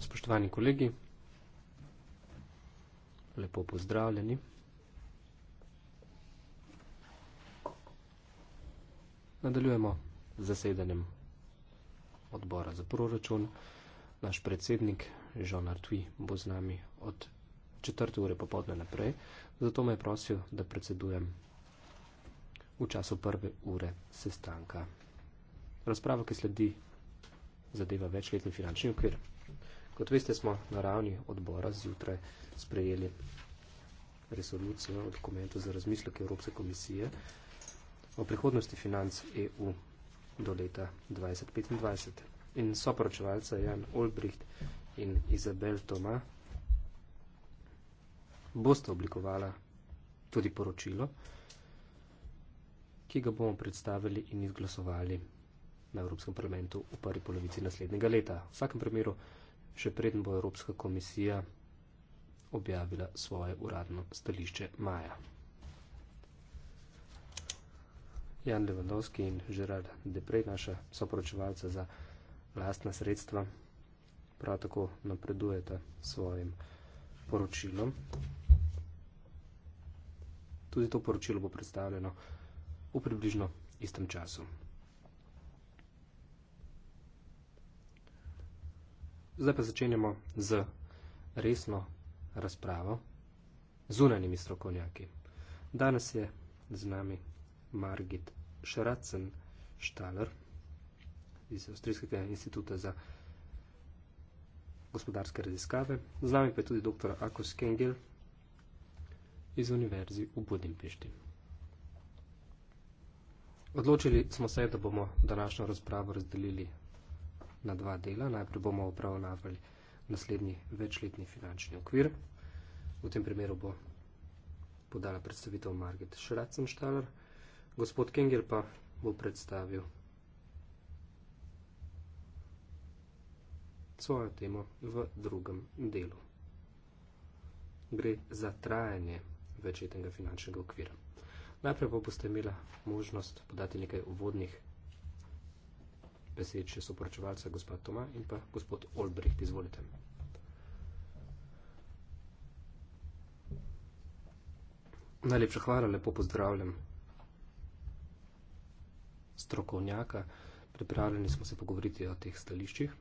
Spoštovani kolegi, lepo pozdravljeni. Nadaljujemo z zasedanjem odbora za proračun. Naš predsednik Jean Artui bo z nami od četrte ure popoldne naprej, zato me je prosil, da predsedujem v času prve ure sestanka. Razprava, ki sledi, zadeva večletni finančni okvir. Kot veste, smo na ravni odbora zjutraj sprejeli resolucijo o dokumentu za razmislek Evropske komisije o prihodnosti financ EU do leta 2025. In soporočevalca Jan Olbricht in Izabel Toma boste oblikovala tudi poročilo, ki ga bomo predstavili in izglasovali na Evropskem parlamentu v prvi polovici naslednjega leta. V vsakem primeru, še preden bo Evropska komisija objavila svoje uradno stališče maja. Jan Levandovski in Žerar Deprej, naša soporočevalca za lastna sredstva, prav tako napredujeta svojim poročilom. Tudi to poročilo bo predstavljeno v približno istem času. Zdaj pa začenjamo z resno razpravo z unanimi strokovnjaki. Danes je z nami Margit Šeracen Štaler iz Avstrijskega instituta za gospodarske raziskave. Z nami pa je tudi dr. Akos Kengel iz Univerzi v Budimpešti. Odločili smo se, da bomo današnjo razpravo razdelili na dva dela. Najprej bomo obravnavali naslednji večletni finančni okvir. V tem primeru bo podala predstavitev Margit Schratzenstaller. Gospod Kengel pa bo predstavil svojo temo v drugem delu. Gre za trajanje večletnega finančnega okvira. Najprej pa boste imela možnost podati nekaj uvodnih besed še soporočevalca, gospod Toma in pa gospod Olbricht. Izvolite. Najlepša hvala, lepo pozdravljam strokovnjaka. Pripravljeni smo se pogovoriti o teh stališčih.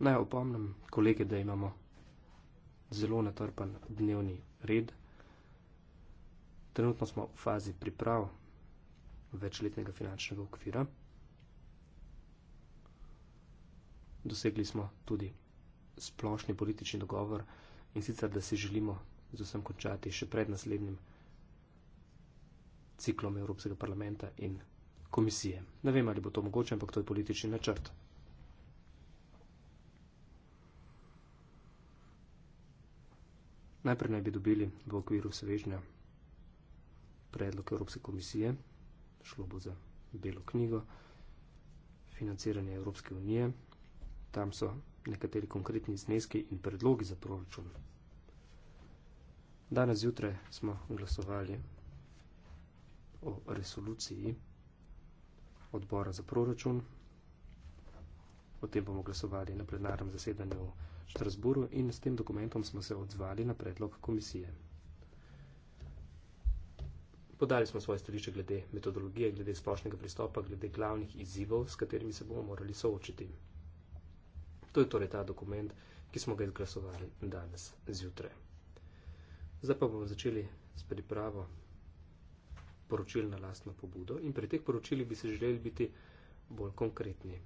Naj opomnim kolege, da imamo zelo natrpan dnevni red. Trenutno smo v fazi priprav večletnega finančnega okvira. Dosegli smo tudi splošni politični dogovor in sicer, da si želimo z vsem končati še pred naslednjim ciklom Evropskega parlamenta in komisije. Ne vem, ali bo to mogoče, ampak to je politični načrt. Najprej naj bi dobili v okviru svežnja predlog Evropske komisije, šlo bo za belo knjigo, financiranje Evropske unije. Tam so nekateri konkretni zneski in predlogi za proračun. Danes jutraj smo glasovali o resoluciji odbora za proračun. O tem bomo glasovali na plenarnem zasedanju v Štrasburu in s tem dokumentom smo se odzvali na predlog komisije podali smo svoje stališče glede metodologije, glede splošnega pristopa, glede glavnih izzivov, s katerimi se bomo morali soočiti. To je torej ta dokument, ki smo ga izglasovali danes zjutraj. Zdaj pa bomo začeli s pripravo poročil na lastno pobudo in pri teh poročilih bi se želeli biti bolj konkretni.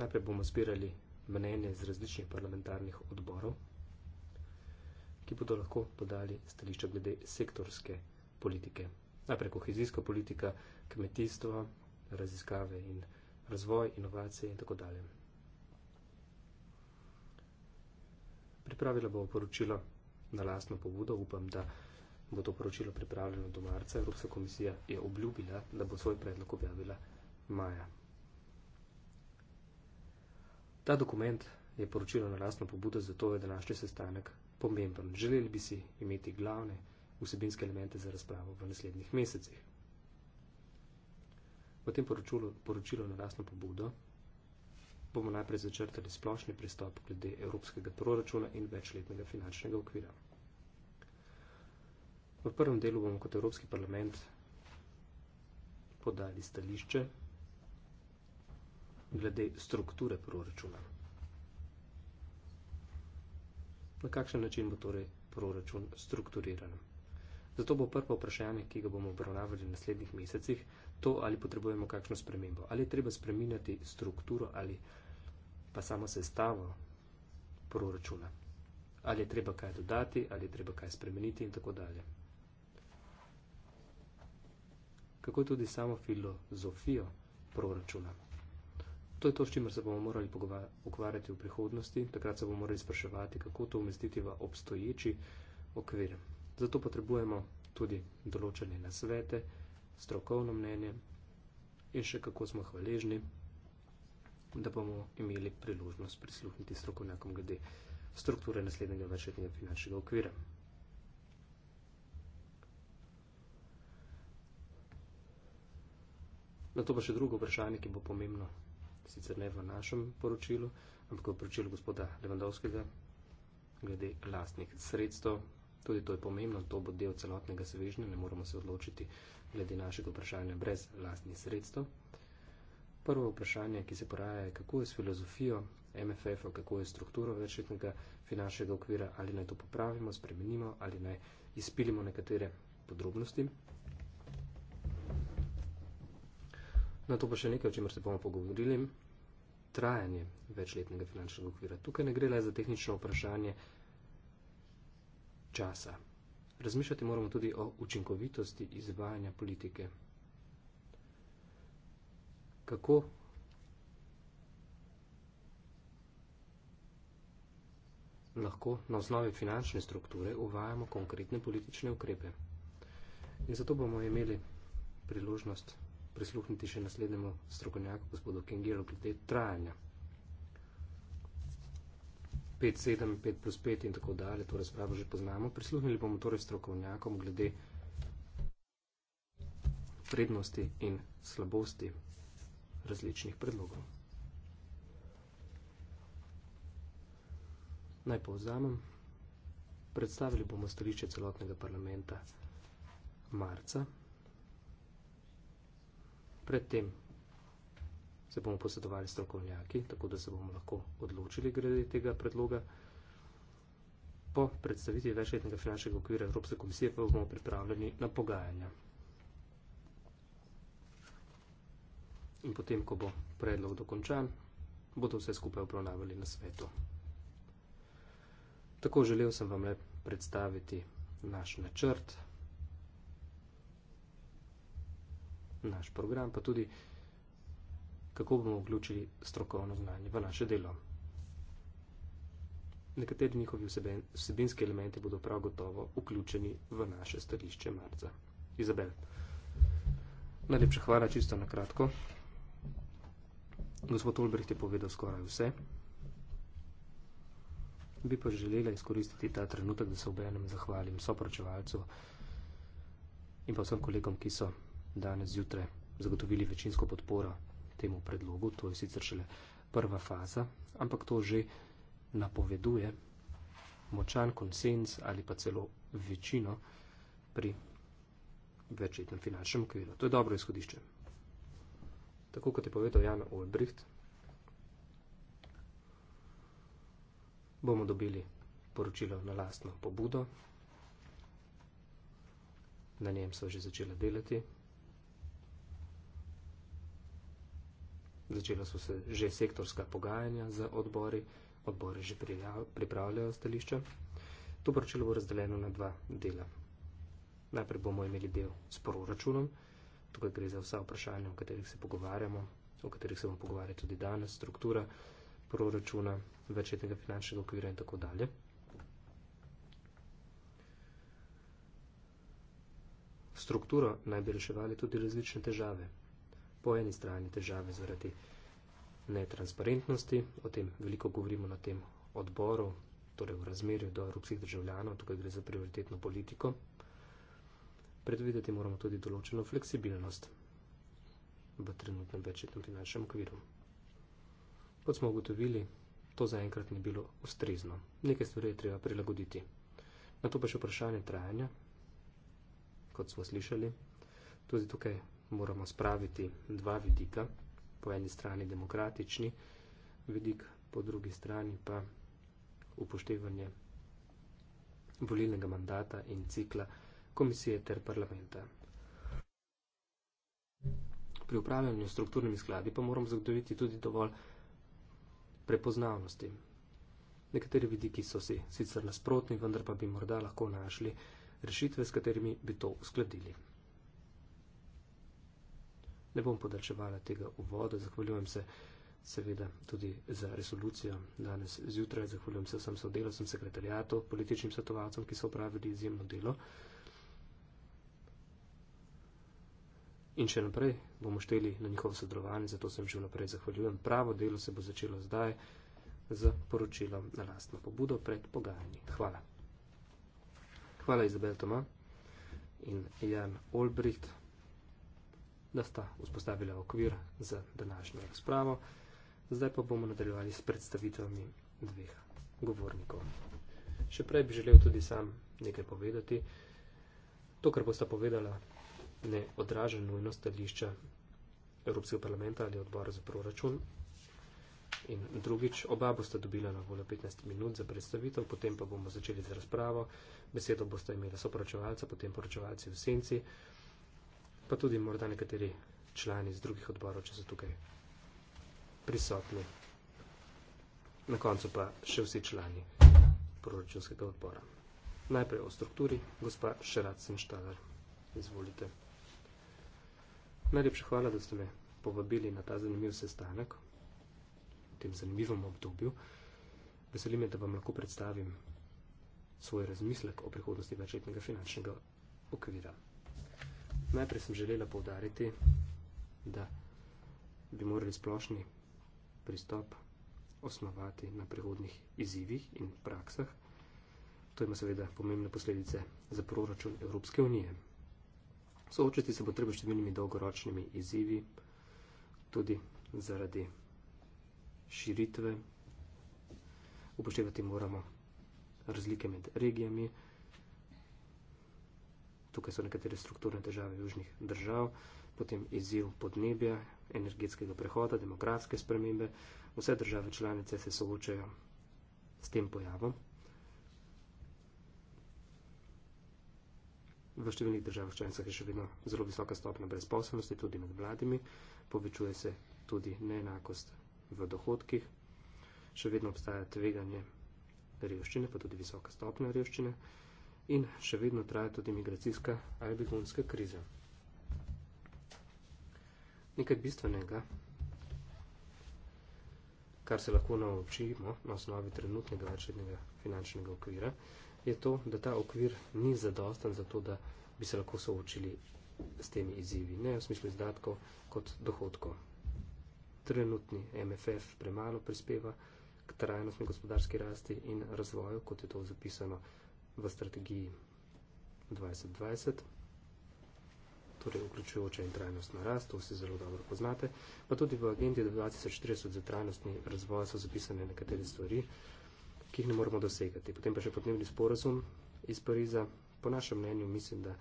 Najprej bomo zbirali mnenje iz različnih parlamentarnih odborov, ki bodo lahko podali stališča glede sektorske politike. Najprej kohezijska politika, kmetijstvo, raziskave in razvoj, inovacije in tako dalje. Pripravila bo poročilo na lastno pobudo. Upam, da bo to poročilo pripravljeno do marca. Evropska komisija je obljubila, da bo svoj predlog objavila maja. Ta dokument je poročilo na lastno pobudo, zato je današnji sestanek pomemben. Želeli bi si imeti glavne vsebinske elemente za razpravo v naslednjih mesecih. V tem poročilu, poročilu na lastno pobudo bomo najprej začrtali splošni pristop glede evropskega proračuna in večletnega finančnega okvira. V prvem delu bomo kot Evropski parlament podali stališče glede strukture proračuna. na kakšen način bo torej proračun strukturiran. Zato bo prvo vprašanje, ki ga bomo obravnavali v naslednjih mesecih, to, ali potrebujemo kakšno spremembo. Ali je treba spreminjati strukturo ali pa samo sestavo proračuna. Ali je treba kaj dodati, ali je treba kaj spremeniti in tako dalje. Kako tudi samo filozofijo proračuna. To je to, s čimer se bomo morali ukvarjati v prihodnosti, takrat se bomo morali spraševati, kako to umestiti v obstoječi okvir. Zato potrebujemo tudi določene nasvete, strokovno mnenje in še kako smo hvaležni, da bomo imeli priložnost prisluhniti strokovnjakom glede strukture naslednjega večletnega finančnega okvira. Na to pa še drugo vprašanje, ki bo pomembno sicer ne v našem poročilu, ampak v poročilu gospoda Levandovskega glede lastnih sredstev. Tudi to je pomembno, to bo del celotnega svežnja, ne moramo se odločiti glede našega vprašanja brez lastnih sredstev. Prvo vprašanje, ki se poraja, je, kako je s filozofijo MFF-a, kako je s strukturo večletnega finančnega okvira, ali naj to popravimo, spremenimo, ali naj izpilimo nekatere podrobnosti. Na to pa še nekaj, o čemer se bomo pogovorili. Trajanje večletnega finančnega okvira. Tukaj ne gre le za tehnično vprašanje časa. Razmišljati moramo tudi o učinkovitosti izvajanja politike. Kako lahko na osnovi finančne strukture uvajamo konkretne politične ukrepe. In zato bomo imeli priložnost prisluhniti še naslednjemu strokovnjaku, gospodu Kengelu, glede trajanja. 5, 7, 5 plus 5 in tako dalje, to razpravo že poznamo. Prisluhnili bomo torej strokovnjakom glede prednosti in slabosti različnih predlogov. Naj povzamem. Predstavili bomo stališče celotnega parlamenta marca predtem se bomo posvetovali strokovnjaki, tako da se bomo lahko odločili glede tega predloga. Po predstavitvi večletnega finančnega okvira Evropske komisije pa bomo pripravljeni na pogajanja. In potem, ko bo predlog dokončan, bodo vse skupaj obravnavali na svetu. Tako želel sem vam le predstaviti naš načrt. naš program, pa tudi kako bomo vključili strokovno znanje v naše delo. Nekateri njihovi vsebinski elementi bodo prav gotovo vključeni v naše stališče marca. Izabel. Najlepša hvala, čisto na kratko. Gospod Olbricht je povedal skoraj vse. Bi pa želela izkoristiti ta trenutek, da se obenem zahvalim soporočevalcu in pa vsem kolegom, ki so danes zjutraj zagotovili večinsko podporo temu predlogu. To je sicer šele prva faza, ampak to že napoveduje močan konsens ali pa celo večino pri večletnem finančnem okviru. To je dobro izhodišče. Tako kot je povedal Jan Olbricht, bomo dobili poročilo na lastno pobudo. Na njem so že začela delati Začela so se že sektorska pogajanja z odbori, odbori že pripravljajo stališča. To poročilo bo razdeljeno na dva dela. Najprej bomo imeli del s proračunom, tukaj gre za vsa vprašanja, o katerih se pogovarjamo, o katerih se bomo pogovarjali tudi danes, struktura proračuna, večetnega finančnega okvira in tako dalje. Strukturo naj bi reševali tudi različne težave, po eni strani težave zaradi netransparentnosti, o tem veliko govorimo na tem odboru, torej v razmerju do evropskih državljanov, tukaj gre za prioritetno politiko. Predvideti moramo tudi določeno fleksibilnost v trenutnem večjetnem finančnem okviru. Kot smo ugotovili, to zaenkrat ni bilo ustrezno. Nekaj stvari je treba prilagoditi. Na to pa še vprašanje trajanja, kot smo slišali. Tudi tukaj moramo spraviti dva vidika, po eni strani demokratični vidik, po drugi strani pa upoštevanje volilnega mandata in cikla komisije ter parlamenta. Pri upravljanju strukturnimi skladi pa moramo zagotoviti tudi dovolj prepoznavnosti. Nekateri vidiki so si sicer nasprotni, vendar pa bi morda lahko našli rešitve, s katerimi bi to uskladili. Ne bom podaljševala tega uvoda, zahvaljujem se seveda tudi za resolucijo danes zjutraj, zahvaljujem se vsem sodelovcem, sekretarijatu, političnim svetovalcem, ki so opravili izjemno delo. In še naprej bomo šteli na njihovo sodelovanje, zato sem že naprej zahvaljujem. Pravo delo se bo začelo zdaj z poročilom na lastno pobudo pred pogajanji. Hvala. Hvala Izabel Toma in Jan Olbricht da sta vzpostavila okvir za današnjo razpravo. Zdaj pa bomo nadaljevali s predstavitvami dveh govornikov. Še prej bi želel tudi sam nekaj povedati. To, kar bosta povedala, ne odraža nujnost stališča Evropskega parlamenta ali odbora za proračun. In drugič, oba bosta dobila na voljo 15 minut za predstavitev, potem pa bomo začeli z razpravo. Besedo bosta imela soporočevalca, potem poročevalci v senci pa tudi morda nekateri člani iz drugih odborov, če so tukaj prisotni. Na koncu pa še vsi člani proračunskega odbora. Najprej o strukturi, gospa Šeracin Štadar, izvolite. Najlepša hvala, da ste me povabili na ta zanimiv sestanek v tem zanimivom obdobju. Veselim me, da vam lahko predstavim svoj razmislek o prihodnosti večletnega finančnega okvira. Najprej sem želela povdariti, da bi morali splošni pristop osnovati na prihodnih izzivih in praksah. To ima seveda pomembne posledice za proračun Evropske unije. Soočiti se bo treba številnimi dolgoročnimi izzivi, tudi zaradi širitve. Upoštevati moramo razlike med regijami tukaj so nekatere strukturne težave južnih držav, potem izziv podnebja, energetskega prehoda, demokratske spremembe. Vse države članice se soočajo s tem pojavom. V številnih državah članicah je še vedno zelo visoka stopna brezposobnosti, tudi med mladimi, povečuje se tudi neenakost v dohodkih, še vedno obstaja tveganje revščine, pa tudi visoka stopna revščine in še vedno traja tudi migracijska ali begunska kriza. Nekaj bistvenega, kar se lahko naučimo na osnovi trenutnega večletnega finančnega okvira, je to, da ta okvir ni zadosten za to, da bi se lahko soočili s temi izzivi, ne v smislu izdatkov kot dohodkov. Trenutni MFF premalo prispeva k trajnostni gospodarski rasti in razvoju, kot je to zapisano v strategiji 2020, torej vključujoča in trajnostna rast, to vsi zelo dobro poznate, pa tudi v agendi 2030 za trajnostni razvoj so zapisane nekatere stvari, ki jih ne moramo dosegati. Potem pa še podnebni sporazum iz Pariza. Po našem mnenju mislim, da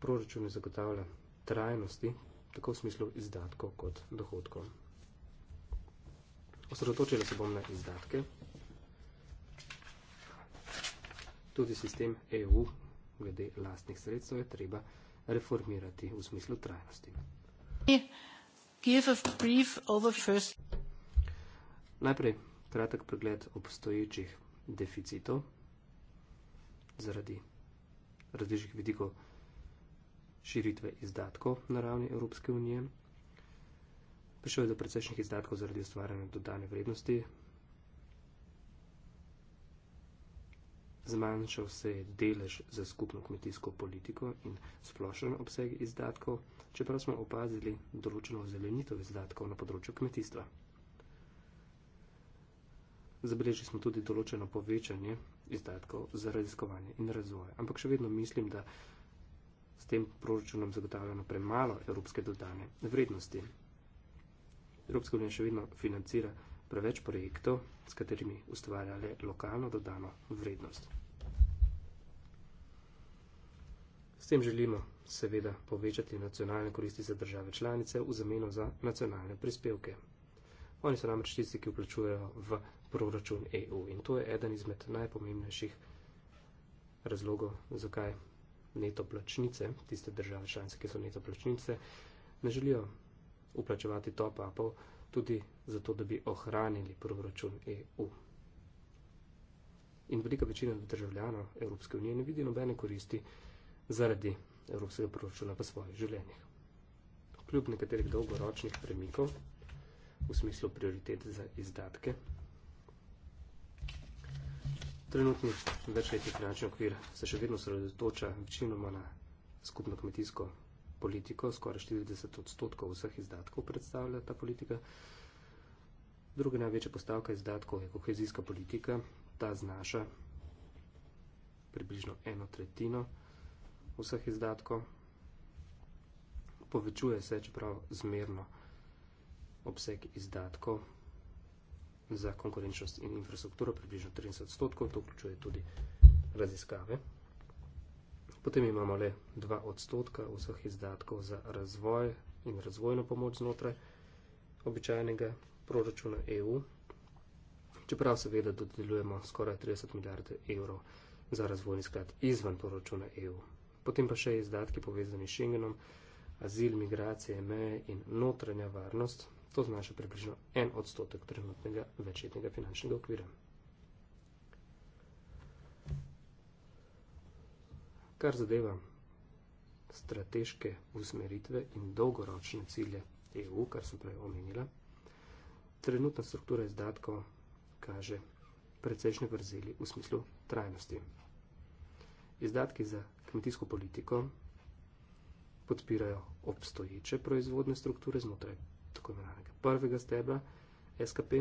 proračun zagotavlja trajnosti, tako v smislu izdatkov kot dohodkov. Osredotočila se bom na izdatke. tudi sistem EU glede lastnih sredstev je treba reformirati v smislu trajnosti. Najprej kratek pregled obstoječih deficitov zaradi različnih vidikov širitve izdatkov na ravni Evropske unije. Prišel je do precejšnjih izdatkov zaradi ustvarjanja dodane vrednosti zmanjšal se je delež za skupno kmetijsko politiko in splošen obseg izdatkov, čeprav smo opazili določeno zelenitev izdatkov na področju kmetijstva. Zabeležili smo tudi določeno povečanje izdatkov za raziskovanje in razvoj, ampak še vedno mislim, da s tem proračunom zagotavljamo premalo evropske dodane vrednosti. Evropska unija še vedno financira preveč projektov, s katerimi ustvarja le lokalno dodano vrednost. S tem želimo seveda povečati nacionalne koristi za države članice v zameno za nacionalne prispevke. Oni so namreč tisti, ki vplačujejo v proračun EU in to je eden izmed najpomembnejših razlogov, zakaj neto plačnice, tiste države članice, ki so neto plačnice, ne želijo vplačevati top upov tudi zato, da bi ohranili proračun EU. In velika večina državljanov Evropske unije ne vidi nobene koristi, zaradi evropskega proračuna v svojih življenjih. Kljub nekaterih dolgoročnih premikov v smislu prioritet za izdatke, trenutni večletni finančni okvir se še vedno sredotoča večinoma na skupno kmetijsko politiko, skoraj 40 odstotkov vseh izdatkov predstavlja ta politika. Druga največja postavka izdatkov je kohezijska politika, ta znaša približno eno tretjino vseh izdatkov. Povečuje se, čeprav zmerno, obseg izdatkov za konkurenčnost in infrastrukturo, približno 30 odstotkov, to vključuje tudi raziskave. Potem imamo le 2 odstotka vseh izdatkov za razvoj in razvojno pomoč znotraj običajnega proračuna EU, čeprav seveda dodeljujemo skoraj 30 milijarde evrov za razvojni sklad izven proračuna EU potem pa še izdatki povezani s Schengenom, azil, migracije, meje in notranja varnost. To znaša približno en odstotek trenutnega večletnega finančnega okvira. Kar zadeva strateške usmeritve in dolgoročne cilje EU, kar sem prej omenila, trenutna struktura izdatkov kaže precejšnje vrzeli v smislu trajnosti. Izdatki za kmetijsko politiko, podpirajo obstoječe proizvodne strukture znotraj tako imenovanega prvega stebra SKP.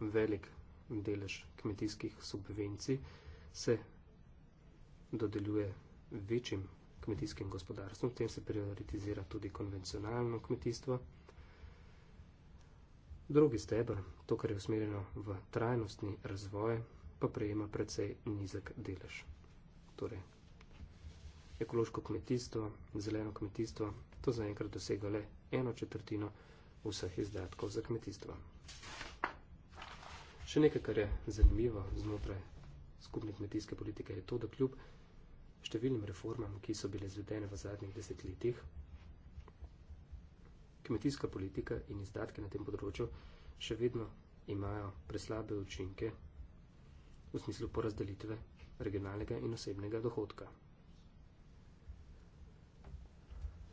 Velik delež kmetijskih subvencij se dodeljuje večjim kmetijskim gospodarstvom, v tem se prioritizira tudi konvencionalno kmetijstvo. Drugi stebr, to, kar je usmerjeno v trajnostni razvoj, pa prejema precej nizek delež torej ekološko kmetijstvo, zeleno kmetijstvo, to zaenkrat dosega le eno četrtino vseh izdatkov za kmetijstvo. Še nekaj, kar je zanimivo znotraj skupne kmetijske politike, je to, da kljub številnim reformam, ki so bile izvedene v zadnjih desetletjih, kmetijska politika in izdatke na tem področju še vedno imajo preslabe učinke v smislu porazdelitve regionalnega in osebnega dohodka.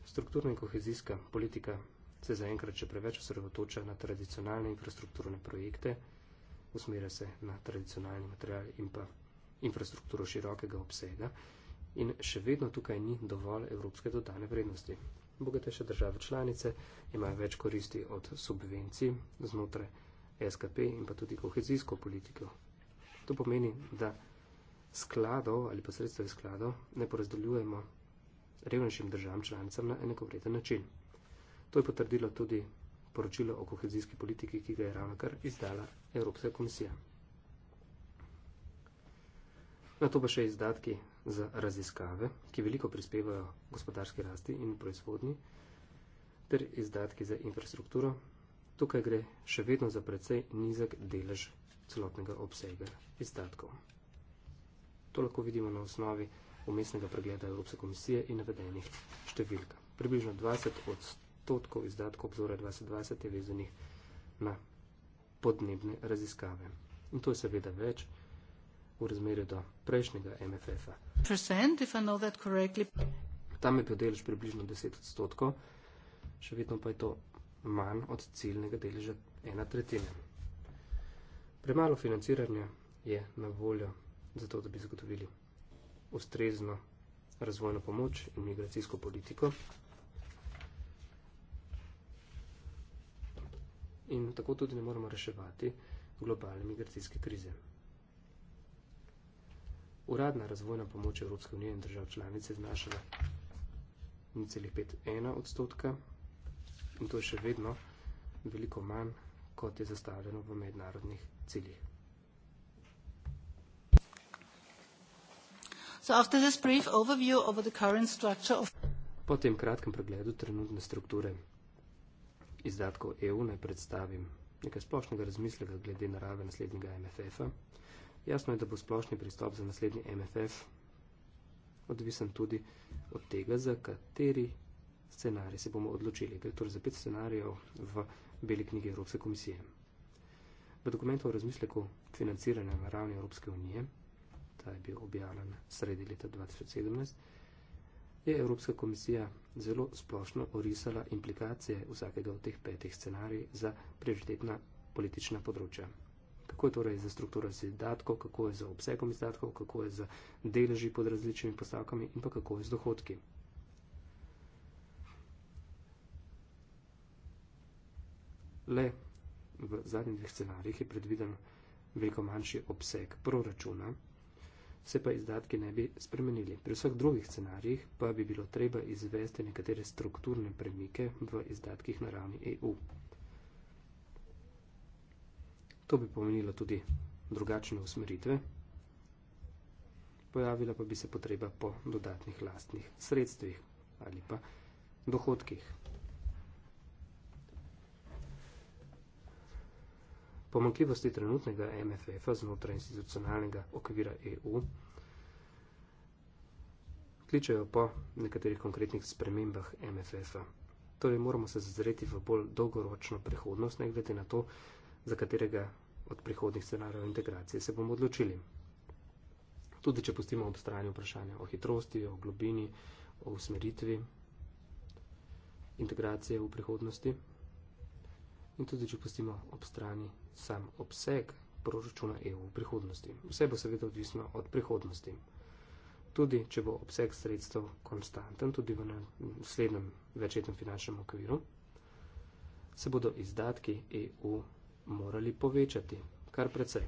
Strukturna in kohezijska politika se zaenkrat še preveč osredotoča na tradicionalne infrastrukturne projekte, usmerja se na tradicionalni material in pa infrastrukturo širokega obsega in še vedno tukaj ni dovolj evropske dodane vrednosti. Bogatejše države članice imajo več koristi od subvencij znotraj SKP in pa tudi kohezijsko politiko. To pomeni, da skladov ali pa sredstev iz skladov ne porazdeljujemo revnejšim državam članicam na enakovreden način. To je potrdilo tudi poročilo o kohezijski politiki, ki ga je ravno kar izdala Evropska komisija. Na to pa še izdatki za raziskave, ki veliko prispevajo gospodarski rasti in proizvodni, ter izdatki za infrastrukturo. Tukaj gre še vedno za precej nizek delež celotnega obsega izdatkov. To lahko vidimo na osnovi umestnega pregleda Evropske komisije in navedenih številk. Približno 20 odstotkov izdatkov obzora 2020 je vezanih na podnebne raziskave. In to je seveda več v razmerju do prejšnjega MFF-a. Tam je bil delež približno 10 odstotkov, še vedno pa je to manj od ciljnega deleža ena tretjina. Premalo financiranja je na voljo zato da bi zagotovili ustrezno razvojno pomoč in migracijsko politiko. In tako tudi ne moremo reševati globalne migracijske krize. Uradna razvojna pomoč Evropske unije in držav članice je znašala 0,51 odstotka in to je še vedno veliko manj, kot je zastavljeno v mednarodnih ciljih. Po tem kratkem pregledu trenutne strukture izdatkov EU naj predstavim nekaj splošnega razmisleka glede narave naslednjega MFF-a. Jasno je, da bo splošni pristop za naslednji MFF odvisen tudi od tega, za kateri scenarij se bomo odločili. Gre torej za pet scenarijev v Beli knjigi Evropske komisije. V dokumentu o razmisleku financiranja na ravni Evropske unije ta je bil objavljen sredi leta 2017, je Evropska komisija zelo splošno orisala implikacije vsakega od teh petih scenarij za prioritetna politična področja. Kako je torej za strukturo izdatkov, kako je za obsegom izdatkov, kako je za deleži pod različnimi postavkami in pa kako je z dohodki. Le v zadnjih scenarijih je predviden veliko manjši obseg proračuna, vse pa izdatke ne bi spremenili. Pri vseh drugih scenarijih pa bi bilo treba izvesti nekatere strukturne premike v izdatkih na ravni EU. To bi pomenilo tudi drugačne usmeritve, pojavila pa bi se potreba po dodatnih lastnih sredstvih ali pa dohodkih. pomankljivosti trenutnega MFF-a znotraj institucionalnega okvira EU, kličejo po nekaterih konkretnih spremembah MFF-a. Torej moramo se zazreti v bolj dolgoročno prihodnost, ne glede na to, za katerega od prihodnih scenarijev integracije se bomo odločili. Tudi če pustimo ob strani vprašanja o hitrosti, o globini, o usmeritvi integracije v prihodnosti. In tudi, če pustimo ob strani sam obseg proračuna EU v prihodnosti. Vse bo seveda odvisno od prihodnosti. Tudi, če bo obseg sredstev konstanten, tudi v naslednjem večletnem finančnem okviru, se bodo izdatki EU morali povečati, kar precej.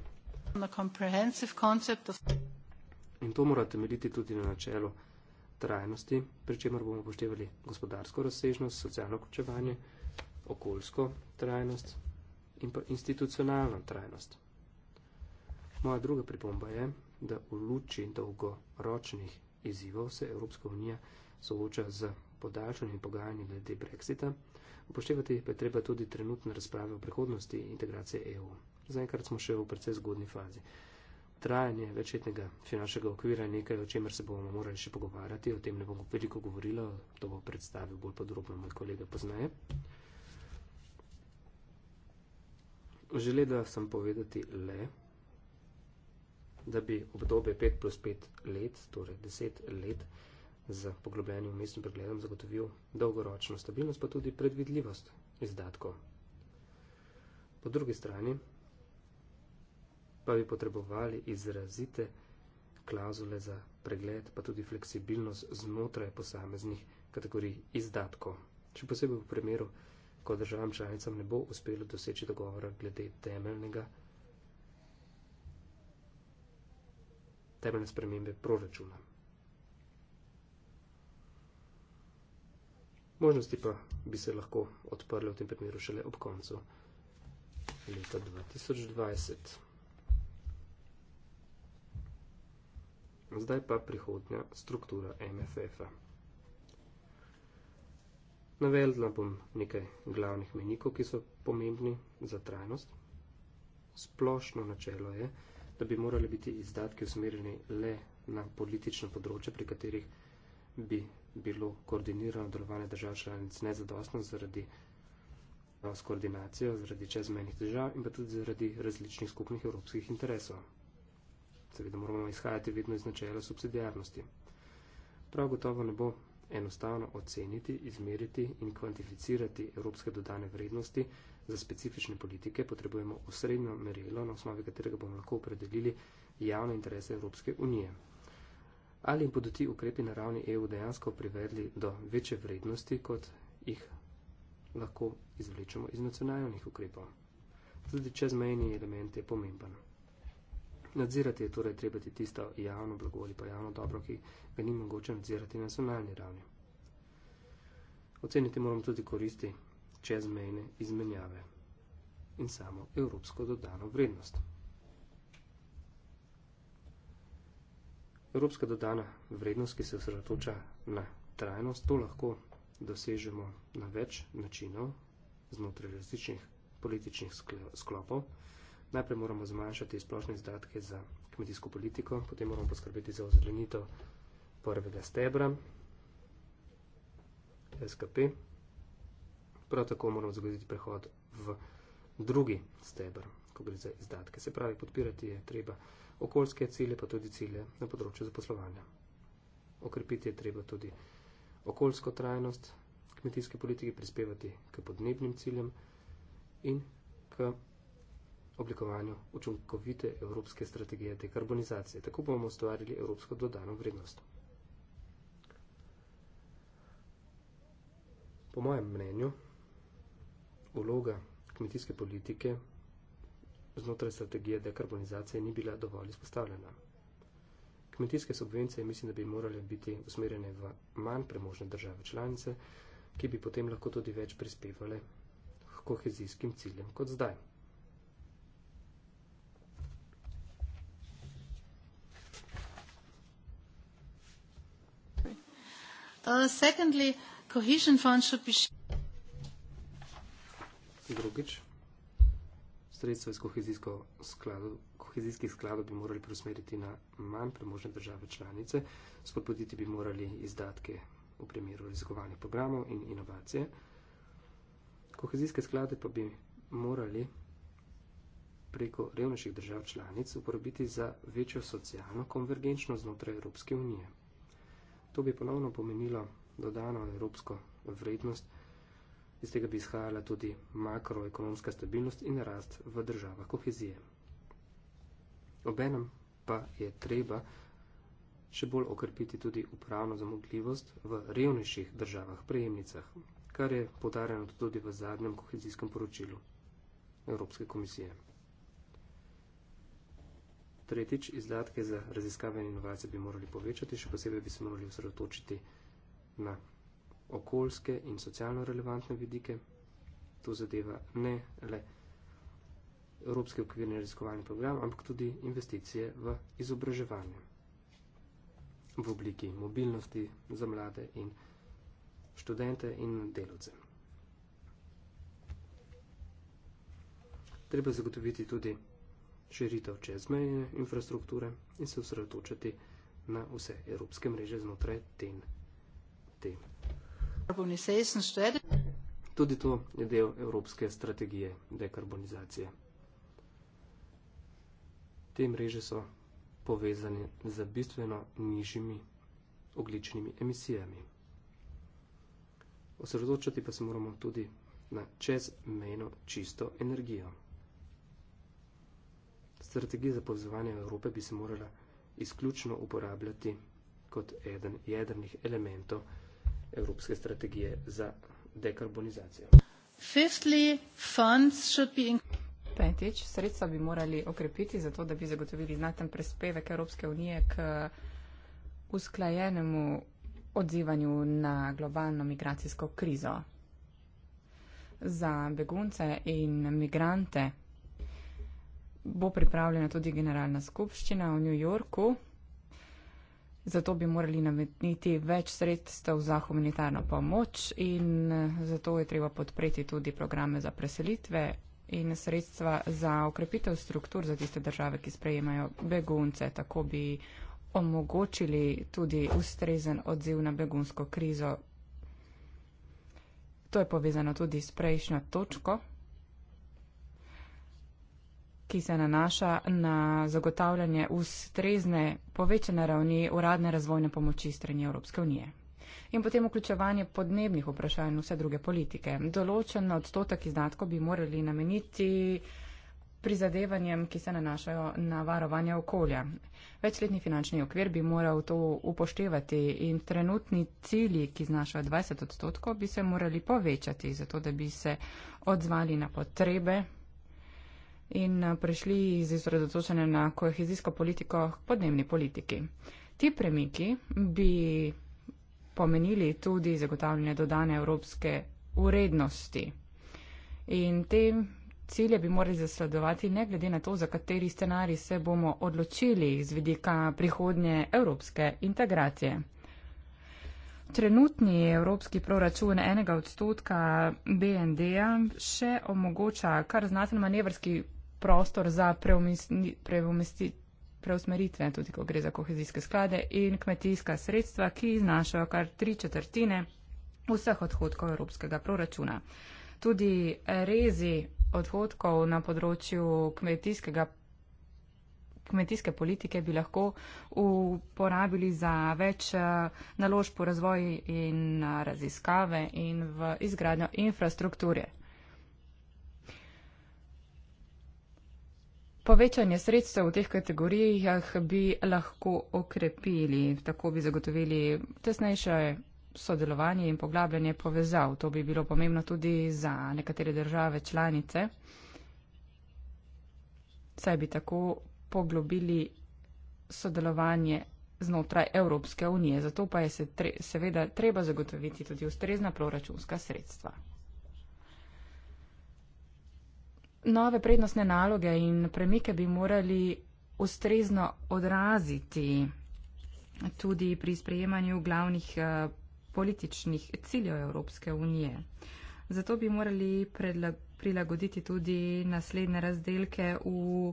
In to mora temeljiti tudi na načelu trajnosti, pri čemer bomo upoštevali gospodarsko razsežnost, socialno vključevanje okoljsko trajnost in pa institucionalno trajnost. Moja druga pripomba je, da v luči dolgoročnih izzivov se Evropska unija sooča z podaljšanjem pogajanj glede Brexita, upoštevati pa je treba tudi trenutne razprave o prihodnosti integracije EU. Zaenkrat smo še v precej zgodni fazi. Trajanje večletnega finančnega okvira je nekaj, o čemer se bomo morali še pogovarjati, o tem ne bom veliko govorila, to bo predstavil bolj podrobno moj kolega poznaje. Želela sem povedati le, da bi obdobje 5 plus 5 let, torej 10 let, za poglobljenim umestnim pregledom zagotovil dolgoročno stabilnost, pa tudi predvidljivost izdatkov. Po drugi strani pa bi potrebovali izrazite klauzule za pregled, pa tudi fleksibilnost znotraj posameznih kategorij izdatkov. Še posebej v primeru, ko državam članicam ne bo uspelo doseči dogovora glede temeljnega, temeljne spremembe proračuna. Možnosti pa bi se lahko odprle v tem primeru šele ob koncu leta 2020. Zdaj pa prihodnja struktura MFF-a. Navedla bom nekaj glavnih menikov, ki so pomembni za trajnost. Splošno načelo je, da bi morali biti izdatki usmerjeni le na politične področje, pri katerih bi bilo koordinirano delovanje držav članic nezadostno zaradi no, s koordinacijo, zaradi čezmenih držav in pa tudi zaradi različnih skupnih evropskih interesov. Seveda moramo izhajati vedno iz načela subsidijarnosti. Prav gotovo ne bo enostavno oceniti, izmeriti in kvantificirati evropske dodane vrednosti za specifične politike, potrebujemo osrednjo merilo, na osnovi katerega bomo lahko opredelili javne interese Evropske unije. Ali bodo ti ukrepi na ravni EU dejansko privedli do večje vrednosti, kot jih lahko izvlečemo iz nacionalnih ukrepov? Tudi čezmejni element je pomemben nadzirati je torej treba ti tisto javno blago ali pa javno dobro, ki ga ni mogoče nadzirati na nacionalni ravni. Oceniti moramo tudi koristi čezmejne izmenjave in samo evropsko dodano vrednost. Evropska dodana vrednost, ki se osredotoča na trajnost, to lahko dosežemo na več načinov znotraj različnih političnih sklopov. Najprej moramo zmanjšati splošne izdatke za kmetijsko politiko, potem moramo poskrbeti za ozelenitev prvega stebra, SKP. Prav tako moramo zagoditi prehod v drugi stebr, ko gre za izdatke. Se pravi, podpirati je treba okoljske cilje, pa tudi cilje na področju zaposlovanja. Okrepiti je treba tudi okoljsko trajnost kmetijske politike, prispevati k podnebnim ciljem in k oblikovanju učinkovite evropske strategije dekarbonizacije. Tako bomo ustvarili evropsko dodano vrednost. Po mojem mnenju, vloga kmetijske politike znotraj strategije dekarbonizacije ni bila dovolj izpostavljena. Kmetijske subvencije mislim, da bi morale biti usmerjene v manj premožne države članice, ki bi potem lahko tudi več prispevale k kohezijskim ciljem kot zdaj. Uh, secondly, cohesion fund should be Drugič, sredstva iz kohezijskih skladov bi morali preusmeriti na manj premožne države članice, spodbuditi bi morali izdatke v primeru raziskovalnih programov in inovacije. Kohezijske sklade pa bi morali preko revnejših držav članic uporabiti za večjo socialno konvergenčnost znotraj Evropske unije. To bi ponovno pomenilo dodano evropsko vrednost, iz tega bi izhajala tudi makroekonomska stabilnost in rast v državah kohezije. Obenem pa je treba še bolj okrepiti tudi upravno zamogljivost v revnejših državah prejemnicah, kar je podarjeno tudi v zadnjem kohezijskem poročilu Evropske komisije. Tretjič, izdatke za raziskave in inovacije bi morali povečati, še posebej bi se morali osredotočiti na okoljske in socialno relevantne vidike. To zadeva ne le Evropski okvirni raziskovalni program, ampak tudi investicije v izobraževanje v obliki mobilnosti za mlade in študente in delovce. Treba zagotoviti tudi širitev čezmejne infrastrukture in se osredotočiti na vse evropske mreže znotraj ten. Tudi to je del evropske strategije dekarbonizacije. Te mreže so povezane z bistveno nižjimi ogličnimi emisijami. Osredotočiti pa se moramo tudi na čezmejno čisto energijo strategija za povezovanje Evrope bi se morala izključno uporabljati kot eden jedrnih elementov evropske strategije za dekarbonizacijo. Petič, sredstva bi morali okrepiti zato, da bi zagotovili znaten prispevek Evropske unije k usklajenemu odzivanju na globalno migracijsko krizo. Za begunce in migrante bo pripravljena tudi generalna skupščina v New Yorku. Zato bi morali nameniti več sredstev za humanitarno pomoč in eh, zato je treba podpreti tudi programe za preselitve in sredstva za okrepitev struktur za tiste države, ki sprejemajo begunce. Tako bi omogočili tudi ustrezen odziv na begunsko krizo. To je povezano tudi s prejšnjo točko ki se nanaša na zagotavljanje ustrezne povečane ravni uradne razvojne pomoči strani Evropske unije. In potem vključevanje podnebnih vprašanj vse druge politike. Določen odstotek izdatkov bi morali nameniti prizadevanjem, ki se nanašajo na varovanje okolja. Večletni finančni okvir bi moral to upoštevati in trenutni cilji, ki znašajo 20 odstotkov, bi se morali povečati, zato da bi se odzvali na potrebe in eh, prešli iz izredotočene na kohezijsko politiko k podnebni politiki. Ti premiki bi pomenili tudi zagotavljanje dodane evropske urednosti. In te cilje bi morali zasledovati ne glede na to, za kateri scenarij se bomo odločili z vidika prihodnje evropske integracije. Trenutni evropski proračun enega odstotka BND-ja še omogoča kar znaten manevrski prostor za preusmeritve, tudi ko gre za kohezijske sklade in kmetijska sredstva, ki znašajo kar tri četrtine vseh odhodkov evropskega proračuna. Tudi rezi odhodkov na področju kmetijskega kmetijske politike bi lahko uporabili za več eh, naložb v razvoj in eh, raziskave in v izgradnjo infrastrukture. Povečanje sredstev v teh kategorijah bi lahko okrepili, tako bi zagotovili tesnejše sodelovanje in poglabljanje povezav. To bi bilo pomembno tudi za nekatere države članice, saj bi tako poglobili sodelovanje znotraj Evropske unije. Zato pa je se tre, seveda treba zagotoviti tudi ustrezna proračunska sredstva. nove prednostne naloge in premike bi morali ustrezno odraziti tudi pri sprejemanju glavnih eh, političnih ciljev Evropske unije. Zato bi morali prilagoditi tudi naslednje razdelke v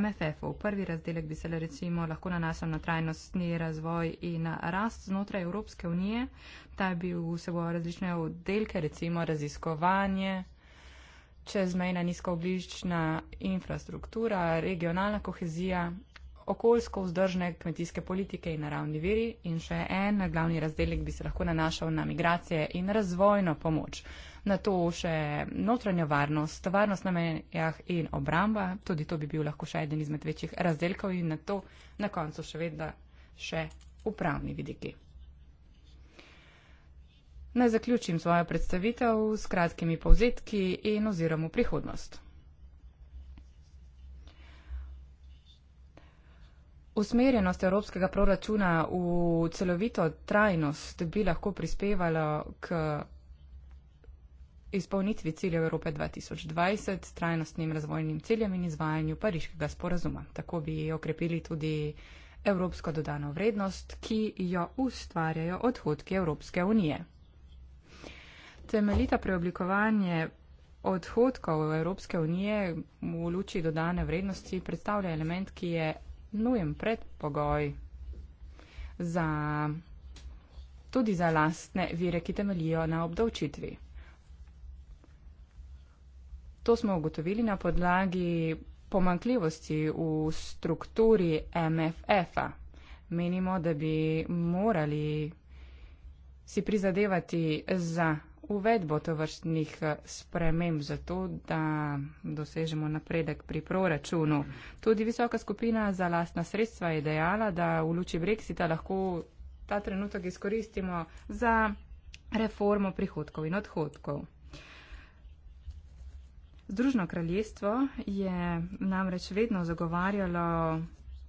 MFF-u. Prvi razdelek bi se recimo lahko nanašal na trajnostni razvoj in rast znotraj Evropske unije. Ta bi v seboj različne oddelke, recimo raziskovanje, čezmejna nizkooglična infrastruktura, regionalna kohezija, okoljsko vzdržne kmetijske politike in naravni veri in še en glavni razdelek bi se lahko nanašal na migracije in razvojno pomoč. Na to še notranjo varnost, varnost na menjah in obramba, tudi to bi bil lahko še eden izmed večjih razdelkov in na to na koncu še vedno še upravni vidiki. Naj zaključim svojo predstavitev s kratkimi povzetki in oziramo prihodnost. Usmerjenost evropskega proračuna v celovito trajnost bi lahko prispevala k izpolnitvi ciljev Evrope 2020, trajnostnim razvojnim ciljem in izvajanju pariškega sporazuma. Tako bi okrepili tudi evropsko dodano vrednost, ki jo ustvarjajo odhodki Evropske unije temeljita preoblikovanje odhodkov Evropske unije v luči dodane vrednosti predstavlja element, ki je nujen predpogoj za, tudi za lastne vire, ki temeljijo na obdavčitvi. To smo ugotovili na podlagi pomankljivosti v strukturi MFF-a. Menimo, da bi morali si prizadevati za uvedbo tovrstnih eh, sprememb za to, da dosežemo napredek pri proračunu. Tudi visoka skupina za lastna sredstva je dejala, da v luči Brexita lahko ta trenutek izkoristimo za reformo prihodkov in odhodkov. Združno kraljestvo je namreč vedno zagovarjalo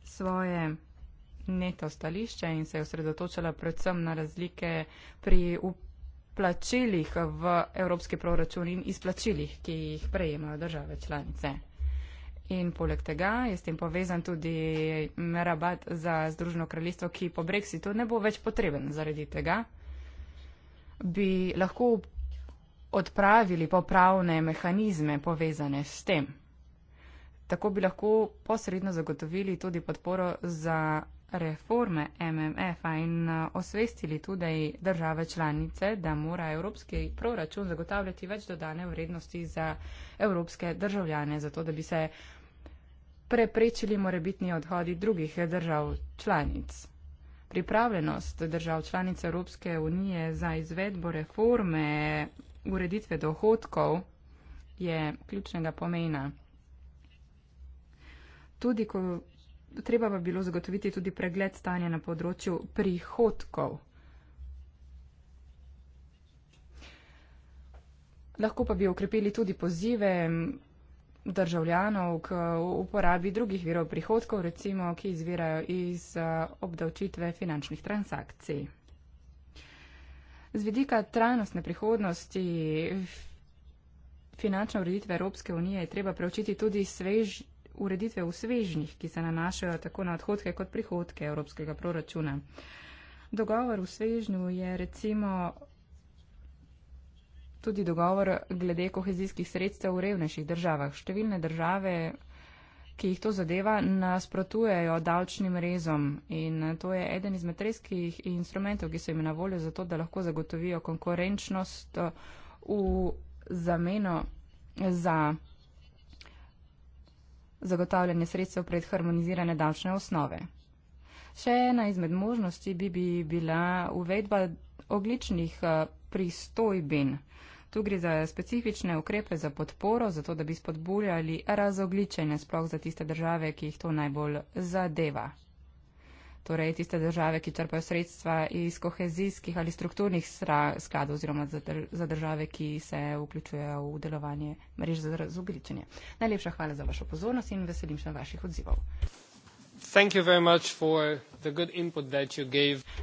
svoje neto stališče in se je osredotočalo predvsem na razlike pri upravljanju vplačilih v evropski proračun in izplačilih, ki jih prejemajo države članice. In poleg tega je s tem povezan tudi rabat za Združeno kraljestvo, ki po brexitu ne bo več potreben zaradi tega. Bi lahko odpravili popravne mehanizme povezane s tem. Tako bi lahko posredno zagotovili tudi podporo za reforme MMF-a in uh, osvestili tudi države članice, da mora evropski proračun zagotavljati več dodane vrednosti za evropske državljane, zato da bi se preprečili morebitni odhodi drugih držav članic. Pripravljenost držav članic Evropske unije za izvedbo reforme ureditve dohodkov je ključnega pomena. Tudi, ko Treba pa bi bilo zagotoviti tudi pregled stanja na področju prihodkov. Lahko pa bi okrepili tudi pozive državljanov k uporabi drugih virov prihodkov, recimo, ki izvirajo iz eh, obdavčitve finančnih transakcij. Z vidika trajnostne prihodnosti finančne ureditve Evropske unije je treba preučiti tudi svež, ureditve v svežnjih, ki se nanašajo tako na odhodke kot prihodke evropskega proračuna. Dogovor v svežnju je recimo tudi dogovor glede kohezijskih sredstev v revnejših državah. Številne države, ki jih to zadeva, nasprotujejo davčnim rezom in to je eden izmed reskih instrumentov, ki so jim na voljo zato, da lahko zagotovijo konkurenčnost v zameno za zagotavljanje sredstev pred harmonizirane davčne osnove. Še ena izmed možnosti bi, bi bila uvedba ogličnih eh, pristojbin. Tu gre za specifične ukrepe za podporo, zato da bi spodbujali razogličenje sploh za tiste države, ki jih to najbolj zadeva torej tiste države, ki trpajo sredstva iz kohezijskih ali strukturnih skladov oziroma za države, ki se vključujejo v delovanje mrež za razogličenje. Najlepša hvala za vašo pozornost in veselim še vaših odzivov.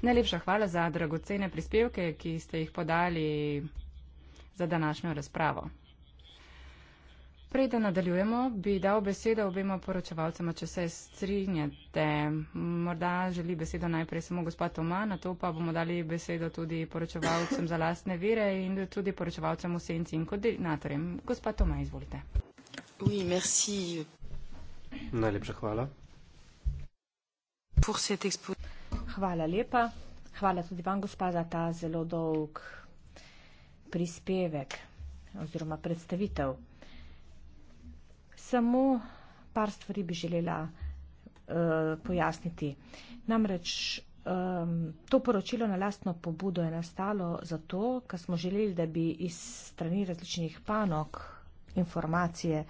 Najlepša hvala za dragocene prispevke, ki ste jih podali za današnjo razpravo. Prej, da nadaljujemo, bi dal besedo obema poročevalcema, če se strinjate. Morda želi besedo najprej samo gospod Toma, na to pa bomo dali besedo tudi poročevalcem za lastne vire in tudi poročevalcem v senci in koordinatorjem. Gospod Toma, izvolite. Oui, merci. Najlepša hvala. Hvala lepa. Hvala tudi vam, gospa, za ta zelo dolg prispevek oziroma predstavitev samo par stvari bi želela uh, pojasniti. Namreč um, to poročilo na lastno pobudo je nastalo zato, ker smo želeli, da bi iz strani različnih panok informacije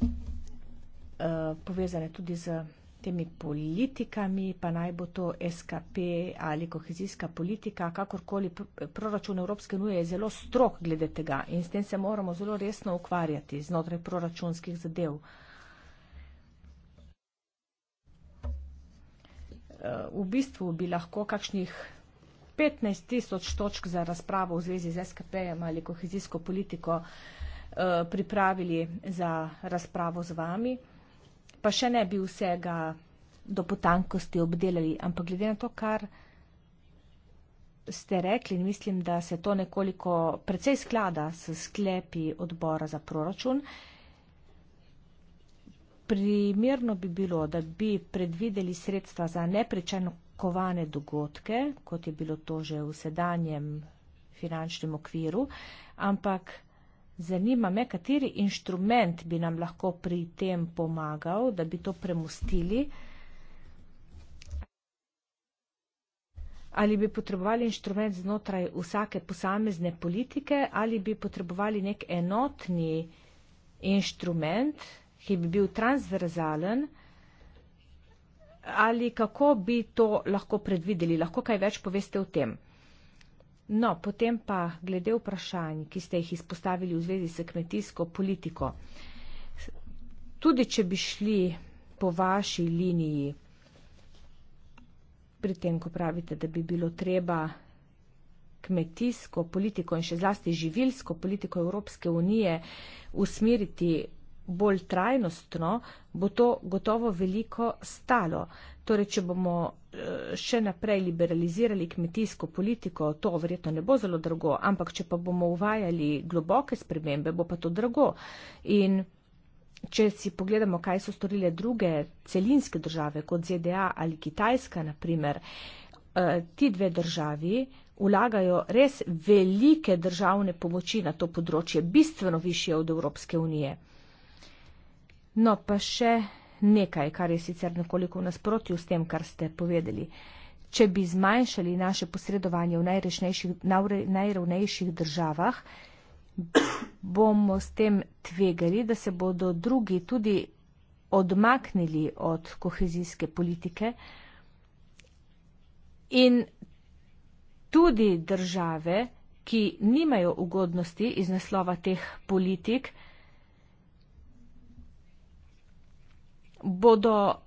uh, povezane tudi z tistimi politikami, pa naj bo to SKP ali kohezijska politika, kakorkoli proračun Evropske unije je zelo strok glede tega in s tem se moramo zelo resno ukvarjati znotraj proračunskih zadev. Eh, v bistvu bi lahko kakšnih 15 tisoč točk za razpravo v zvezi z SKP-jem ali kohezijsko politiko eh, pripravili za razpravo z vami pa še ne bi vsega do potankosti obdelali, ampak glede na to, kar ste rekli, mislim, da se to nekoliko precej sklada s sklepi odbora za proračun. Primerno bi bilo, da bi predvideli sredstva za nepričakovane dogodke, kot je bilo to že v sedanjem finančnem okviru, ampak Zanima me, kateri inštrument bi nam lahko pri tem pomagal, da bi to premustili. Ali bi potrebovali inštrument znotraj vsake posamezne politike ali bi potrebovali nek enotni inštrument, ki bi bil transverzalen ali kako bi to lahko predvideli? Lahko kaj več poveste o tem? No, potem pa glede vprašanj, ki ste jih izpostavili v zvezi s kmetijsko politiko. Tudi, če bi šli po vaši liniji, pri tem, ko pravite, da bi bilo treba kmetijsko politiko in še zlasti živilsko politiko Evropske unije usmeriti bolj trajnostno, bo to gotovo veliko stalo. Torej, če bomo eh, še naprej liberalizirali kmetijsko politiko, to verjetno ne bo zelo drago, ampak če pa bomo uvajali globoke spremembe, bo pa to drago. In če si pogledamo, kaj so storile druge celinske države, kot ZDA ali Kitajska, naprimer, eh, ti dve državi vlagajo res velike državne pomoči na to področje, bistveno više od Evropske unije. No pa še nekaj, kar je sicer nekoliko v nasprotju s tem, kar ste povedali. Če bi zmanjšali naše posredovanje v najrevnejših državah, bomo s tem tvegali, da se bodo drugi tudi odmaknili od kohezijske politike in tudi države, ki nimajo ugodnosti iz naslova teh politik, bodo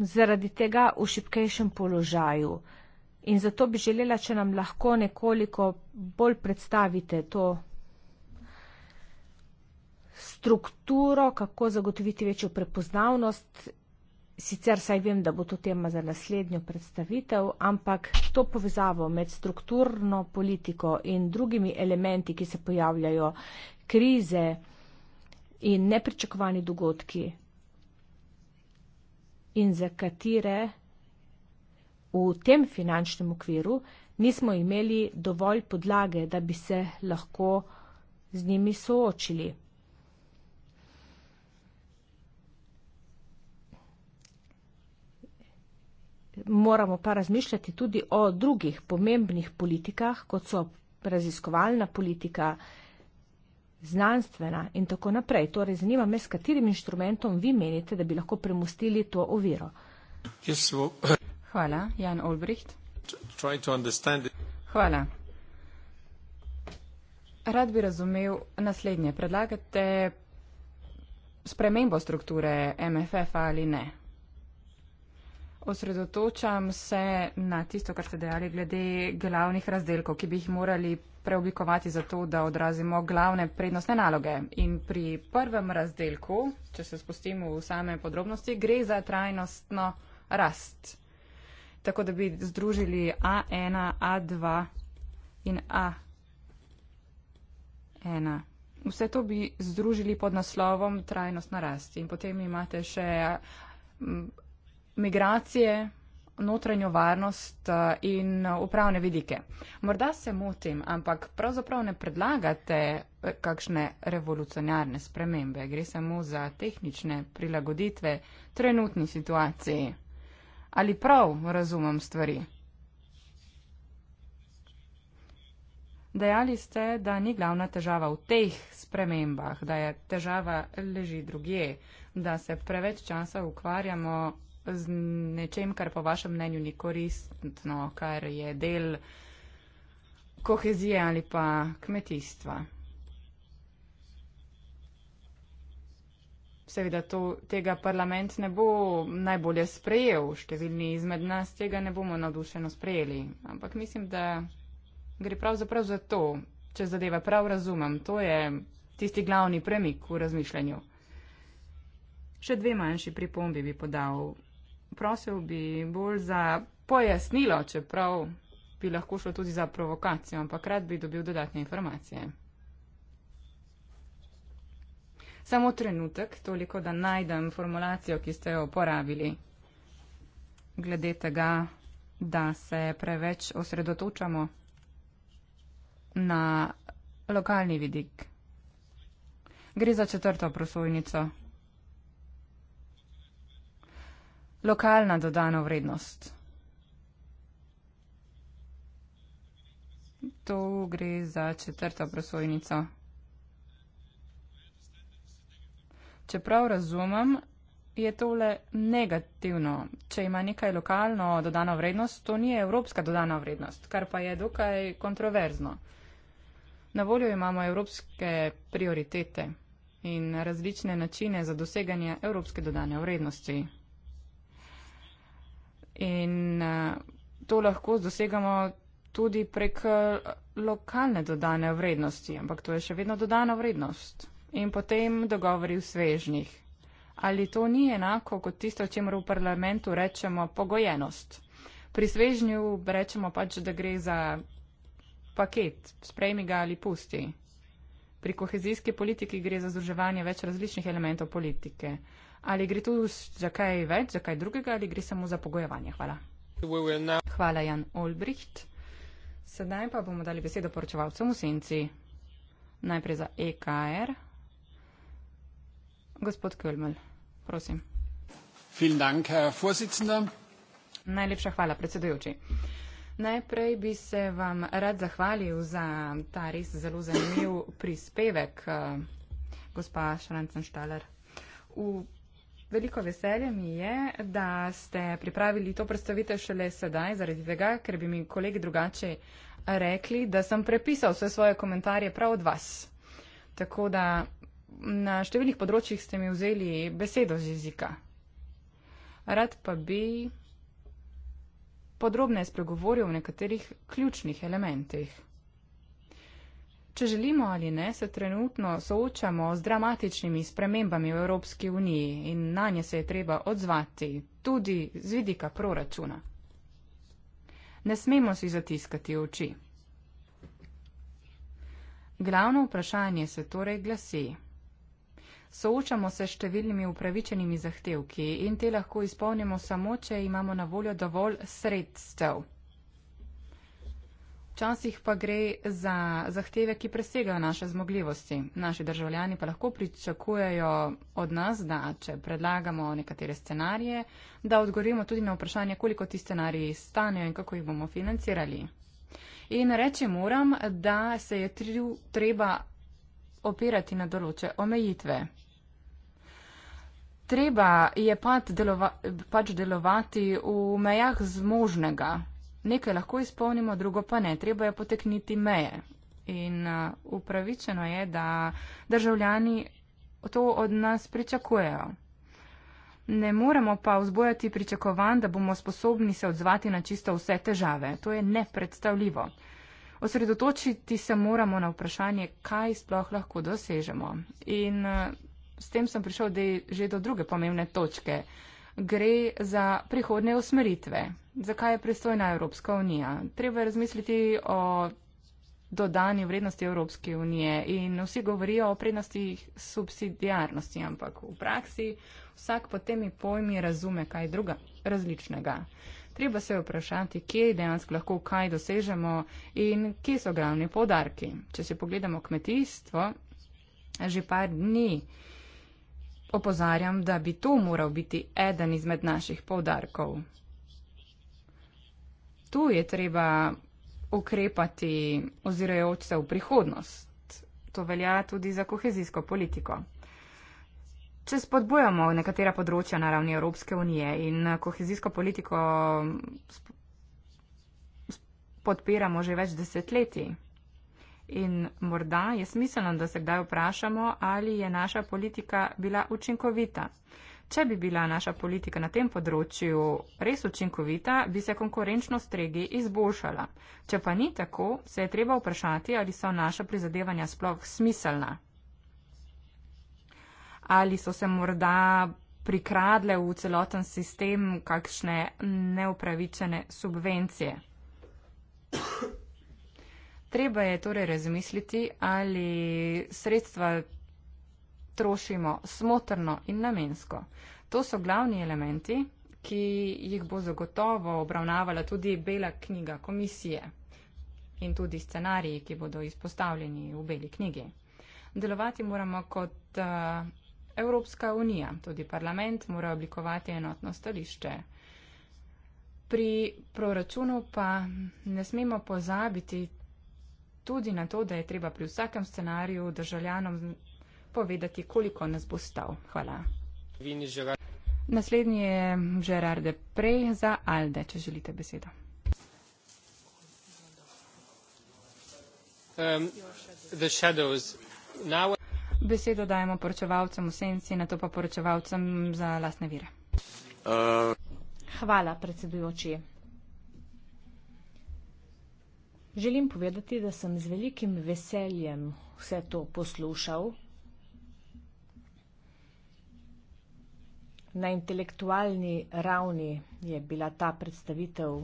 zaradi tega v šipkejšem položaju. In zato bi želela, če nam lahko nekoliko bolj predstavite to strukturo, kako zagotoviti večjo prepoznavnost. Sicer saj vem, da bo to tema za naslednjo predstavitev, ampak to povezavo med strukturno politiko in drugimi elementi, ki se pojavljajo, krize, in nepričakovani dogodki in za katere v tem finančnem okviru nismo imeli dovolj podlage, da bi se lahko z njimi soočili. Moramo pa razmišljati tudi o drugih pomembnih politikah, kot so raziskovalna politika, znanstvena in tako naprej. Torej, zanima me, s katerim inštrumentom vi menite, da bi lahko premustili to oviro. Hvala, Jan Olbricht. Hvala. Rad bi razumel naslednje. Predlagate spremembo strukture MFF-a ali ne? Osredotočam se na tisto, kar ste dejali glede glavnih razdelkov, ki bi jih morali preoblikovati za to, da odrazimo glavne prednostne naloge. In pri prvem razdelku, če se spustimo v same podrobnosti, gre za trajnostno rast. Tako da bi združili A1, A2 in A1. Vse to bi združili pod naslovom trajnostna rast. In potem imate še migracije, notranjo varnost eh, in eh, upravne vidike. Morda se motim, ampak pravzaprav ne predlagate eh, kakšne revolucionarne spremembe. Gre samo za tehnične prilagoditve trenutni situaciji. Ali prav razumem stvari? Dejali ste, da ni glavna težava v teh spremembah, da je težava leži drugje, da se preveč časa ukvarjamo z nečem, kar po vašem mnenju ni koristno, kar je del kohezije ali pa kmetijstva. Seveda to, tega parlament ne bo najbolje sprejel, številni izmed nas tega ne bomo navdušeno sprejeli, ampak mislim, da gre pravzaprav za to, če zadeva prav razumem, to je tisti glavni premik v razmišljanju. Še dve manjši pripombi bi podal prosil bi bolj za pojasnilo, čeprav bi lahko šlo tudi za provokacijo, ampak rad bi dobil dodatne informacije. Samo trenutek, toliko, da najdem formulacijo, ki ste jo uporabili. Glede tega, da se preveč osredotočamo na lokalni vidik. Gre za četrto prosojnico, lokalna dodana vrednost. Tu gre za četrto prosojnico. Čeprav razumem, je tole negativno. Če ima nekaj lokalno dodano vrednost, to ni evropska dodana vrednost, kar pa je dokaj kontroverzno. Na voljo imamo evropske prioritete in različne načine za doseganje evropske dodane vrednosti. In uh, to lahko dosegamo tudi prek eh, lokalne dodane vrednosti, ampak to je še vedno dodana vrednost. In potem dogovori v svežnih. Ali to ni enako kot tisto, o čemer v parlamentu rečemo pogojenost? Pri svežnju rečemo pač, da gre za paket, sprejmi ga ali pusti. Pri kohezijski politiki gre za združevanje več različnih elementov politike. Ali gre tu za kaj več, za kaj drugega ali gre samo za pogojevanje? Hvala. Hvala, Jan Olbricht. Sedaj pa bomo dali besedo poročevalcem v senci. Najprej za EKR. Gospod Kölmel, prosim. Dank, Najlepša hvala, predsedujoči. Najprej bi se vam rad zahvalil za ta res zelo zanimiv prispevek, eh, gospa Šrancenštaler. Veliko veselje mi je, da ste pripravili to predstavitev šele sedaj, zaradi tega, ker bi mi kolegi drugače rekli, da sem prepisal vse svoje komentarje prav od vas. Tako da na številnih področjih ste mi vzeli besedo z jezika. Rad pa bi podrobneje spregovoril o nekaterih ključnih elementih. Če želimo ali ne, se trenutno soočamo z dramatičnimi spremembami v Evropski uniji in na nje se je treba odzvati tudi z vidika proračuna. Ne smemo si zatiskati oči. Glavno vprašanje se torej glasi. Soočamo se s številnimi upravičenimi zahtevki in te lahko izpolnimo samo, če imamo na voljo dovolj sredstev. Včasih pa gre za zahteve, ki presegajo naše zmogljivosti. Naši državljani pa lahko pričakujejo od nas, da če predlagamo nekatere scenarije, da odgovorimo tudi na vprašanje, koliko ti scenariji stanejo in kako jih bomo financirali. In reči moram, da se je treba operati na določe omejitve. Treba je pač, delova, pač delovati v mejah zmožnega, nekaj lahko izpolnimo, drugo pa ne. Treba je potekniti meje. In uh, upravičeno je, da državljani to od nas pričakujejo. Ne moremo pa vzbojati pričakovanj, da bomo sposobni se odzvati na čisto vse težave. To je nepredstavljivo. Osredotočiti se moramo na vprašanje, kaj sploh lahko dosežemo. In uh, s tem sem prišel že do druge pomembne točke. Uh, gre za prihodne usmeritve. Zakaj je pristojna Evropska unija? Treba je razmisliti o dodani vrednosti Evropske unije in vsi govorijo o prednostih subsidijarnosti, ampak v praksi vsak po temi pojmi razume kaj druga, različnega. Treba se vprašati, kje dejansko lahko kaj dosežemo in kje so glavni podarki. Če si pogledamo kmetijstvo, že par dni opozarjam, da bi to moral biti eden izmed naših povdarkov. Tu je treba ukrepati ozirajoč se v prihodnost. To velja tudi za kohezijsko politiko. Če spodbujamo nekatera področja na ravni Evropske unije in kohezijsko politiko podpiramo že več desetletij, In morda je smiselno, da se kdaj vprašamo, ali je naša politika bila učinkovita. Če bi bila naša politika na tem področju res učinkovita, bi se konkurenčnost regi izboljšala. Če pa ni tako, se je treba vprašati, ali so naša prizadevanja sploh smiselna. Ali so se morda prikradle v celoten sistem kakšne neupravičene subvencije. Treba je torej razmisliti, ali sredstva trošimo smotrno in namensko. To so glavni elementi, ki jih bo zagotovo obravnavala tudi Bela knjiga komisije in tudi scenariji, ki bodo izpostavljeni v Beli knjigi. Delovati moramo kot eh, Evropska unija, tudi parlament mora oblikovati enotno stališče. Pri proračunu pa ne smemo pozabiti tudi na to, da je treba pri vsakem scenariju državljanom povedati, koliko nas bo stal. Hvala. Naslednji je Žerarde Prej za Alde, če želite besedo. Um, Now... Besedo dajemo poročevalcem v senci, na to pa poročevalcem za lasne vire. Uh... Hvala, predsedujoči. Želim povedati, da sem z velikim veseljem vse to poslušal. Na intelektualni ravni je bila ta predstavitev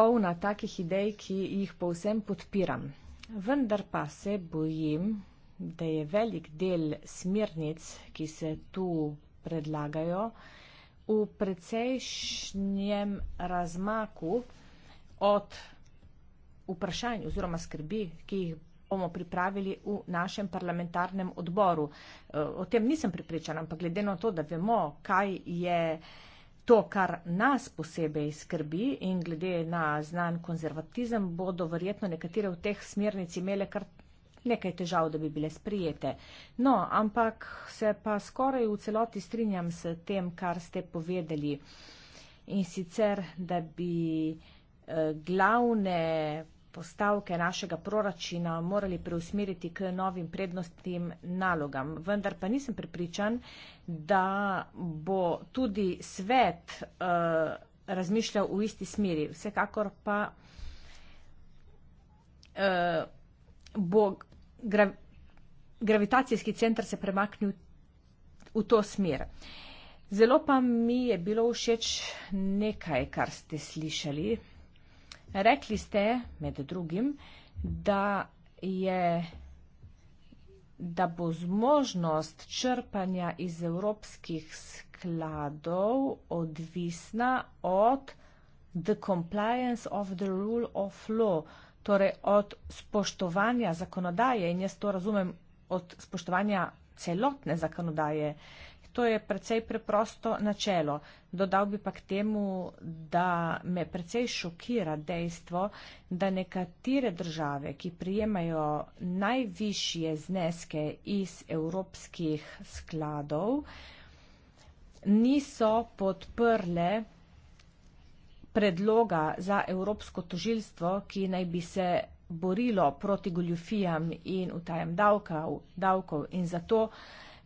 polna takih idej, ki jih povsem podpiram. Vendar pa se bojim, da je velik del smernic, ki se tu predlagajo, v precejšnjem razmaku od vprašanj oziroma skrbi, ki jih bomo pripravili v našem parlamentarnem odboru. Eh, o tem nisem pripričana, ampak glede na to, da vemo, kaj je to, kar nas posebej skrbi in glede na znan konzervatizem, bodo verjetno nekatere v teh smernici imele kar nekaj težav, da bi bile sprijete. No, ampak se pa skoraj v celoti strinjam s tem, kar ste povedali. In sicer, da bi glavne postavke našega proračuna morali preusmeriti k novim prednostnim nalogam. Vendar pa nisem prepričan, da bo tudi svet uh, razmišljal v isti smeri. Vsekakor pa uh, bo gra gravitacijski center se premaknil v to smer. Zelo pa mi je bilo všeč nekaj, kar ste slišali. Rekli ste, med drugim, da je da bo zmožnost črpanja iz evropskih skladov odvisna od the compliance of the rule of law, torej od spoštovanja zakonodaje in jaz to razumem od spoštovanja celotne zakonodaje. Uh, to je precej preprosto načelo. Dodal bi pa k temu, da me precej šokira dejstvo, da nekatere države, ki prijemajo najvišje zneske iz evropskih skladov, niso podprle predloga za evropsko tožilstvo, ki naj bi se borilo proti goljufijam in utajem davkov, davkov in zato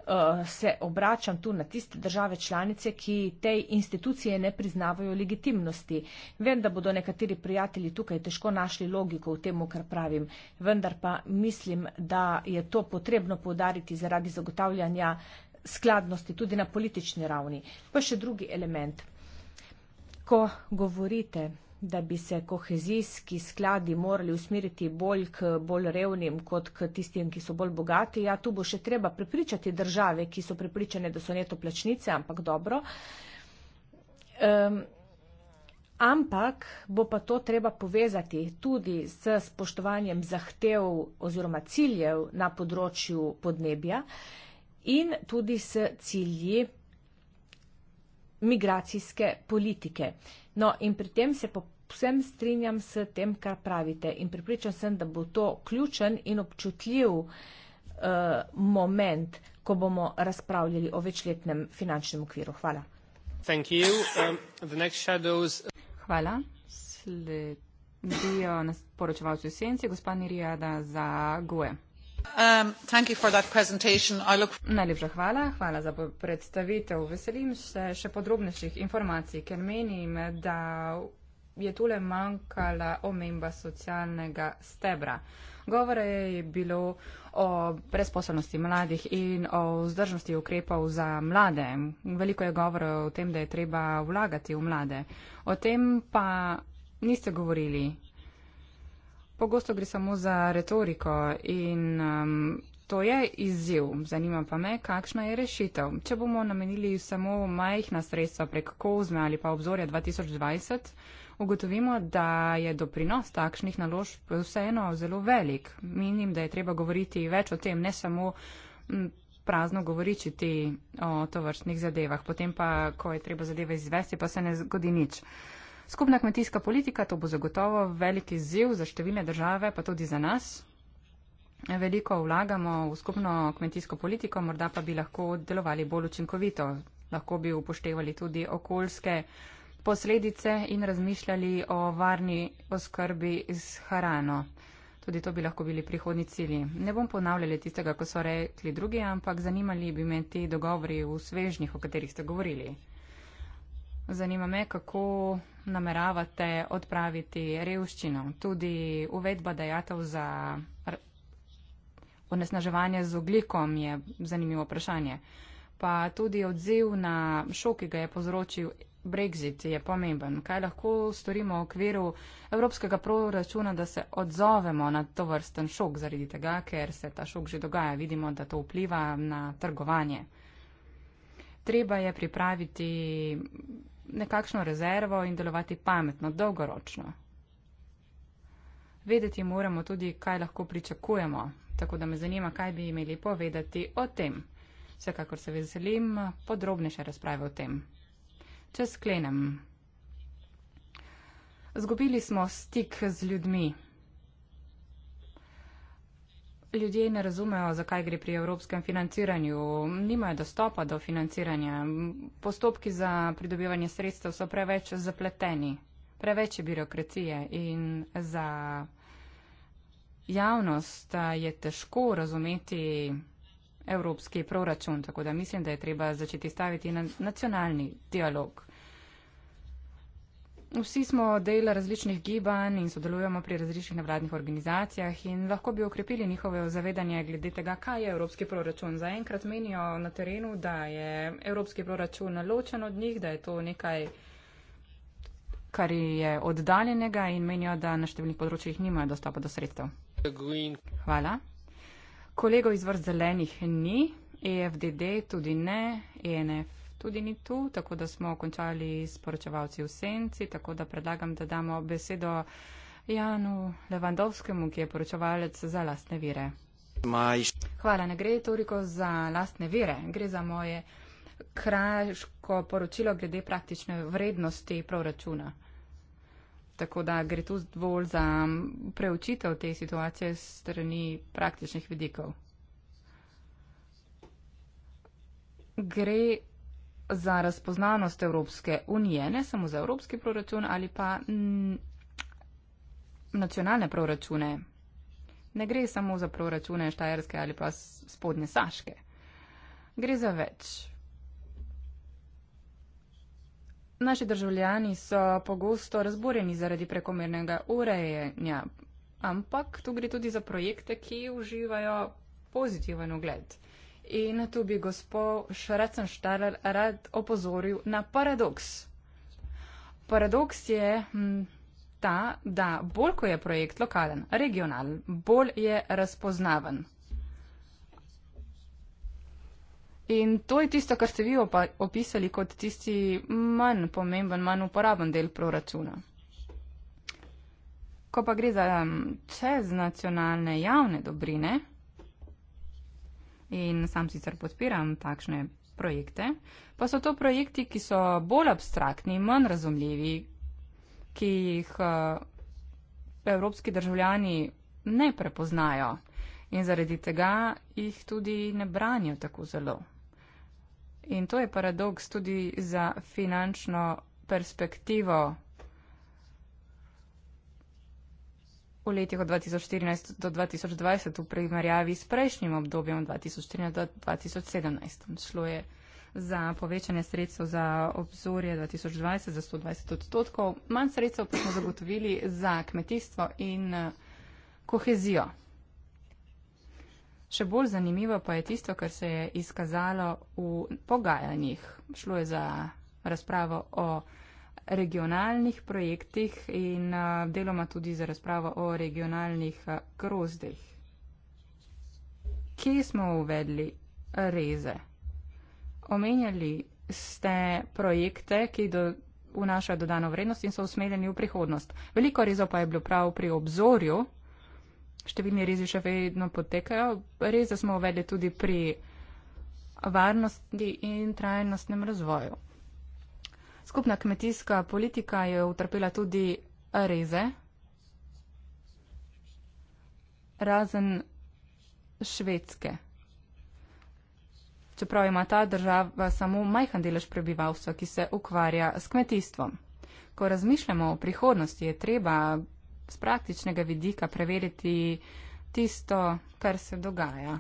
Eh, se obračam tu na tiste države članice, ki tej institucije ne priznavajo legitimnosti. Vem, da bodo nekateri prijatelji tukaj težko našli logiko v tem, kar pravim, vendar pa mislim, da je to potrebno povdariti zaradi zagotavljanja skladnosti tudi na politični ravni. Pa še drugi element. Ko govorite da bi se kohezijski skladi morali usmeriti bolj k bolj revnim kot k tistim, ki so bolj bogati. Ja, tu bo še treba prepričati države, ki so prepričane, da so neto plačnice, ampak dobro. Um, ampak bo pa to treba povezati tudi s spoštovanjem zahtev oziroma ciljev na področju podnebja in tudi s cilji migracijske politike. No, in pri tem se pa vsem strinjam s tem, kar pravite in pripričan sem, da bo to ključen in občutljiv uh, moment, ko bomo razpravljali o večletnem finančnem okviru. Hvala. Um, hvala. Sledijo nas poročevalci v senci, gospa Nirijada za GUE. Um, thank you for that presentation. I look... Najlepša hvala, hvala za predstavitev. Veselim se še podrobnejših informacij, ker menim, da je tole manjkala omemba socialnega stebra. Govore je bilo o brezposobnosti mladih in o vzdržnosti ukrepov za mlade. Veliko je govora o tem, da je treba vlagati v mlade. O tem pa niste govorili. Pogosto gre samo za retoriko in um, to je izziv. Zanima pa me, kakšna je rešitev. Če bomo namenili samo majhna sredstva prek Kozme ali pa obzorja 2020, ugotovimo, da je doprinos takšnih naložb vseeno zelo velik. Menim, da je treba govoriti več o tem, ne samo prazno govoričiti o tovrstnih zadevah, potem pa, ko je treba zadeve izvesti, pa se ne zgodi nič. Skupna kmetijska politika, to bo zagotovo veliki ziv za številne države, pa tudi za nas. Veliko vlagamo v skupno kmetijsko politiko, morda pa bi lahko delovali bolj učinkovito. Lahko bi upoštevali tudi okoljske posledice in razmišljali o varni oskrbi z hrano. Tudi to bi lahko bili prihodni cilji. Ne bom ponavljali tistega, ko so rekli drugi, ampak zanimali bi me ti dogovori v svežnih, o katerih ste govorili. Zanima me, kako nameravate odpraviti revščino, tudi uvedba dejatev za onesnaževanje z oglikom je zanimivo vprašanje, pa tudi odziv na šok, ki ga je povzročil Brexit je pomemben. Kaj lahko storimo v okviru evropskega proračuna, da se odzovemo na to vrsten šok zaradi tega, ker se ta šok že dogaja. Vidimo, da to vpliva na trgovanje. Treba je pripraviti nekakšno rezervo in delovati pametno, dolgoročno. Vedeti moramo tudi, kaj lahko pričakujemo. Tako da me zanima, kaj bi imeli povedati o tem. Vsekakor se veselim podrobnejše razprave o tem. Če sklenem. Zgubili smo stik z ljudmi. Ljudje ne razumejo, zakaj gre pri evropskem financiranju. Nimajo dostopa do financiranja. Postopki za pridobivanje sredstev so preveč zapleteni. Preveč je birokracije in za javnost je težko razumeti evropski proračun. Tako da mislim, da je treba začeti staviti na nacionalni dialog. Vsi smo del različnih gibanj in sodelujemo pri različnih nevladnih organizacijah in lahko bi okrepili njihove zavedanje glede tega, kaj je evropski proračun. Zaenkrat menijo na terenu, da je evropski proračun ločen od njih, da je to nekaj, kar je oddaljenega in menijo, da na številnih področjih nimajo dostopa do sredstev. Hvala. Kolegov iz vrst zelenih ni, EFDD tudi ne, ENF tudi ni tu, tako da smo končali s poročevalci v senci, tako da predlagam, da damo besedo Janu Levandovskemu, ki je poročevalec za lastne vire. Majš. Hvala, ne gre toliko za lastne vire, gre za moje kraško poročilo glede praktične vrednosti proračuna. Tako da gre tu bolj za preučitev te situacije strani praktičnih vidikov. Gre za razpoznanost Evropske unije, ne samo za evropski proračun ali pa nacionalne proračune. Ne gre samo za proračune Štajerske ali pa spodnje Saške. Gre za več. Naši državljani so pogosto razburjeni zaradi prekomernega urejanja, ampak tu gre tudi za projekte, ki uživajo pozitiven ugled. In tu bi gospod Šrecenštarer rad opozoril na paradoks. Paradoks je hm, ta, da bolj ko je projekt lokalen, regional, bolj je razpoznaven. In to je tisto, kar ste vi opisali kot tisti manj pomemben, manj uporaben del proračuna. Ko pa gre za čez nacionalne javne dobrine, in sam sicer podpiram takšne projekte, pa so to projekti, ki so bolj abstraktni, manj razumljivi, ki jih eh, evropski državljani ne prepoznajo in zaradi tega jih tudi ne branijo tako zelo. In to je paradoks tudi za finančno perspektivo v letih od 2014 do 2020 v primerjavi s prejšnjim obdobjem 2014 do 2017. Šlo je za povečanje sredstev za obzorje 2020 za 120 odstotkov, manj sredstev pa smo zagotovili za kmetijstvo in eh, kohezijo. Še bolj zanimivo pa je tisto, kar se je izkazalo v pogajanjih. Šlo je za razpravo o regionalnih projektih in eh, deloma tudi za razpravo o regionalnih krozdeh. Eh, Kje smo uvedli reze? Omenjali ste projekte, ki do, vnašajo dodano vrednost in so usmerjeni v prihodnost. Veliko rezo pa je bilo prav pri obzorju, številni rezi še vedno potekajo. Reze smo uvedli tudi pri varnosti in trajnostnem razvoju. Skupna kmetijska politika je utrpela tudi reze, razen švedske. Čeprav ima ta država samo majhen delež prebivalstva, ki se ukvarja s kmetijstvom. Ko razmišljamo o prihodnosti, je treba z praktičnega vidika preveriti tisto, kar se dogaja.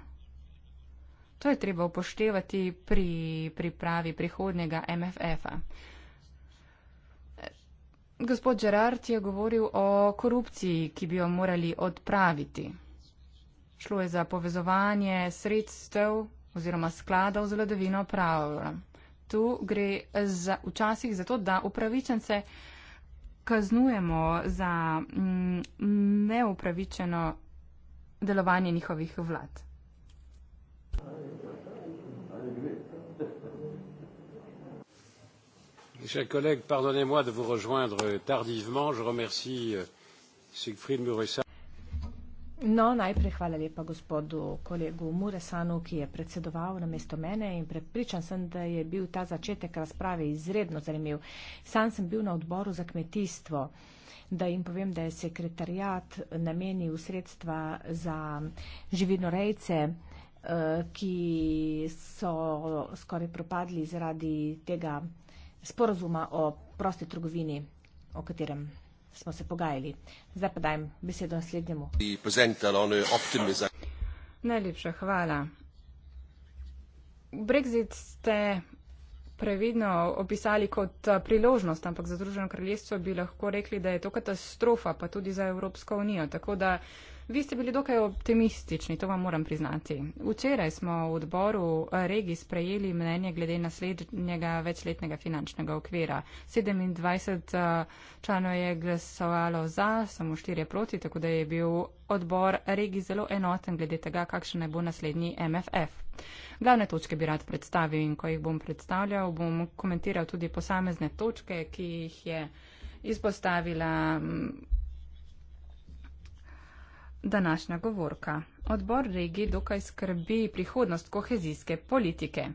To je treba upoštevati pri pripravi prihodnjega MFF-a. Gospod Gerard je govoril o korupciji, ki bi jo morali odpraviti. Šlo je za povezovanje sredstev oziroma skladov z vladavino prava. Tu gre za, včasih za to, da upravičence kaznujemo za mm, neupravičeno delovanje njihovih vlad. Chers collègues, pardonnez-moi de vous rejoindre tardivement. Je remercie euh, Siegfried Murissa. No, najprej hvala lepa gospodu kolegu Muresanu, ki je predsedoval na mesto mene in prepričan sem, da je bil ta začetek razprave izredno zanimiv. Sam sem bil na odboru za kmetijstvo, da jim povem, da je sekretarijat namenil sredstva za živinorejce, eh, ki so skoraj propadli zaradi tega sporozuma o prosti trgovini, o katerem smo se pogajali. Zdaj pa dajem besedo naslednjemu. Najlepša hvala. Brexit ste previdno opisali kot eh, priložnost, ampak za Združeno kraljestvo bi lahko rekli, da je to katastrofa, pa tudi za Evropsko unijo. Tako da Vi ste bili dokaj optimistični, to vam moram priznati. Včeraj smo v odboru regi sprejeli mnenje glede naslednjega večletnega finančnega okvira. 27 eh, članov je glasovalo za, samo 4 proti, tako da je bil odbor regi zelo enoten glede tega, kakšen naj bo naslednji MFF. Glavne točke bi rad predstavil in ko jih bom predstavljal, bom komentiral tudi posamezne točke, ki jih je izpostavila mm, današnja govorka. Odbor regije dokaj skrbi prihodnost kohezijske politike.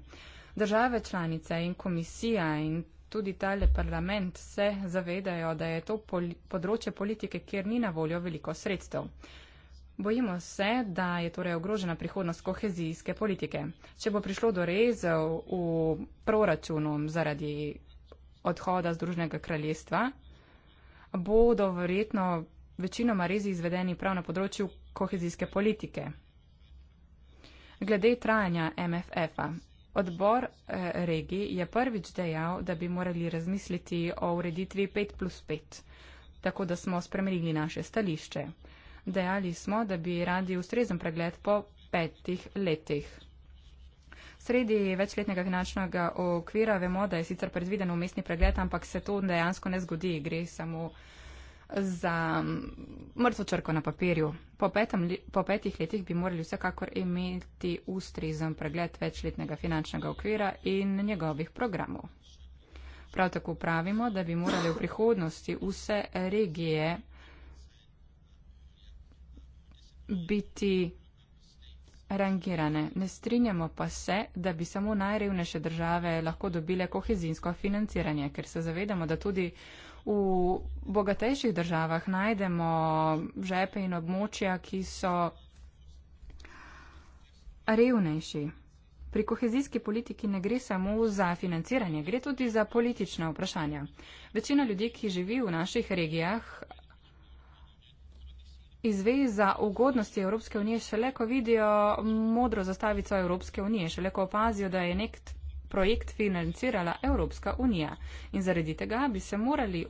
Države članice in komisija in tudi tale parlament se zavedajo, da je to pol področje politike, kjer ni na voljo veliko sredstev. Bojimo se, da je torej ogrožena prihodnost kohezijske politike. Če bo prišlo do rezov v proračunu zaradi odhoda Združnega kraljestva, bodo verjetno večinoma res izvedeni prav na področju kohezijske politike. Glede trajanja MFF-a. Odbor eh, regi je prvič dejal, da bi morali razmisliti o ureditvi 5 plus 5, tako da smo spremenili naše stališče. Dejali smo, da bi radi ustrezen pregled po petih letih. Sredi večletnega finančnega okvira vemo, da je sicer predviden umestni pregled, ampak se to dejansko ne zgodi, gre samo za mrtvo črko na papirju. Po, petem, po petih letih bi morali vsekakor imeti ustrezen pregled večletnega finančnega okvira in njegovih programov. Prav tako pravimo, da bi morali v prihodnosti vse regije biti rangirane. Ne strinjamo pa se, da bi samo najrevnejše države lahko dobile kohezinsko financiranje, ker se zavedamo, da tudi V bogatejših državah najdemo žepe in območja, ki so revnejši. Pri kohezijski politiki ne gre samo za financiranje, gre tudi za politične vprašanja. Večina ljudi, ki živi v naših regijah, izve za ugodnosti Evropske unije, šele ko vidijo modro zastavico Evropske unije, šele ko opazijo, da je nek projekt financirala Evropska unija in zaradi tega bi se morali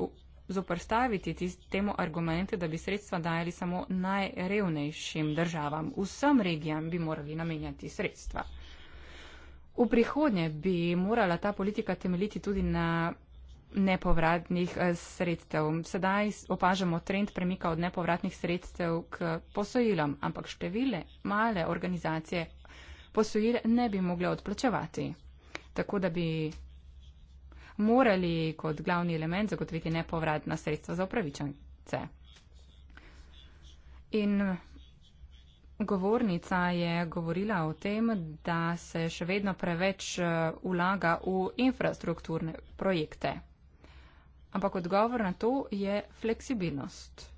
zoprstaviti temu argumentu, da bi sredstva dajali samo najrevnejšim državam. Vsem regijam bi morali namenjati sredstva. V prihodnje bi morala ta politika temeljiti tudi na nepovratnih eh, sredstev. Sedaj opažamo trend premika od nepovratnih sredstev k posojilom, ampak števile male organizacije posojile ne bi mogle odplačevati tako da bi morali kot glavni element zagotoviti nepovratna sredstva za upravičence. In govornica je govorila o tem, da se še vedno preveč eh, vlaga v infrastrukturne projekte. Ampak odgovor na to je fleksibilnost.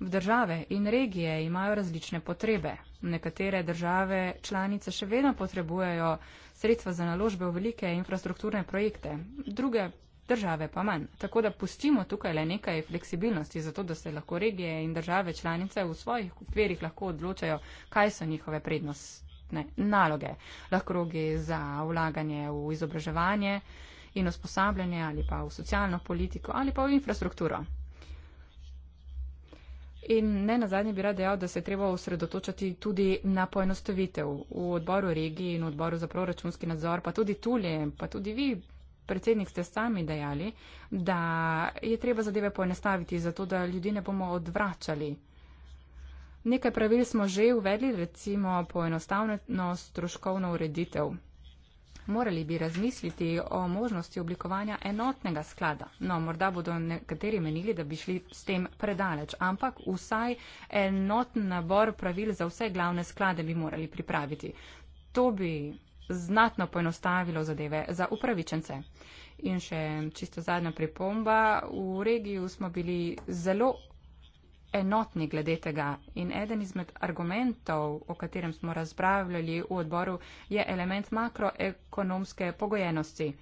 Države in regije imajo različne potrebe. Nekatere države članice še vedno potrebujejo sredstva za naložbe v velike infrastrukturne projekte, druge države pa manj. Tako da pustimo tukaj le nekaj fleksibilnosti, zato da se lahko regije in države članice v svojih okvirih lahko odločajo, kaj so njihove prednostne naloge. Lahko rogi za vlaganje v izobraževanje in usposabljanje ali pa v socialno politiko ali pa v infrastrukturo. In ne nazadnje bi rad dejal, da se je treba osredotočati tudi na poenostavitev v odboru regiji in odboru za proračunski nadzor, pa tudi tulje, pa tudi vi. Predsednik ste sami dejali, da je treba zadeve poenostaviti, zato da ljudi ne bomo odvračali. Nekaj pravil smo že uvedli, recimo poenostavnost, troškovno ureditev. Morali bi razmisliti o možnosti oblikovanja enotnega sklada. No, morda bodo nekateri menili, da bi šli s tem predaleč, ampak vsaj enoten nabor pravil za vse glavne sklade bi morali pripraviti. To bi znatno poenostavilo zadeve za upravičence. In še čisto zadnja pripomba. V regiji smo bili zelo enotni glede tega. In eden izmed argumentov, o katerem smo razpravljali v odboru, je element makroekonomske pogojenosti.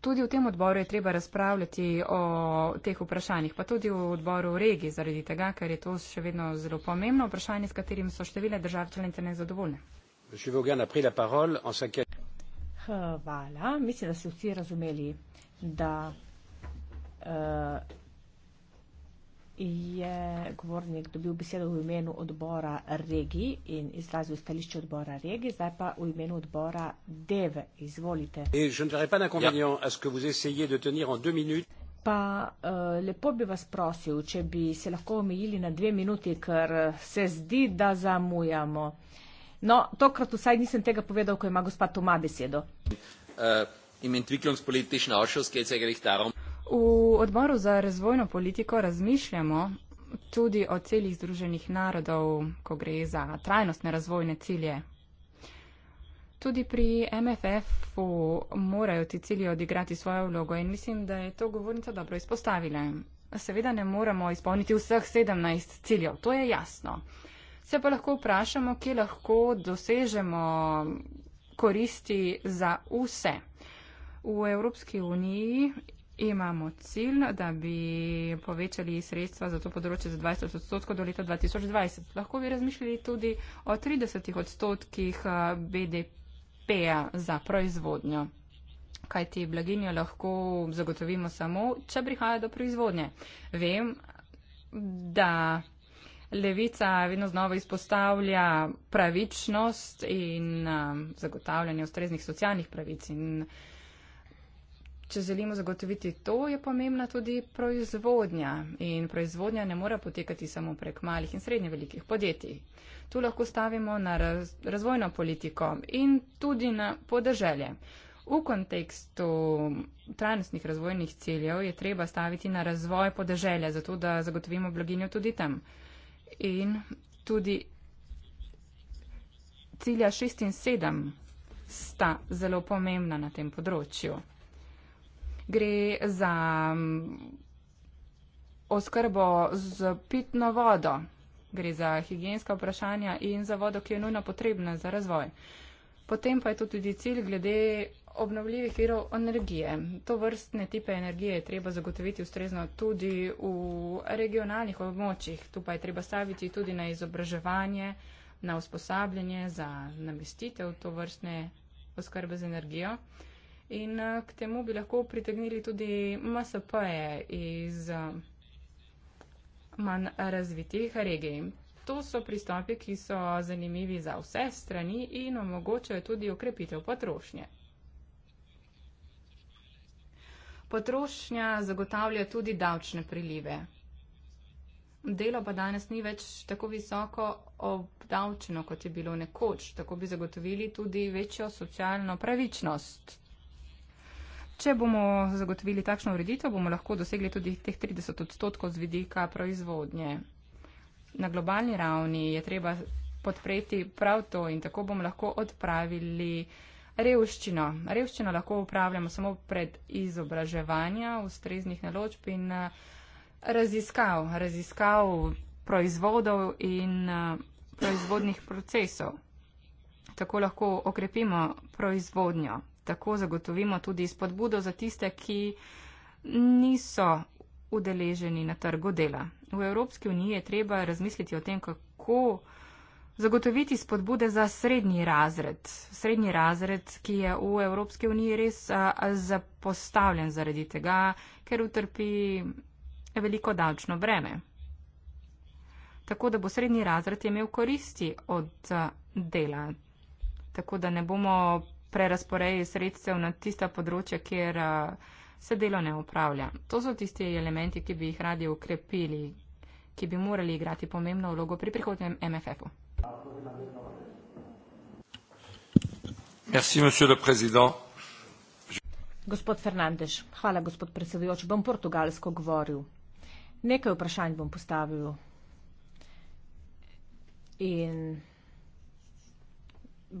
Tudi v tem odboru je treba razpravljati o teh vprašanjih, pa tudi v odboru regij, zaradi tega, ker je to še vedno zelo pomembno vprašanje, s katerim so številne države članice nezadovoljne. Hvala, mislim, da ste vsi razumeli, da je govornik dobil besedo v imenu odbora regij in izrazil stališče odbora regij, zdaj pa v imenu odbora deve. Izvolite. Ja. Pa eh, lepo bi vas prosil, če bi se lahko omejili na dve minuti, ker eh, se zdi, da zamujamo. No, tokrat vsaj nisem tega povedal, ko ima gospod Toma besedo. Uh, V odboru za razvojno politiko razmišljamo tudi o celih Združenih narodov, ko gre za trajnostne razvojne cilje. Tudi pri MFF-u morajo ti cilji odigrati svojo vlogo in mislim, da je to govornica dobro izpostavila. Seveda ne moramo izpolniti vseh 17 ciljev, to je jasno. Se pa lahko vprašamo, kje lahko dosežemo koristi za vse. V Evropski uniji imamo cilj, da bi povečali sredstva za to področje za 20 odstotkov do leta 2020. Lahko bi razmišljali tudi o 30 odstotkih eh, BDP-ja za proizvodnjo. Kaj ti blaginjo lahko zagotovimo samo, če prihaja do proizvodnje. Vem, da levica vedno znova izpostavlja pravičnost in um, zagotavljanje ustreznih socialnih pravic in uh, Če želimo zagotoviti to, je pomembna tudi proizvodnja. In proizvodnja ne mora potekati samo prek malih in srednje velikih podjetij. Tu lahko stavimo na raz, razvojno politiko in tudi na podeželje. V kontekstu trajnostnih razvojnih ciljev je treba staviti na razvoj podeželja, zato da zagotovimo blaginjo tudi tam. In tudi cilja 6 in 7 sta zelo pomembna na tem področju gre za mm, oskrbo z pitno vodo, gre za higijenska vprašanja in za vodo, ki je nujno potrebna za razvoj. Potem pa je to tudi cilj glede obnovljivih virov energije. To vrstne tipe energije je treba zagotoviti ustrezno tudi v regionalnih območjih. Tu pa je treba staviti tudi na izobraževanje, na usposabljanje za namestitev to vrstne oskrbe z energijo in eh, k temu bi lahko pritegnili tudi MSP-je iz eh, manj razvitih regij. To so pristopi, ki so zanimivi za vse strani in omogočajo tudi okrepitev potrošnje. Potrošnja zagotavlja tudi davčne prilive. Delo pa danes ni več tako visoko obdavčeno, kot je bilo nekoč. Tako bi zagotovili tudi večjo socialno pravičnost. Če bomo zagotovili takšno ureditev, bomo lahko dosegli tudi teh 30 odstotkov z vidika proizvodnje. Na globalni ravni je treba podpreti prav to in tako bomo lahko odpravili revščino. Revščino lahko upravljamo samo pred izobraževanja, ustreznih naločb in eh, raziskav, raziskav proizvodov in eh, proizvodnih procesov. Tako lahko okrepimo proizvodnjo tako zagotovimo tudi spodbudo za tiste, ki niso udeleženi na trgu dela. V Evropski uniji je treba razmisliti o tem, kako zagotoviti spodbude za srednji razred. Srednji razred, ki je v Evropski uniji res zapostavljen zaradi tega, ker utrpi veliko davčno breme. Tako da bo srednji razred imel koristi od dela. Tako da ne bomo prerasporeji sredstev na tista področja, kjer eh, se delo ne upravlja. To so tisti elementi, ki bi jih radi ukrepili, ki bi morali igrati pomembno vlogo pri prihodnjem MFF-u. Merci, monsieur le président. Gospod Fernandez, hvala, gospod predsedujoč. Bom portugalsko govoril. Nekaj vprašanj bom postavil. In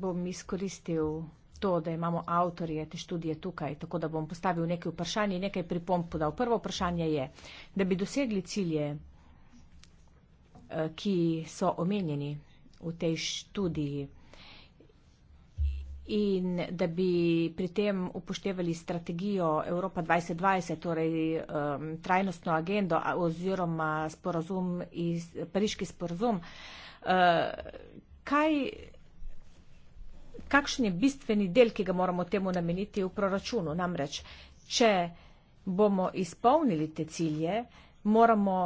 bom izkoristil to, da imamo avtorje te študije tukaj, tako da bom postavil nekaj vprašanj in nekaj pripomb podal. Prvo vprašanje je, da bi dosegli cilje, eh, ki so omenjeni v tej študiji in da bi pri tem upoštevali strategijo Evropa 2020, torej um, trajnostno agendo oziroma sporazum iz, pariški sporazum. Uh, kaj kakšen je bistveni del, ki ga moramo temu nameniti v proračunu. Namreč, če bomo izpolnili te cilje, moramo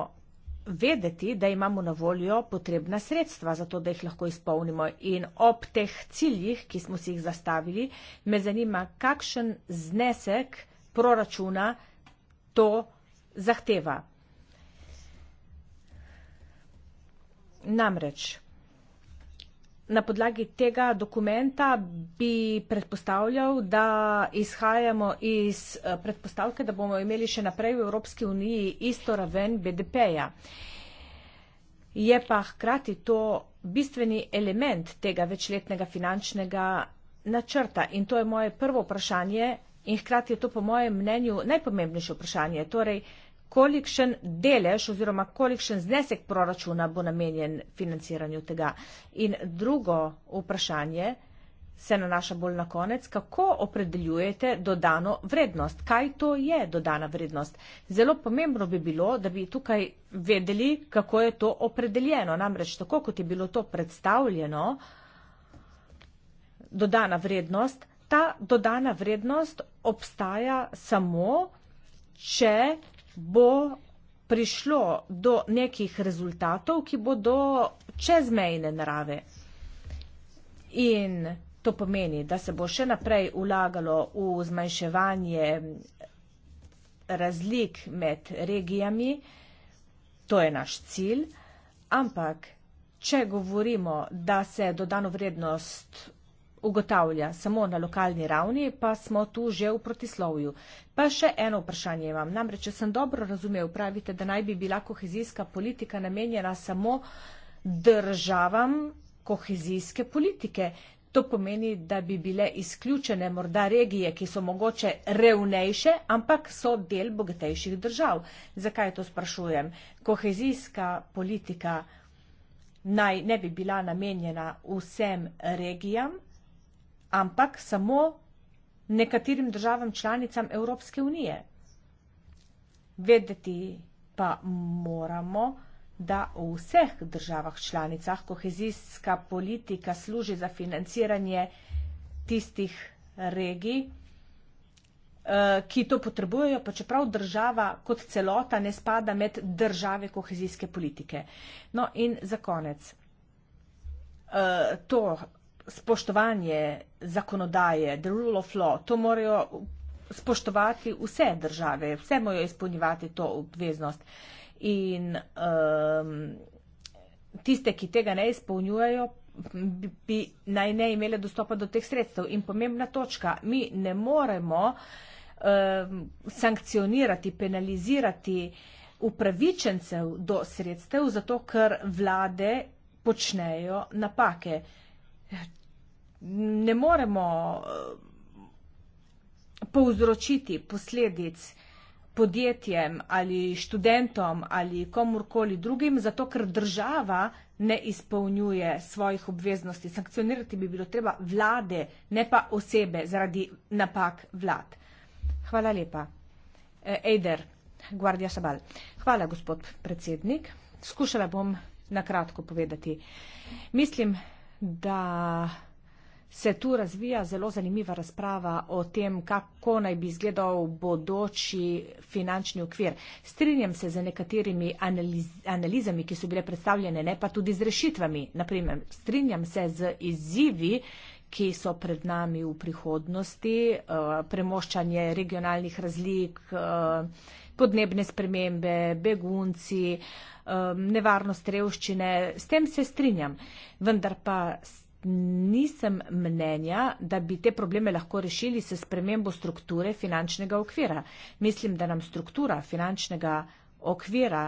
vedeti, da imamo na voljo potrebna sredstva za to, da jih lahko izpolnimo. In ob teh ciljih, ki smo si jih zastavili, me zanima, kakšen znesek proračuna to zahteva. Namreč, Na podlagi tega dokumenta bi predpostavljal, da izhajamo iz eh, predpostavke, da bomo imeli še naprej v Evropski uniji isto raven BDP-ja. Je pa hkrati to bistveni element tega večletnega finančnega načrta in to je moje prvo vprašanje in hkrati je to po mojem mnenju najpomembnejše vprašanje. Torej, kolikšen delež oziroma kolikšen znesek proračuna bo namenjen financiranju tega. In drugo vprašanje se nanaša bolj na konec, kako opredeljujete dodano vrednost? Kaj to je dodana vrednost? Zelo pomembno bi bilo, da bi tukaj vedeli, kako je to opredeljeno. Namreč tako, kot je bilo to predstavljeno, dodana vrednost, ta dodana vrednost obstaja samo, če bo prišlo do nekih rezultatov, ki bodo čezmejne narave. In to pomeni, da se bo še naprej ulagalo v zmanjševanje razlik med regijami, to je naš cilj, ampak če govorimo, da se dodano vrednost ugotavlja, samo na lokalni ravni, pa smo tu že v protislovju. Pa še eno vprašanje imam. Namreč, če sem dobro razumel, pravite, da naj bi bila kohezijska politika namenjena samo državam kohezijske politike. To pomeni, da bi bile izključene morda regije, ki so mogoče revnejše, ampak so del bogatejših držav. Zakaj to sprašujem? Kohezijska politika naj ne bi bila namenjena vsem regijam, ampak samo nekaterim državam članicam Evropske unije. Vedeti pa moramo, da v vseh državah članicah kohezijska politika služi za financiranje tistih regij, eh, ki to potrebujejo, pa čeprav država kot celota ne spada med države kohezijske politike. No in za konec. Eh, to spoštovanje zakonodaje, the rule of law, to morajo spoštovati vse države, vse morajo izpolnjevati to obveznost. In um, tiste, ki tega ne izpolnjujejo, bi, bi naj ne imeli dostopa do teh sredstev. In pomembna točka, mi ne moremo um, sankcionirati, penalizirati upravičencev do sredstev, zato ker vlade počnejo napake. Uh, Ja, ne moremo eh, povzročiti posledic podjetjem ali študentom ali komorkoli drugim, zato ker država ne izpolnjuje svojih obveznosti. Sankcionirati bi bilo treba vlade, ne pa osebe zaradi napak vlad. Hvala lepa. Ejder, eh, Guardia Sabal. Hvala, gospod predsednik. Skušala bom na kratko povedati. Mislim, da se tu razvija zelo zanimiva razprava o tem, kako naj bi izgledal bodoči finančni okvir. Strinjam se z nekaterimi analiz analizami, ki so bile predstavljene, ne pa tudi z rešitvami. Naprimer, strinjam se z izzivi, ki so pred nami v prihodnosti, eh, premoščanje regionalnih razlik. Eh, podnebne spremembe, begunci, um, nevarnost revščine, s tem se strinjam. Vendar pa nisem mnenja, da bi te probleme lahko rešili s spremembo strukture finančnega okvira. Mislim, da nam struktura finančnega okvira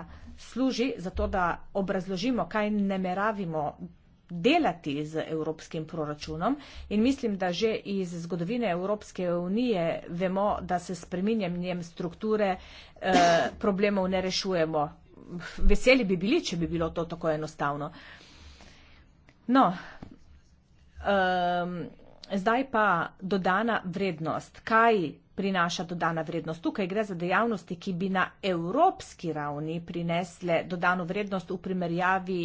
služi za to, da obrazložimo, kaj nameravimo delati z evropskim proračunom in mislim, da že iz zgodovine Evropske unije vemo, da se spreminjanjem strukture eh, problemov ne rešujemo. Veseli bi bili, če bi bilo to tako enostavno. No, um, zdaj pa dodana vrednost. Kaj prinaša dodana vrednost? Tukaj gre za dejavnosti, ki bi na evropski ravni prinesle dodano vrednost v primerjavi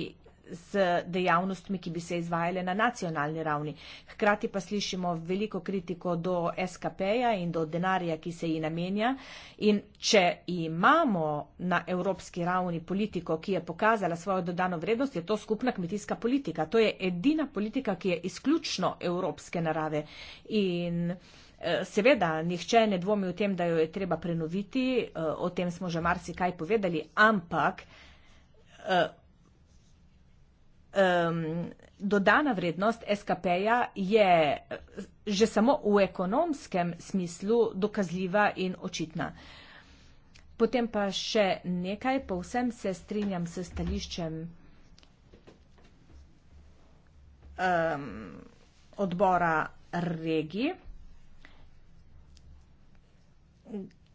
z dejavnostmi, ki bi se izvajale na nacionalni ravni. Hkrati pa slišimo veliko kritiko do SKP-ja in do denarja, ki se ji namenja. In če imamo na evropski ravni politiko, ki je pokazala svojo dodano vrednost, je to skupna kmetijska politika. To je edina politika, ki je izključno evropske narave. In eh, Seveda, nihče ne dvomi o tem, da jo je treba prenoviti, eh, o tem smo že marsikaj povedali, ampak eh, um, dodana vrednost SKP-ja je eh, že samo v ekonomskem smislu dokazljiva in očitna. Potem pa še nekaj, povsem se strinjam s stališčem um, odbora regi,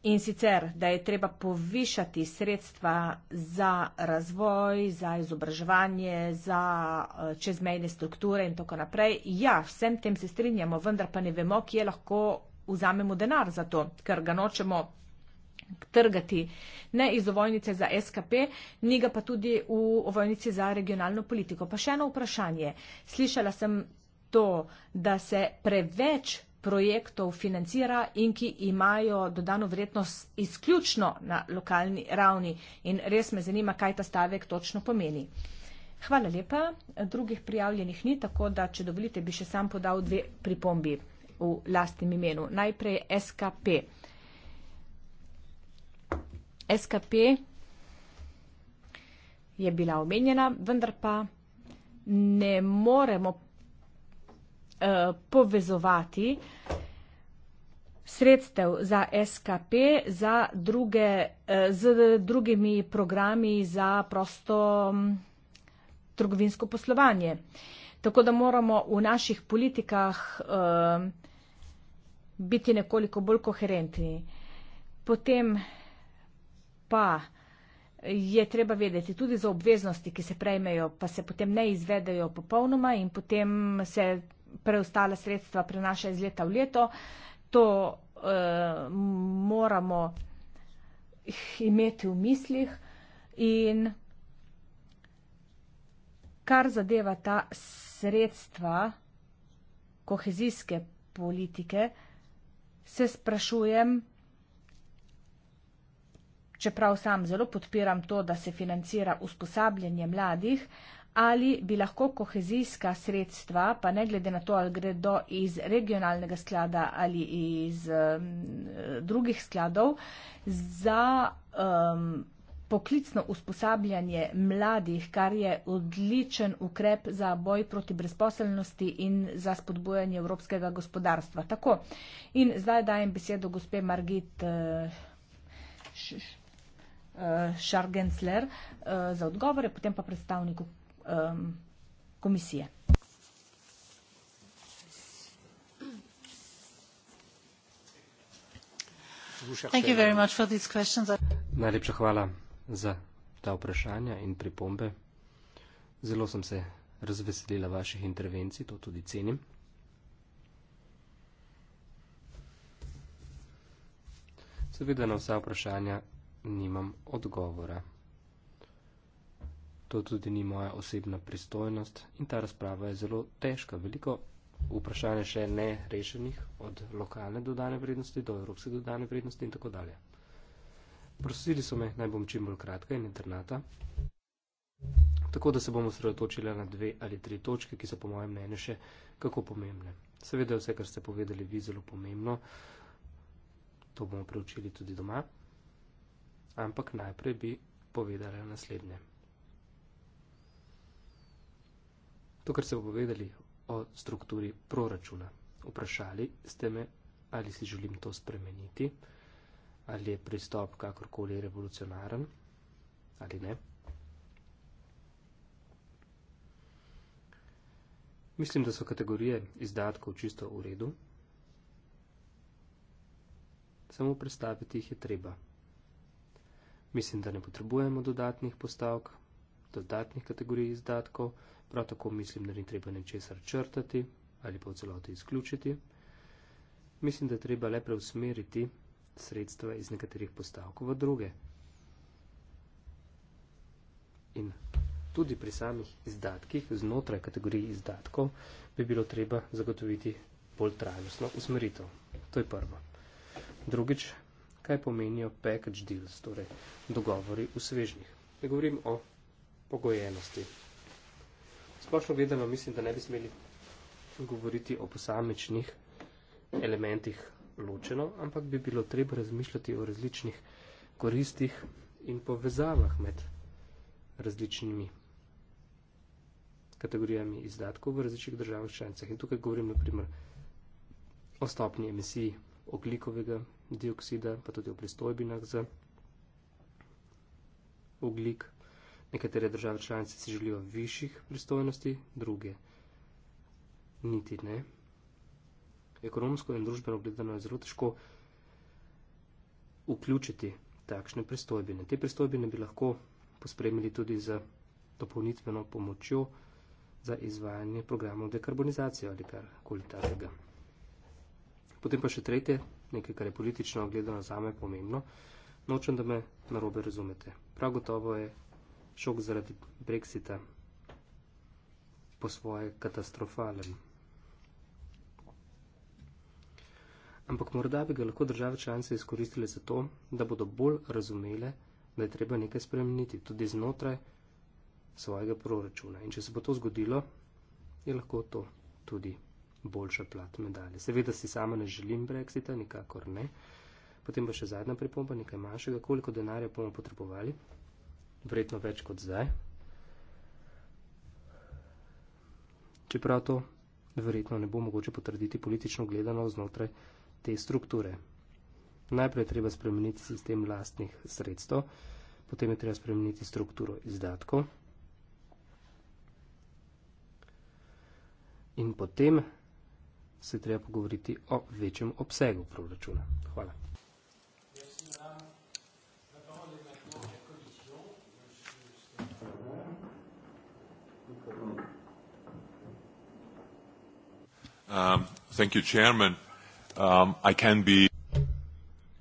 In sicer, da je treba povišati sredstva za razvoj, za izobraževanje, za eh, čezmejne strukture in tako naprej. Ja, vsem tem se strinjamo, vendar pa ne vemo, kje lahko vzamemo denar za to, ker ga nočemo trgati ne iz ovojnice za SKP, ni ga pa tudi v ovojnici za regionalno politiko. Pa še eno vprašanje. Slišala sem to, da se preveč projektov financira in ki imajo dodano vrednost izključno na lokalni ravni. In res me zanima, kaj ta stavek točno pomeni. Hvala lepa. Drugih prijavljenih ni, tako da, če dovolite, bi še sam podal dve pripombi v lastnem imenu. Najprej SKP. SKP je bila omenjena, vendar pa ne moremo Eh, povezovati sredstev za SKP za druge, eh, z drugimi programi za prosto mm, trgovinsko poslovanje. Tako da moramo v naših politikah eh, biti nekoliko bolj koherentni. Potem pa je treba vedeti tudi za obveznosti, ki se prejmejo, pa se potem ne izvedejo popolnoma in potem se preostala sredstva prenaša iz leta v leto. To eh, moramo imeti v mislih. In kar zadeva ta sredstva kohezijske politike, se sprašujem, čeprav sam zelo podpiram to, da se financira usposabljanje mladih, ali bi lahko kohezijska sredstva, pa ne glede na to, ali gredo iz regionalnega sklada ali iz um, drugih skladov, za um, poklicno usposabljanje mladih, kar je odličen ukrep za boj proti brezposelnosti in za spodbujanje evropskega gospodarstva. Tako. In zdaj dajem besedo gospe Margit. Uh, Šargensler uh, uh, za odgovore, potem pa predstavniku Um, komisije. Najlepša hvala za ta vprašanja in pripombe. Zelo sem se razveselila vaših intervencij, to tudi cenim. Seveda na vsa vprašanja nimam odgovora. To tudi ni moja osebna pristojnost in ta razprava je zelo težka. Veliko vprašanje še ne rešenih od lokalne dodane vrednosti do evropske dodane vrednosti in tako dalje. Prosili so me, naj bom čim bolj kratka in internata. Tako da se bomo sredotočili na dve ali tri točke, ki so po mojem mnenju še kako pomembne. Seveda je vse, kar ste povedali, vi zelo pomembno. To bomo preučili tudi doma. Ampak najprej bi povedala naslednje. To, kar ste povedali o strukturi proračuna. Vprašali ste me, ali si želim to spremeniti, ali je pristop kakorkoli revolucionaren ali ne. Mislim, da so kategorije izdatkov čisto v redu. Samo predstaviti jih je treba. Mislim, da ne potrebujemo dodatnih postavk, dodatnih kategorij izdatkov prav tako mislim, da ni treba nečesar črtati ali pa v celoti izključiti. Mislim, da je treba le preusmeriti sredstva iz nekaterih postavk v druge. In tudi pri samih izdatkih, znotraj kategorij izdatkov, bi bilo treba zagotoviti bolj trajnostno usmeritev. To je prvo. Drugič, kaj pomenijo package deals, torej dogovori v svežnjih. Ne govorim o pogojenosti, Splošno gledano, mislim, da ne bi smeli govoriti o posamičnih elementih ločeno, ampak bi bilo treba razmišljati o različnih koristih in povezavah med različnimi kategorijami izdatkov v različnih državah članicah. In tukaj govorim naprimer o stopni emisiji oglikovega dioksida, pa tudi o pristojbinah za oglik. Nekatere države članice si želijo višjih pristojnosti, druge niti ne. Ekonomsko in družbeno gledano je zelo težko vključiti takšne pristojbine. Te pristojbine bi lahko pospremili tudi z dopolnitveno pomočjo za izvajanje programov dekarbonizacije ali kar koli takega. Potem pa še tretje, nekaj, kar je politično gledano zame pomembno. Nočem, da me narobe razumete. Prav gotovo je šok zaradi Brexita po svoje katastrofalen. Ampak morda bi ga lahko države članice izkoristile za to, da bodo bolj razumele, da je treba nekaj spremeniti tudi znotraj svojega proračuna. In če se bo to zgodilo, je lahko to tudi boljša plat medalje. Seveda si sama ne želim Brexita, nikakor ne. Potem pa še zadnja pripomba, nekaj manjšega, koliko denarja bomo potrebovali vredno več kot zdaj. Čeprav to verjetno ne bo mogoče potrditi politično gledano znotraj te strukture. Najprej je treba spremeniti sistem lastnih sredstev, potem je treba spremeniti strukturo izdatkov in potem se treba pogovoriti o večjem obsegu proračuna. Hvala. Um, thank you, Chairman. Um, I can be.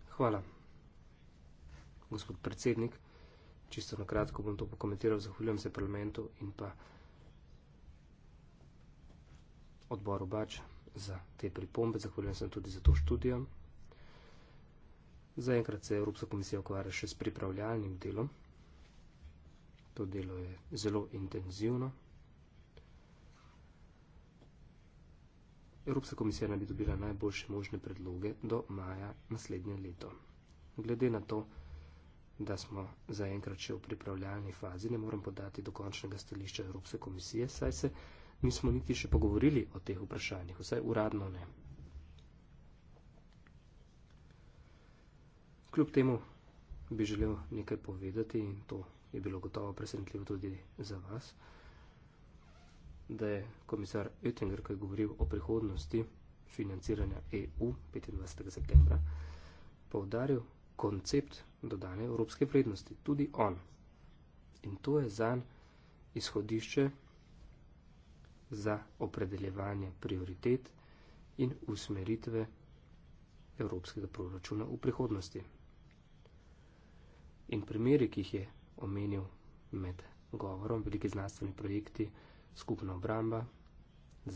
Hvala. Gospod predsednik, čisto na kratko bom to pokomentiral, zahvaljujem se parlamentu in pa odboru Bač za te pripombe, zahvaljujem se tudi za to študijo. Zaenkrat se Evropska komisija ukvarja še s pripravljalnim delom. To delo je zelo intenzivno. Evropska komisija naj bi dobila najboljše možne predloge do maja naslednje leto. Glede na to, da smo zaenkrat še v pripravljalni fazi, ne morem podati dokončnega stališča Evropske komisije, saj se nismo niti še pogovorili o teh vprašanjih, vsaj uradno ne. Kljub temu bi želel nekaj povedati in to je bilo gotovo presenetljivo tudi za vas da je komisar Oettinger, ko je govoril o prihodnosti financiranja EU 25. septembra, povdaril koncept dodane evropske vrednosti, tudi on. In to je zanj izhodišče za opredeljevanje prioritet in usmeritve evropskega proračuna v prihodnosti. In primeri, ki jih je omenil med govorom, veliki znanstveni projekti, skupna obramba,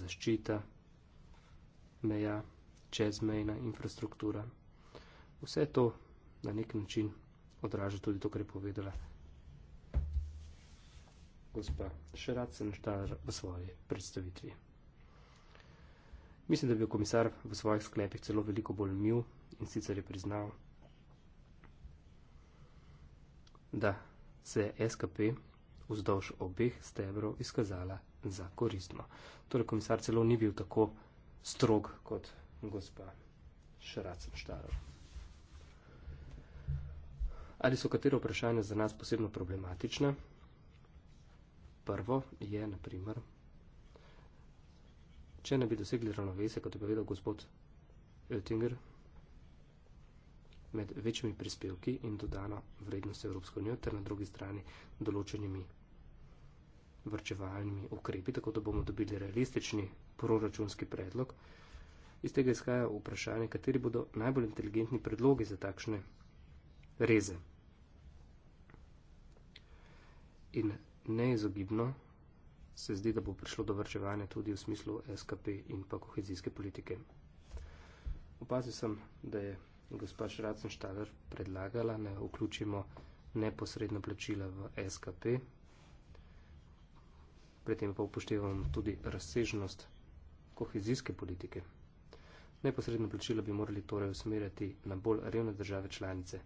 zaščita, meja, čezmejna infrastruktura. Vse to na nek način odraža tudi to, kar je povedala gospa Šerac Senštar v svoji predstavitvi. Mislim, da je bil komisar v svojih sklepih celo veliko bolj mil in sicer je priznal, da se je SKP vzdolž obeh stebrov izkazala za koristno. Torej, komisar celo ni bil tako strog kot gospa Šracenštarov. Ali so katero vprašanje za nas posebno problematične? Prvo je, naprimer, če ne bi dosegli ravnovesja, kot je povedal gospod Oettinger, med večjimi prispevki in dodano vrednost Evropske unije, ter na drugi strani določenimi vrčevalnimi ukrepi, tako da bomo dobili realistični proračunski predlog. Iz tega izhaja vprašanje, kateri bodo najbolj inteligentni predlogi za takšne reze. In neizogibno se zdi, da bo prišlo do vrčevanja tudi v smislu SKP in pa kohezijske politike. Opazil sem, da je gospa Šracenštaler predlagala, da vključimo neposredno plačila v SKP, pri tem pa upoštevam tudi razsežnost kohezijske politike. Neposredno plačilo bi morali torej usmerjati na bolj revne države članice.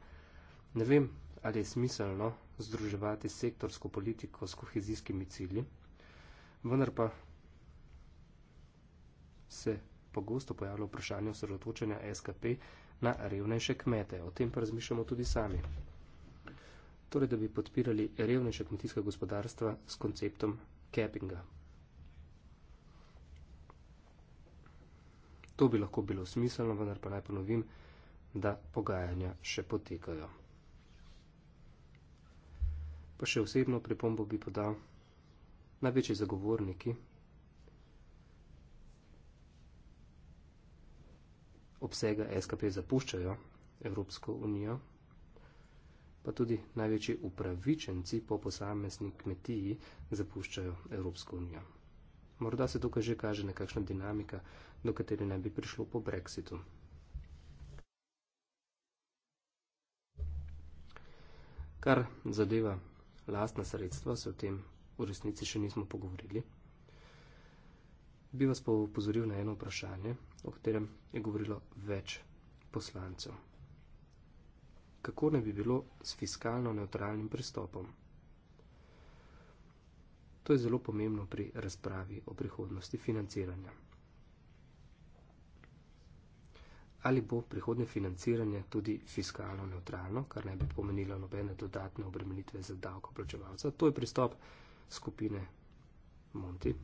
Ne vem, ali je smiselno združevati sektorsko politiko s kohezijskimi cilji, vendar pa se pogosto pojavlja vprašanje osredotočenja SKP na revnejše kmete. O tem pa razmišljamo tudi sami. Torej, da bi podpirali revnejše kmetijske gospodarstva s konceptom Kepinga. To bi lahko bilo smiselno, vendar pa naj ponovim, da pogajanja še potekajo. Pa še osebno pripombo bi podal največji zagovorniki obsega SKP zapuščajo Evropsko unijo, pa tudi največji upravičenci po posamezni kmetiji zapuščajo Evropsko unijo. Morda se tukaj že kaže nekakšna dinamika, do katere naj bi prišlo po Brexitu. Kar zadeva lastna sredstva, se o tem v resnici še nismo pogovorili. Bi vas pa upozoril na eno vprašanje, o katerem je govorilo več poslancev kako ne bi bilo s fiskalno neutralnim pristopom. To je zelo pomembno pri razpravi o prihodnosti financiranja. Ali bo prihodne financiranje tudi fiskalno neutralno, kar ne bi pomenilo nobene dodatne obremenitve za davkoplačevalca? To je pristop skupine Monti.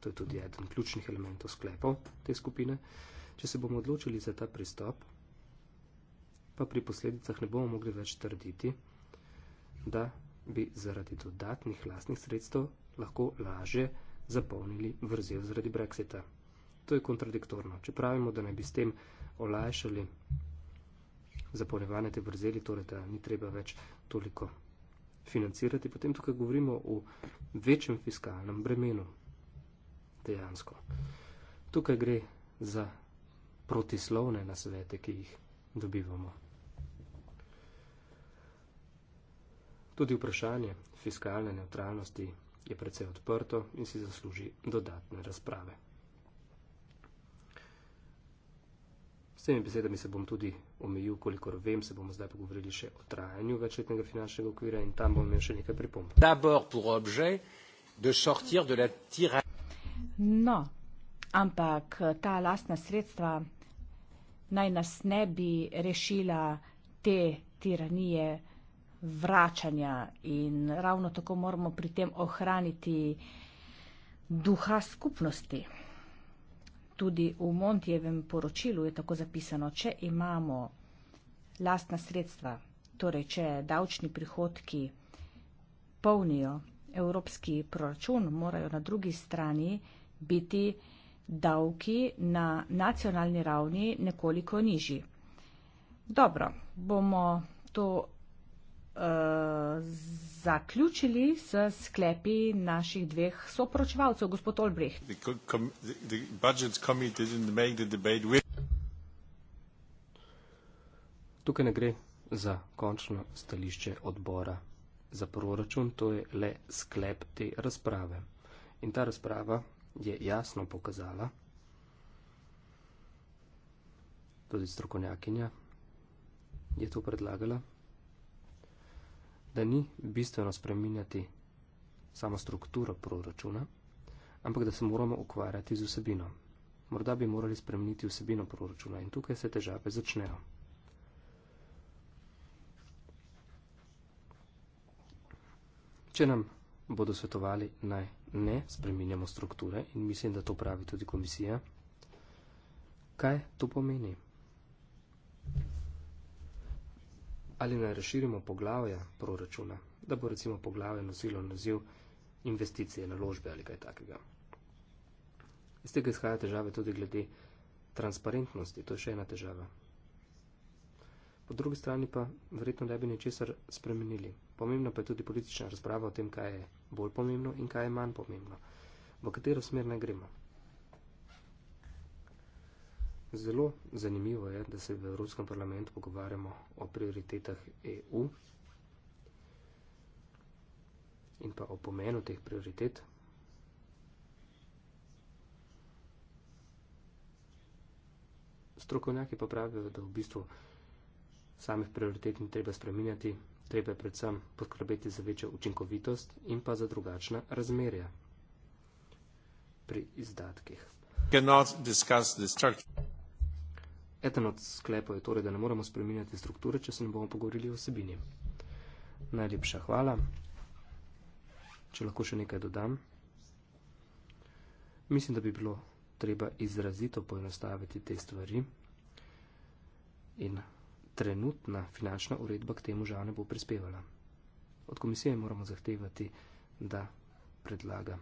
To je tudi eden ključnih elementov sklepov te skupine. Če se bomo odločili za ta pristop, pa pri posledicah ne bomo mogli več trditi, da bi zaradi dodatnih lastnih sredstev lahko laže zapolnili vrzel zaradi Brexita. To je kontradiktorno. Če pravimo, da ne bi s tem olajšali zapolnevanje te vrzeli, torej da ni treba več toliko financirati, potem tukaj govorimo o večjem fiskalnem bremenu. Dejansko. Tukaj gre za protislovne nasvete, ki jih dobivamo. Tudi vprašanje fiskalne neutralnosti je precej odprto in si zasluži dodatne razprave. S temi besedami se bom tudi omejil, kolikor vem, se bomo zdaj pogovorili še o trajanju večletnega finančnega okvira in tam bom imel še nekaj pripomb. No, ampak ta lastna sredstva naj nas ne bi rešila te tiranije vračanja in ravno tako moramo pri tem ohraniti duha skupnosti. Tudi v Montjevem poročilu je tako zapisano, če imamo lastna sredstva, torej če davčni prihodki polnijo evropski proračun, morajo na drugi strani biti davki na nacionalni ravni nekoliko nižji. Dobro, bomo to Eh, zaključili s sklepi naših dveh soproočevalcev, gospod Olbreh. Tukaj ne gre za končno stališče odbora za proračun, to je le sklep te razprave. In ta razprava je jasno pokazala, tudi strokovnjakinja je to predlagala, da ni bistveno spreminjati samo strukturo proračuna, ampak da se moramo ukvarjati z vsebino. Morda bi morali spremeniti vsebino proračuna in tukaj se težave začnejo. Če nam bodo svetovali naj ne spreminjamo strukture in mislim, da to pravi tudi komisija, kaj to pomeni? ali naj razširimo poglavje proračuna, da bo recimo poglavje nosilo naziv investicije naložbe ali kaj takega. Iz tega izhaja težave tudi glede transparentnosti, to je še ena težava. Po drugi strani pa verjetno ne bi ničesar spremenili. Pomembna pa je tudi politična razprava o tem, kaj je bolj pomembno in kaj je manj pomembno, v katero smer naj gremo. Zelo zanimivo je, da se v Evropskem parlamentu pogovarjamo o prioritetah EU in pa o pomenu teh prioritet. Strokovnjaki pa pravijo, da v bistvu samih prioritet ni treba spreminjati, treba je predvsem poskrbeti za večjo učinkovitost in pa za drugačna razmerja pri izdatkih. cannot discuss the structure. Eden od sklepov je torej, da ne moremo spreminjati strukture, če se ne bomo pogovorili o osebini. Najlepša hvala. Če lahko še nekaj dodam. Mislim, da bi bilo treba izrazito poenostaviti te stvari in trenutna finančna uredba k temu žal ne bo prispevala. Od komisije moramo zahtevati, da predlaga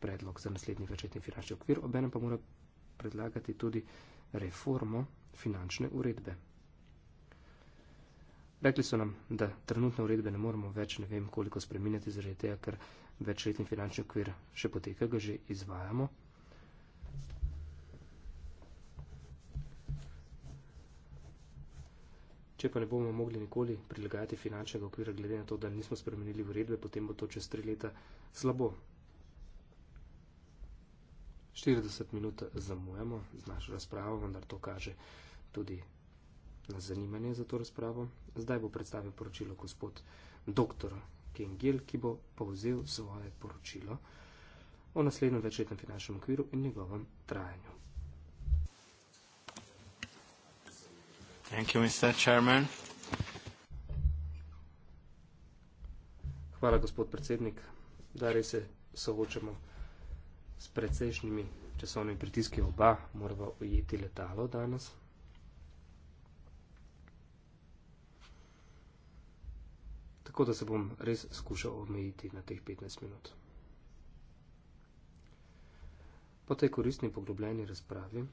predlog za naslednji večetni finančni okvir, obenem pa mora predlagati tudi predlog, reformo finančne uredbe. Rekli so nam, da trenutne uredbe ne moramo več ne vem koliko spreminjati zaradi tega, ker večletni finančni okvir še poteka, ga že izvajamo. Če pa ne bomo mogli nikoli prilagajati finančnega okvira, glede na to, da nismo spremenili uredbe, potem bo to čez tri leta slabo. 40 minut zamujamo z našo razpravo, vendar to kaže tudi na zanimanje za to razpravo. Zdaj bo predstavil poročilo gospod dr. Kengil, ki bo povzel svoje poročilo o naslednjem večletnem finančnem okviru in njegovem trajanju. Thank you, Mr. Chairman. Hvala, gospod predsednik. Dari se soočamo s precejšnjimi časovnimi pritiski oba morava ujeti letalo danes. Tako da se bom res skušal omejiti na teh 15 minut. Po tej koristni poglobljeni razpravi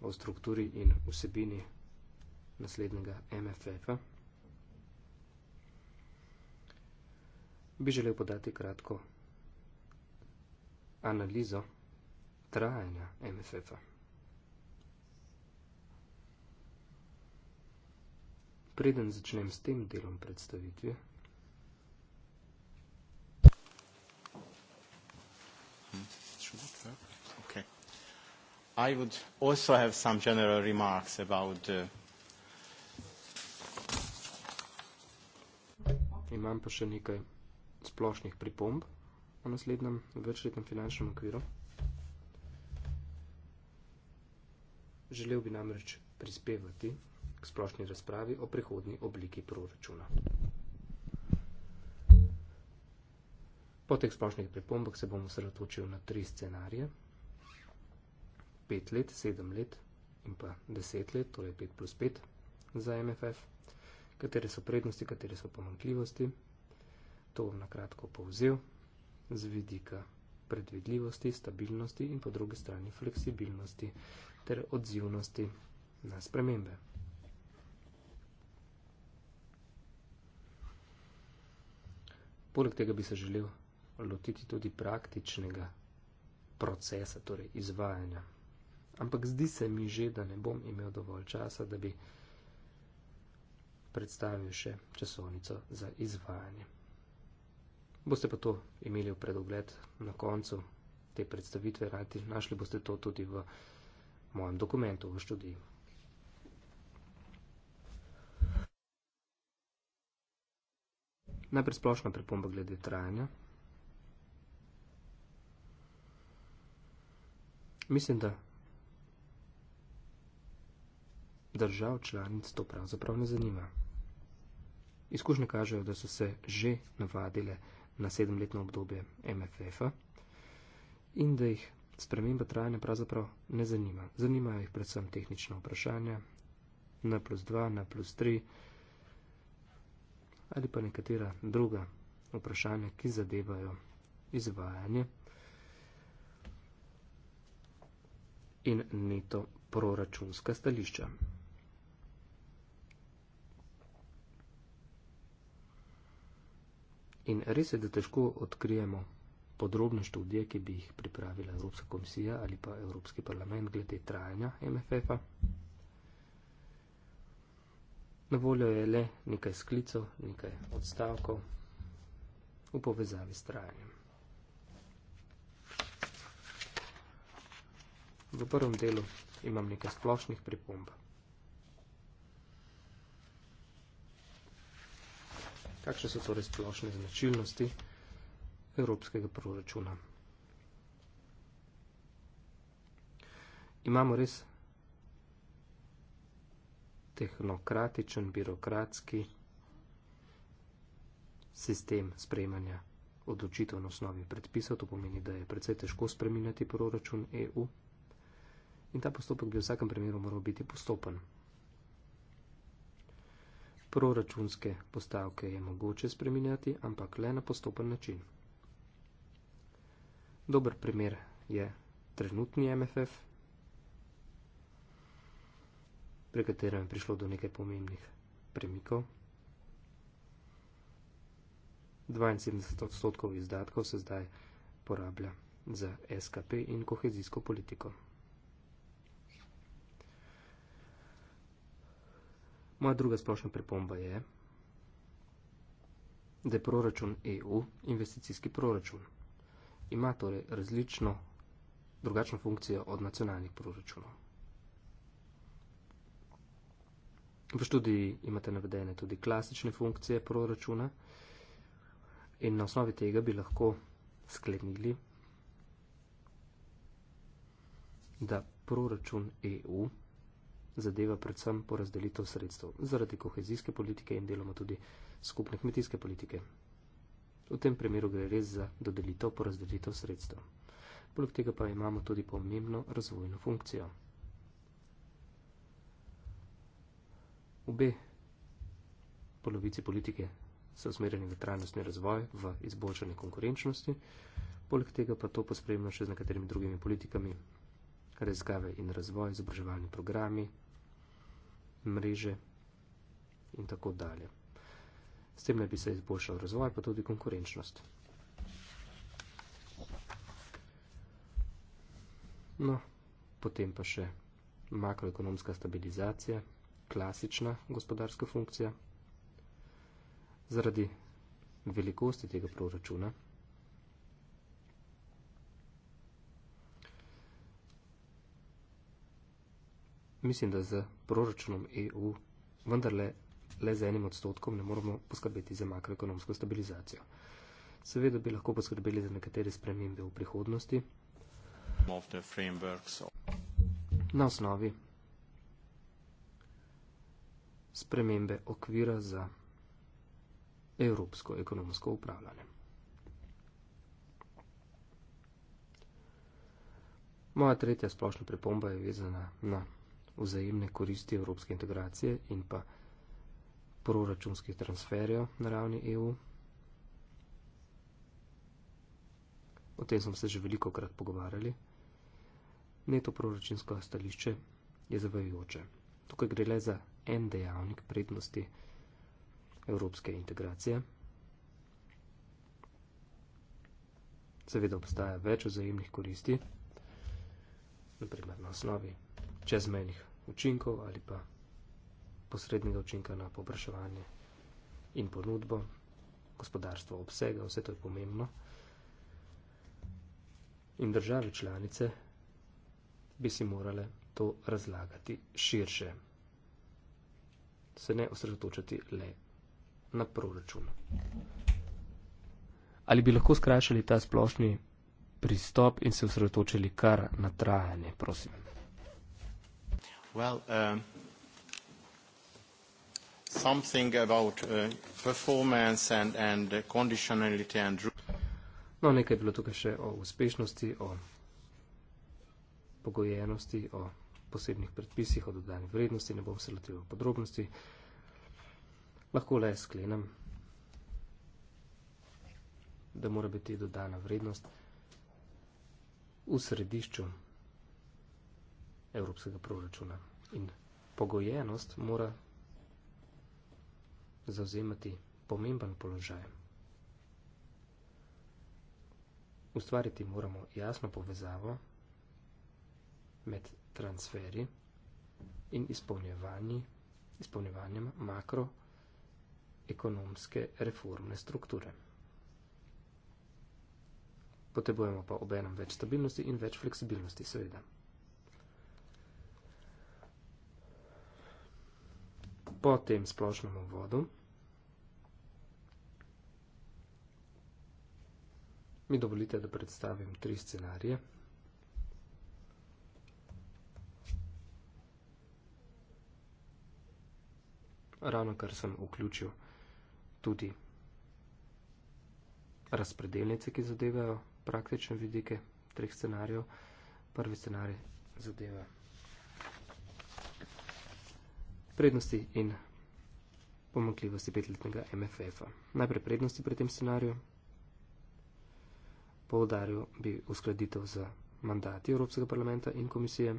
o strukturi in vsebini naslednjega MFF-a bi želel podati kratko analizo trajanja MFF-a. Preden začnem s tem delom predstavitve, I would also have some general remarks about the imam pa še nekaj splošnih pripomb o naslednjem večletnem finančnem okviru. Želel bi namreč prispevati k splošni razpravi o prihodni obliki proračuna. Po teh splošnih pripombah se bomo sredotočili na tri scenarije. Pet let, sedem let in pa deset let, torej pet plus pet za MFF. Katere so prednosti, katere so pomankljivosti. To bom na kratko povzel z vidika predvidljivosti, stabilnosti in po drugi strani fleksibilnosti ter odzivnosti na spremembe. Poleg tega bi se želel lotiti tudi praktičnega procesa, torej izvajanja. Ampak zdi se mi že, da ne bom imel dovolj časa, da bi predstavil še časovnico za izvajanje. Boste pa to imeli v predogled na koncu te predstavitve, radi našli boste to tudi v mojem dokumentu v študiju. Najprej splošna pripomba glede trajanja. Mislim, da držav članic to pravzaprav ne zanima. Izkušnje kažejo, da so se že navadile na sedemletno obdobje MFF-a in da jih sprememba trajanja pravzaprav ne zanima. Zanimajo jih predvsem tehnična vprašanja, N plus 2, N plus 3 ali pa nekatera druga vprašanja, ki zadevajo izvajanje in neto proračunska stališča. In res je, da težko odkrijemo podrobne študije, ki bi jih pripravila Evropska komisija ali pa Evropski parlament glede trajanja MFF-a. Na voljo je le nekaj sklicov, nekaj odstavkov v povezavi s trajanjem. V prvem delu imam nekaj splošnih pripomb. Kakšne so torej splošne značilnosti evropskega proračuna? Imamo res tehnokratičen, birokratski sistem sprejmanja odločitev na osnovi predpisov. To pomeni, da je predvsej težko spreminjati proračun EU. In ta postopek bi v vsakem primeru moral biti postopen proračunske postavke je mogoče spreminjati, ampak le na postopen način. Dober primer je trenutni MFF, pri katerem je prišlo do nekaj pomembnih premikov. 72 odstotkov izdatkov se zdaj porablja za SKP in kohezijsko politiko. Moja druga splošna pripomba je, da je proračun EU investicijski proračun. Ima torej različno, drugačno funkcijo od nacionalnih proračunov. V študiji imate navedene tudi klasične funkcije proračuna in na osnovi tega bi lahko sklenili, da proračun EU zadeva predvsem porazdelitev sredstev zaradi kohezijske politike in deloma tudi skupne kmetijske politike. V tem primeru gre res za dodelitev porazdelitev sredstev. Poleg tega pa imamo tudi pomembno razvojno funkcijo. Obe polovici politike so usmerjeni v trajnostni razvoj, v izboljšanje konkurenčnosti, poleg tega pa to pospremljamo še z nekaterimi drugimi politikami, raziskave in razvoj, izobraževalni programi, mreže in tako dalje. S tem naj bi se izboljšal razvoj, pa tudi konkurenčnost. No, potem pa še makroekonomska stabilizacija, klasična gospodarska funkcija. Zaradi velikosti tega proračuna mislim, da z proračunom EU vendarle le z enim odstotkom ne moramo poskrbeti za makroekonomsko stabilizacijo. Seveda bi lahko poskrbeli za nekatere spremembe v prihodnosti. Na osnovi spremembe okvira za evropsko ekonomsko upravljanje. Moja tretja splošna pripomba je vezana na vzajemne koristi evropske integracije in pa proračunskih transferjev na ravni EU. O tem smo se že veliko krat pogovarjali. Neto proračunsko stališče je zavajajoče. Tukaj gre le za en dejavnik prednosti evropske integracije. Seveda obstaja več vzajemnih koristi, naprimer na osnovi čezmejnih učinkov ali pa posrednjega učinka na povpraševanje in ponudbo, gospodarstvo obsega, vse to je pomembno. In države članice bi si morale to razlagati širše, se ne osredotočati le na proračun. Ali bi lahko skrajšali ta splošni pristop in se osredotočili kar na trajanje, prosim? Well, um, something about uh, performance and, and uh, conditionality and No, nekaj je bilo tukaj še o uspešnosti, o pogojenosti, o posebnih predpisih, o dodani vrednosti, ne bom se lotil podrobnosti. Lahko le sklenem, da mora biti dodana vrednost v središču evropskega proračuna. In pogojenost mora zauzemati pomemben položaj. Ustvariti moramo jasno povezavo med transferi in izpolnjevanjem makroekonomske reformne strukture. Potrebujemo pa obenem več stabilnosti in več fleksibilnosti, seveda. po tem splošnem uvodu. Mi dovolite, da predstavim tri scenarije. Ravno kar sem vključil tudi razpredelnice, ki zadevajo praktične vidike treh scenarijev. Prvi scenarij zadeva prednosti in pomankljivosti petletnega MFF-a. Najprej prednosti pri tem scenariju. Poudaril bi uskladitev za mandati Evropskega parlamenta in komisije.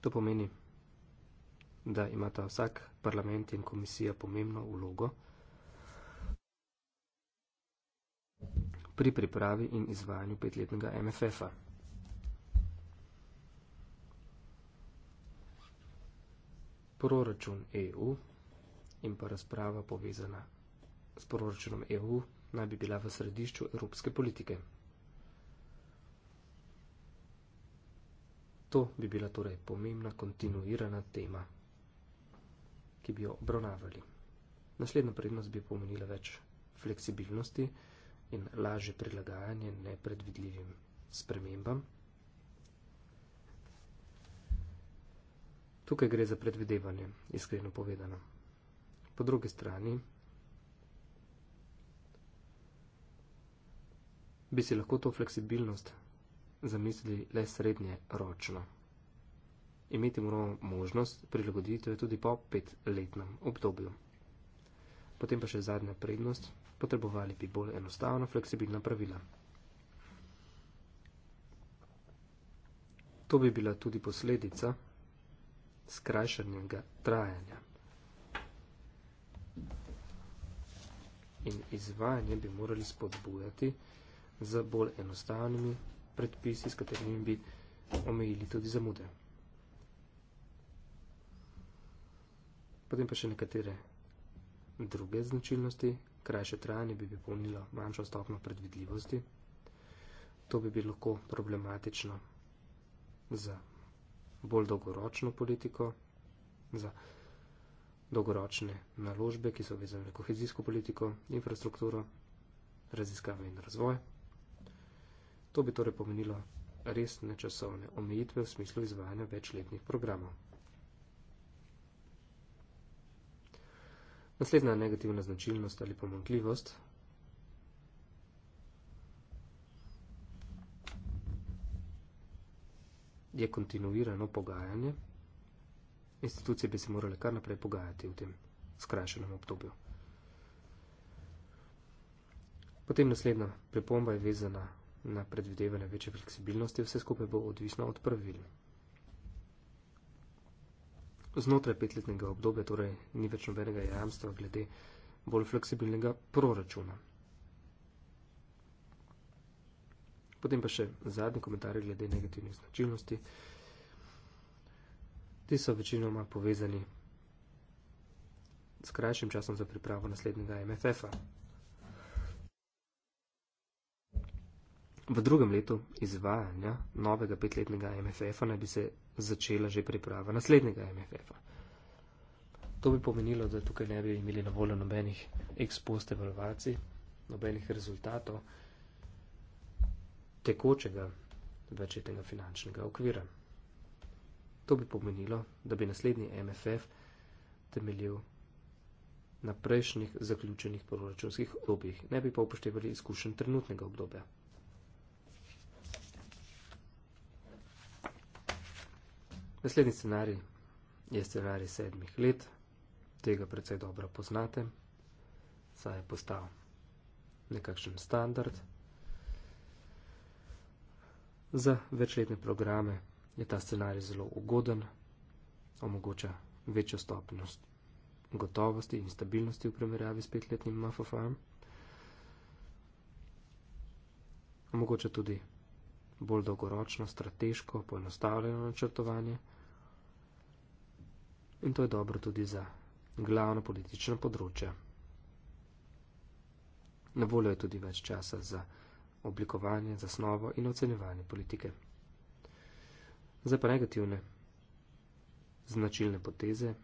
To pomeni, da imata vsak parlament in komisija pomembno vlogo pri pripravi in izvajanju petletnega MFF-a. proračun EU in pa razprava povezana s proračunom EU naj bi bila v središču evropske politike. To bi bila torej pomembna kontinuirana tema, ki bi jo obravnavali. Naslednja prednost bi pomenila več fleksibilnosti in laže prilagajanje nepredvidljivim spremembam. Tukaj gre za predvidevanje, iskreno povedano. Po drugi strani bi si lahko to fleksibilnost zamislili le srednje ročno. Imeti moramo možnost prilagoditve tudi po petletnem obdobju. Potem pa še zadnja prednost, potrebovali bi bolj enostavno fleksibilna pravila. To bi bila tudi posledica, skrajšanega trajanja. In izvajanje bi morali spodbujati z bolj enostavnimi predpisi, s katerimi bi omejili tudi zamude. Potem pa še nekatere druge značilnosti. Krajše trajanje bi pomenilo manjšo stopno predvidljivosti. To bi bilo lahko problematično za bolj dolgoročno politiko, za dolgoročne naložbe, ki so vezane na kohezijsko politiko, infrastrukturo, raziskave in razvoj. To bi torej pomenilo resne časovne omejitve v smislu izvajanja večletnih programov. Naslednja negativna značilnost ali pomankljivost je kontinuirano pogajanje, institucije bi se morale kar naprej pogajati v tem skrajšenem obdobju. Potem naslednja pripomba je vezana na predvidevanje večje fleksibilnosti, vse skupaj bo odvisno od pravil. Znotraj petletnega obdobja torej ni več nobenega jamstva glede bolj fleksibilnega proračuna. Potem pa še zadnji komentarji glede negativnih značilnosti. Ti so večinoma povezani s krajšim časom za pripravo naslednjega MFF-a. V drugem letu izvajanja novega petletnega MFF-a naj bi se začela že priprava naslednjega MFF-a. To bi pomenilo, da tukaj ne bi imeli na voljo nobenih ekspost evalvacij, nobenih rezultatov tekočega večletnega finančnega okvira. To bi pomenilo, da bi naslednji MFF temeljil na prejšnjih zaključenih proračunskih obdobjih, ne bi pa upoštevali izkušen trenutnega obdobja. Naslednji scenarij je scenarij sedmih let, tega precej dobro poznate, saj je postal nekakšen standard, Za večletne programe je ta scenarij zelo ugoden, omogoča večjo stopnost gotovosti in stabilnosti v primerjavi s petletnim MFF-om. Omogoča tudi bolj dolgoročno, strateško, poenostavljeno načrtovanje. In to je dobro tudi za glavno politično področje. Na voljo je tudi več časa za oblikovanje, zasnovo in ocenjevanje politike. Zdaj pa negativne značilne poteze.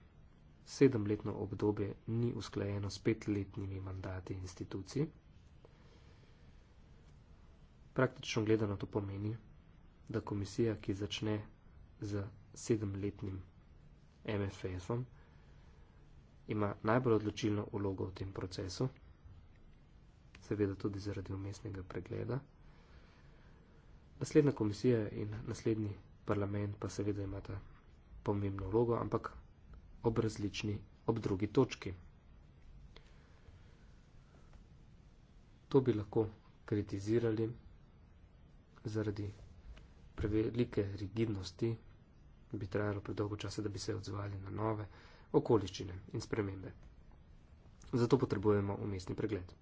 Sedemletno obdobje ni usklajeno s petletnimi mandati institucij. Praktično gledano to pomeni, da komisija, ki začne z sedemletnim MFF-om, ima najbolj odločilno ulogo v tem procesu seveda tudi zaradi umestnega pregleda. Naslednja komisija in naslednji parlament pa seveda imata pomembno vlogo, ampak ob različni, ob drugi točki. To bi lahko kritizirali zaradi prevelike rigidnosti, bi trajalo predolgo časa, da bi se odzvali na nove okoliščine in spremembe. Zato potrebujemo umestni pregled.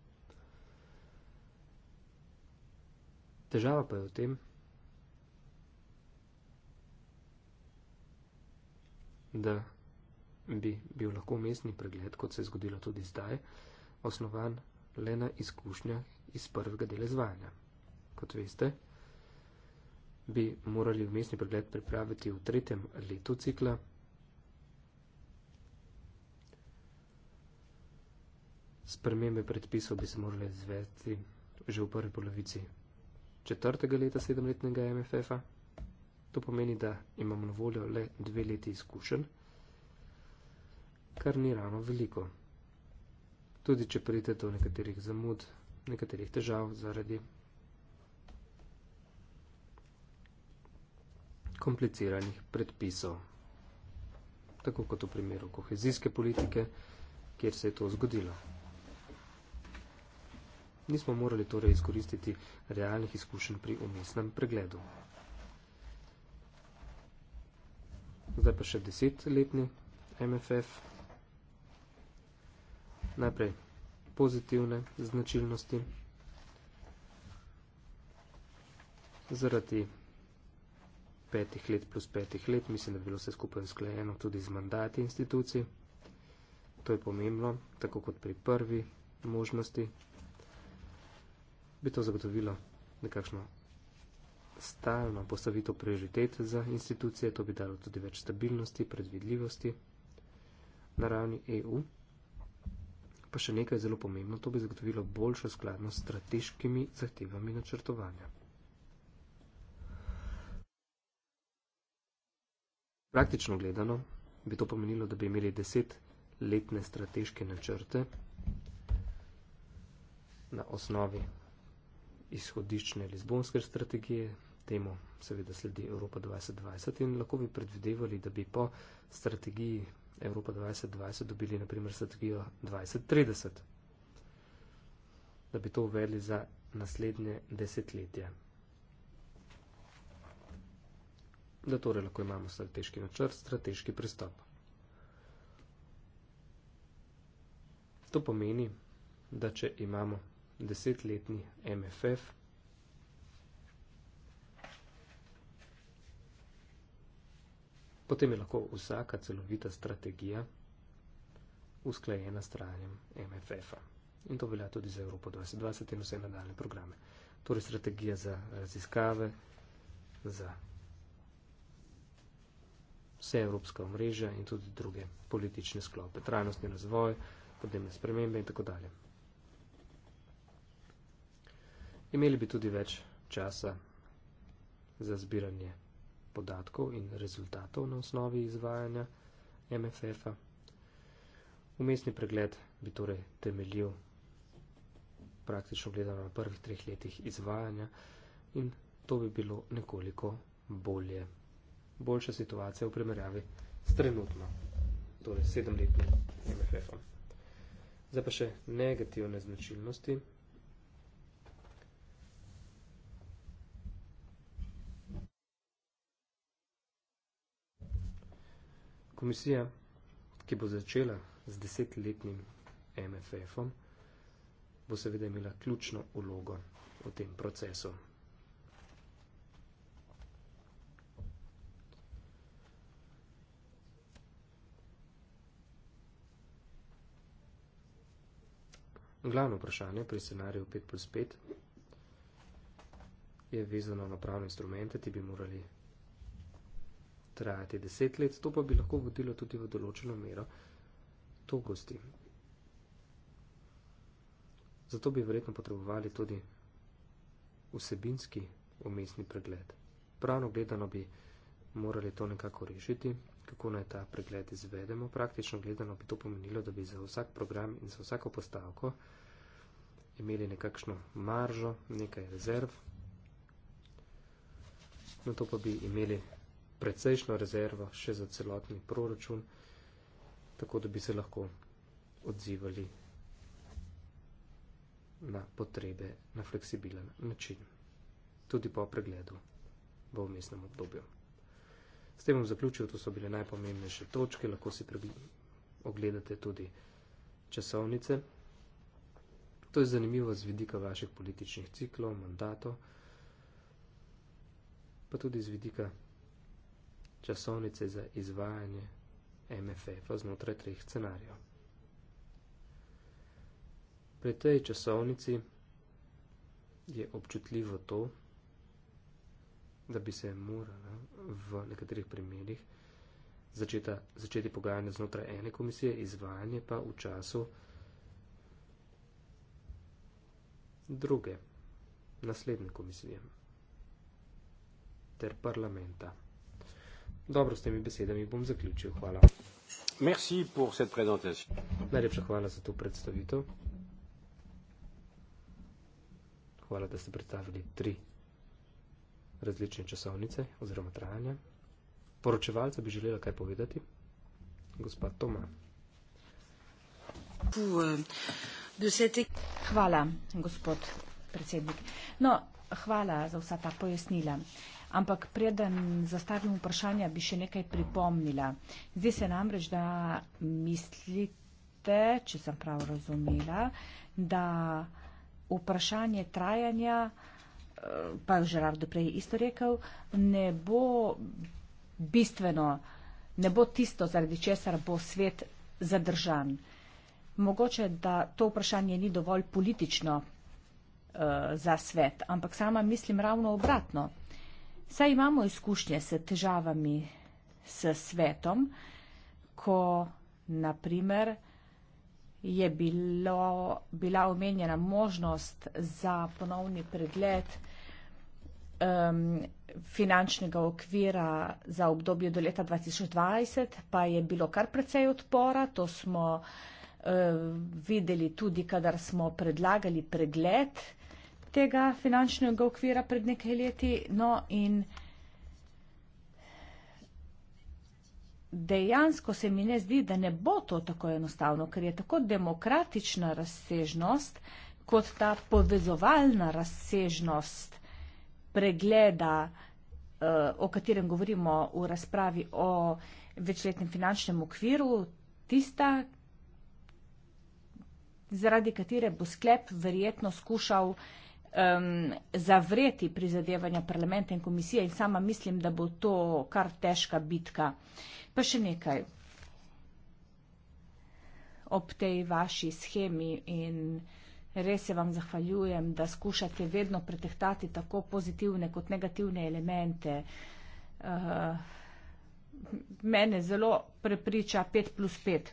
Težava pa je v tem, da bi bil lahko mestni pregled, kot se je zgodilo tudi zdaj, osnovan le na izkušnjah iz prvega dela zvanja. Kot veste, bi morali mestni pregled pripraviti v tretjem letu cikla, spremembe predpisov bi se morali izvesti že v prvi polovici četrtega leta sedemletnega MFF-a. To pomeni, da imamo na voljo le dve leti izkušenj, kar ni ravno veliko. Tudi če pride do nekaterih zamud, nekaterih težav zaradi kompliciranih predpisov. Tako kot v primeru kohezijske politike, kjer se je to zgodilo nismo morali torej izkoristiti realnih izkušenj pri umestnem pregledu. Zdaj pa še desetletni MFF. Najprej pozitivne značilnosti. Zaradi petih let plus petih let, mislim, da bi bilo vse skupaj usklajeno tudi z mandati institucij. To je pomembno, tako kot pri prvi možnosti, bi to zagotovilo nekakšno stalno postavitev prioritet za institucije, to bi dalo tudi več stabilnosti, predvidljivosti na ravni EU. Pa še nekaj zelo pomembno, to bi zagotovilo boljšo skladnost s strateškimi zahtevami načrtovanja. Praktično gledano bi to pomenilo, da bi imeli desetletne strateške načrte na osnovi izhodiščne Lizbonske strategije, temu seveda sledi Evropa 2020 in lahko bi predvidevali, da bi po strategiji Evropa 2020 dobili naprimer strategijo 2030, da bi to uvedli za naslednje desetletje. Da torej lahko imamo strateški načrt, strateški pristop. To pomeni, da če imamo desetletni MFF. Potem je lahko vsaka celovita strategija usklajena s trajanjem MFF-a. In to velja tudi za Evropo 2020 in vse nadaljne programe. Torej strategija za raziskave, za vse evropska omrežja in tudi druge politične sklope, trajnostni razvoj, podnebne spremembe in tako dalje. Imeli bi tudi več časa za zbiranje podatkov in rezultatov na osnovi izvajanja MFF-a. Umestni pregled bi torej temeljil praktično gledano na prvih treh letih izvajanja in to bi bilo nekoliko bolje. Boljša situacija v primerjavi s trenutno, torej sedemletnim MFF-om. Zdaj pa še negativne značilnosti komisija, ki bo začela z desetletnim MFF-om, bo seveda imela ključno ulogo v tem procesu. Glavno vprašanje pri scenariju 5 plus 5 je vezano na pravne instrumente, ki bi morali trajati deset let, to pa bi lahko vodilo tudi v določeno mero togosti. Zato bi verjetno potrebovali tudi vsebinski umestni pregled. Pravno gledano bi morali to nekako rešiti, kako naj ta pregled izvedemo. Praktično gledano bi to pomenilo, da bi za vsak program in za vsako postavko imeli nekakšno maržo, nekaj rezerv, na to pa bi imeli precejšno rezervo še za celotni proračun, tako da bi se lahko odzivali na potrebe na fleksibilen način, tudi po pregledu v umestnem obdobju. S tem bom zaključil, to so bile najpomembnejše točke, lahko si ogledate tudi časovnice. To je zanimivo z vidika vaših političnih ciklov, mandato, pa tudi z vidika časovnice za izvajanje MFF-a znotraj treh scenarijev. Pri tej časovnici je občutljivo to, da bi se morala v nekaterih primerih začeta, začeti pogajanje znotraj ene komisije, izvajanje pa v času druge, naslednje komisije ter parlamenta. Dobro, s temi besedami bom zaključil. Hvala. Merci pour cette présentation. Najlepša hvala za to predstavitev. Hvala, da ste predstavili tri različne časovnice oziroma trajanja. Poročevalca bi želela kaj povedati. Gospa Toma. Euh, hvala, gospod predsednik. No, hvala za vsa ta pojasnila. Ampak preden zastavim vprašanja, bi še nekaj pripomnila. Zdi se namreč, da mislite, če sem prav razumela, da vprašanje trajanja, eh, pa že Ravdo prej isto rekel, ne bo bistveno, ne bo tisto, zaradi česar bo svet zadržan. Mogoče, da to vprašanje ni dovolj politično uh, za svet, ampak sama mislim ravno obratno. Saj imamo izkušnje s težavami s svetom, ko naprimer je bilo, bila omenjena možnost za ponovni pregled um, finančnega okvira za obdobje do leta 2020, pa je bilo kar precej odpora. To smo uh, videli tudi, kadar smo predlagali pregled uh, tega finančnega okvira pred nekaj leti. No in dejansko se mi ne zdi, da ne bo to tako enostavno, ker je tako demokratična razsežnost kot ta povezovalna razsežnost pregleda, eh, o katerem govorimo v razpravi o večletnem finančnem okviru, tista, zaradi katere bo sklep verjetno skušal uh, um, zavreti prizadevanja parlamenta in komisije in sama mislim, da bo to kar težka bitka. Pa še nekaj ob tej vaši schemi in res se vam zahvaljujem, da skušate vedno pretehtati tako pozitivne kot negativne elemente. Uh, mene zelo prepriča 5 plus 5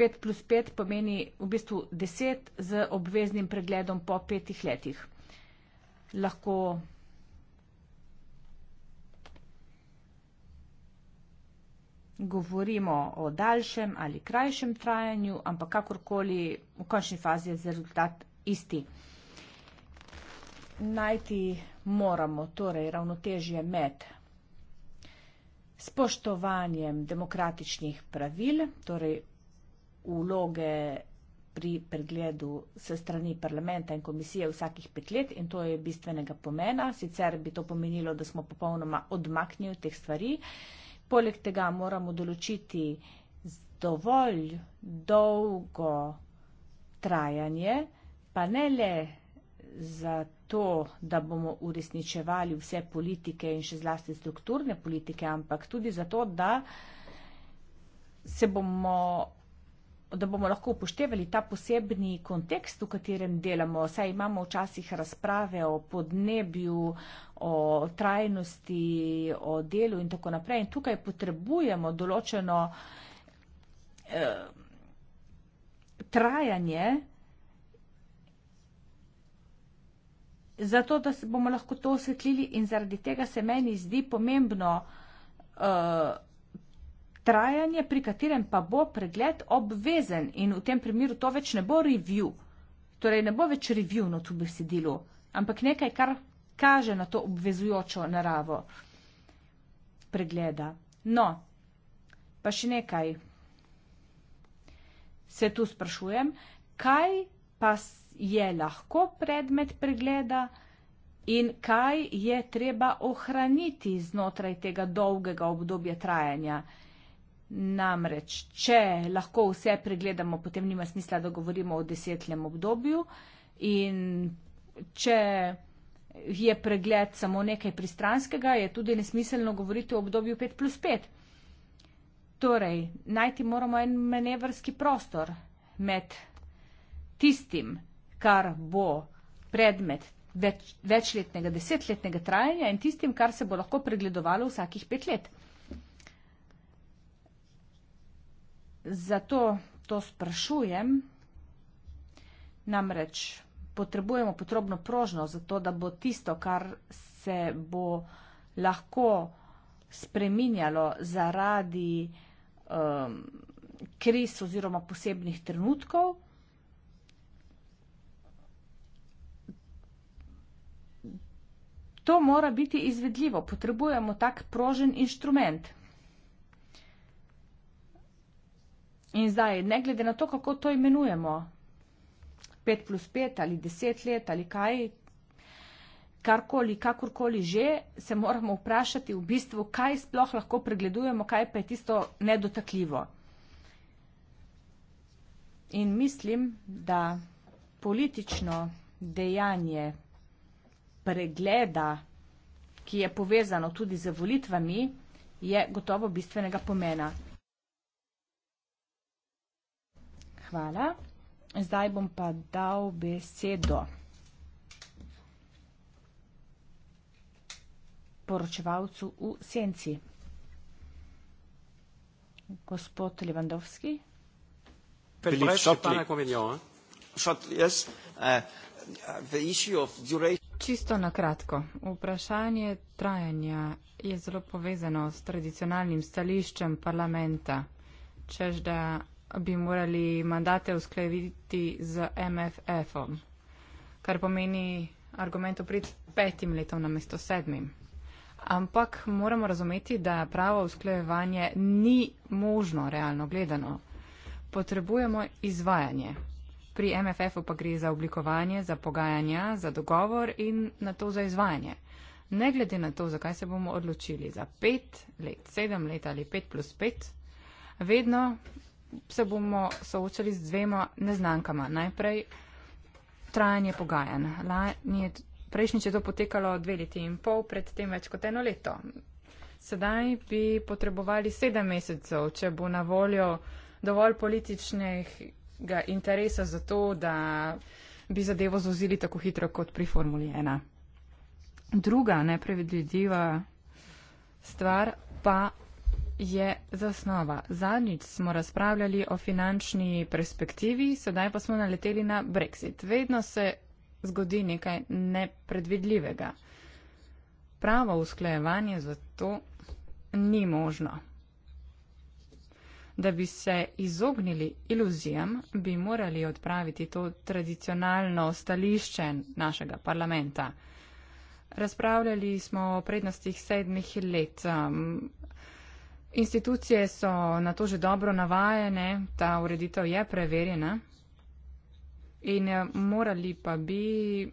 pet plus pet pomeni v bistvu deset z obveznim pregledom po petih letih. Lahko govorimo o daljšem ali krajšem trajanju, ampak kakorkoli v končni fazi je rezultat isti. Najti moramo torej ravnotežje med spoštovanjem demokratičnih pravil, torej vloge pri pregledu se strani parlamenta in komisije vsakih pet let in to je bistvenega pomena. Sicer bi to pomenilo, da smo popolnoma odmaknili teh stvari. Poleg tega moramo določiti dovolj dolgo trajanje, pa ne le za to, da bomo uresničevali vse politike in še zlasti strukturne politike, ampak tudi za to, da se bomo da bomo lahko upoštevali ta posebni kontekst, v katerem delamo. Saj imamo včasih razprave o podnebju, o trajnosti, o delu in tako naprej. In tukaj potrebujemo določeno eh, trajanje, zato da se bomo lahko to osvetlili in zaradi tega se meni zdi pomembno. Eh, trajanje, pri katerem pa bo pregled obvezen in v tem primeru to več ne bo review. Torej, ne bo več review na tu besedilu, ampak nekaj, kar kaže na to obvezujočo naravo pregleda. No, pa še nekaj. Se tu sprašujem, kaj pa je lahko predmet pregleda in kaj je treba ohraniti znotraj tega dolgega obdobja trajanja. Namreč, če lahko vse pregledamo, potem nima smisla, da govorimo o desetletnem obdobju. In če je pregled samo nekaj pristranskega, je tudi nesmiselno govoriti o obdobju 5 plus 5. Torej, najti moramo en manevrski prostor med tistim, kar bo predmet več, večletnega, desetletnega trajanja in tistim, kar se bo lahko pregledovalo vsakih pet let. Zato to sprašujem, namreč potrebujemo potrobno prožno, zato da bo tisto, kar se bo lahko spreminjalo zaradi um, kriz oziroma posebnih trenutkov, to mora biti izvedljivo. Potrebujemo tak prožen inštrument. In zdaj, ne glede na to, kako to imenujemo, 5 plus 5 ali 10 let ali kaj, karkoli, kakorkoli že, se moramo vprašati v bistvu, kaj sploh lahko pregledujemo, kaj pa je tisto nedotakljivo. In mislim, da politično dejanje pregleda, ki je povezano tudi z volitvami, je gotovo bistvenega pomena. hvala. Zdaj bom pa dal besedo poročevalcu v senci. Gospod Levandovski. Uh, Čisto na kratko. Vprašanje trajanja je zelo povezano s tradicionalnim stališčem parlamenta. Čež da bi morali mandate uskladiti z MFF-om, kar pomeni argument pred petim letom namesto sedmim. Ampak moramo razumeti, da pravo usklajevanje ni možno realno gledano. Potrebujemo izvajanje. Pri MFF-u pa gre za oblikovanje, za pogajanja, za dogovor in na to za izvajanje. Ne glede na to, zakaj se bomo odločili za pet let, sedem let ali pet plus pet, vedno se bomo soočali z dvema neznankama. Najprej trajanje pogajanj. Prejšnjič je to potekalo dve leti in pol, predtem več kot eno leto. Sedaj bi potrebovali sedem mesecev, če bo na voljo dovolj političnega interesa za to, da bi zadevo zozili tako hitro kot pri Formuli 1. Druga nepredvidljiva stvar pa je zasnova. Zadnjič smo razpravljali o finančni perspektivi, sedaj pa smo naleteli na Brexit. Vedno se zgodi nekaj nepredvidljivega. Pravo usklajevanje zato ni možno. Da bi se izognili iluzijam, bi morali odpraviti to tradicionalno stališče našega parlamenta. Razpravljali smo o prednostih sedmih let. Um, Institucije so na to že dobro navajene, ta ureditev je preverjena in eh, morali pa bi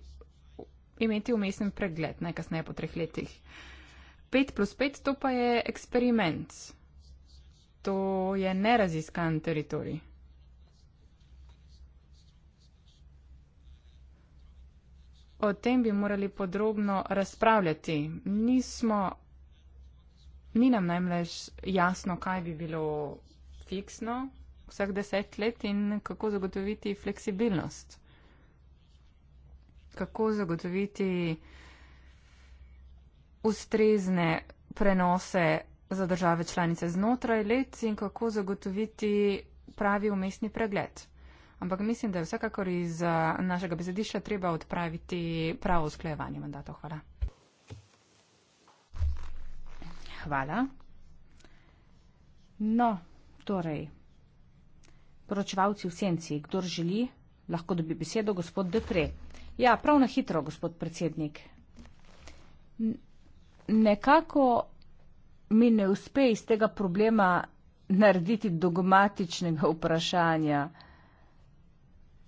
imeti umesten pregled najkasneje po treh letih. 5 plus 5 to pa je eksperiment. To je neraziskan teritorij. O tem bi morali podrobno razpravljati. Nismo ni nam najmlajš jasno, kaj bi bilo fiksno vsak deset let in kako zagotoviti fleksibilnost. Kako zagotoviti ustrezne prenose za države članice znotraj let in kako zagotoviti pravi umestni pregled. Ampak mislim, da je vsekakor iz eh, našega besedišča treba odpraviti pravo usklajevanje mandatov. Hvala. hvala. No, torej, poročevalci v senci, kdo želi, lahko dobi besedo, gospod Depre. Ja, prav na hitro, gospod predsednik. Nekako mi ne uspe iz tega problema narediti dogmatičnega vprašanja.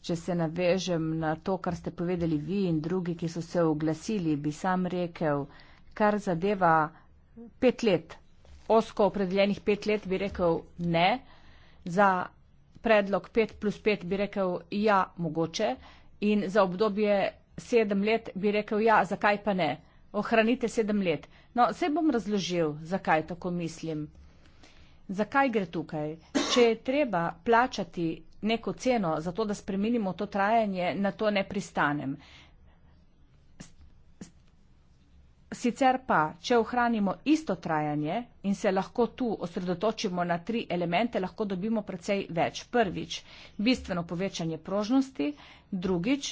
Če se navežem na to, kar ste povedali vi in drugi, ki so se oglasili, bi sam rekel, kar zadeva pet let, osko opredeljenih pet let, bi rekel ne, za predlog pet plus pet bi rekel ja, mogoče, in za obdobje sedem let bi rekel ja, zakaj pa ne. Ohranite sedem let. No, se bom razložil, zakaj tako mislim. Zakaj gre tukaj? Če je treba plačati neko ceno za to, da spremenimo to trajanje, na to ne pristanem. Sicer pa, če ohranimo isto trajanje in se lahko tu osredotočimo na tri elemente, lahko dobimo precej več. Prvič, bistveno povečanje prožnosti, drugič,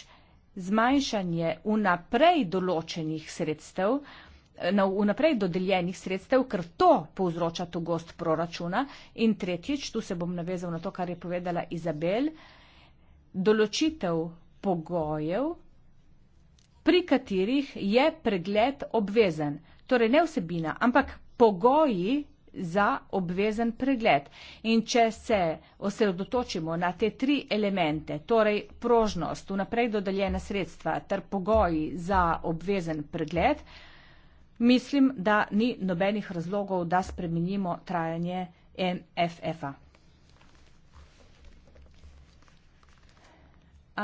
zmanjšanje vnaprej določenih sredstev, na vnaprej dodeljenih sredstev, ker to povzroča to gost proračuna. In tretjič, tu se bom navezal na to, kar je povedala Izabel, določitev pogojev pri katerih je pregled obvezen. Torej ne vsebina, ampak pogoji za obvezen pregled. In če se osredotočimo na te tri elemente, torej prožnost, vnaprej dodeljena sredstva ter pogoji za obvezen pregled, mislim, da ni nobenih razlogov, da spremenimo trajanje MFF-a.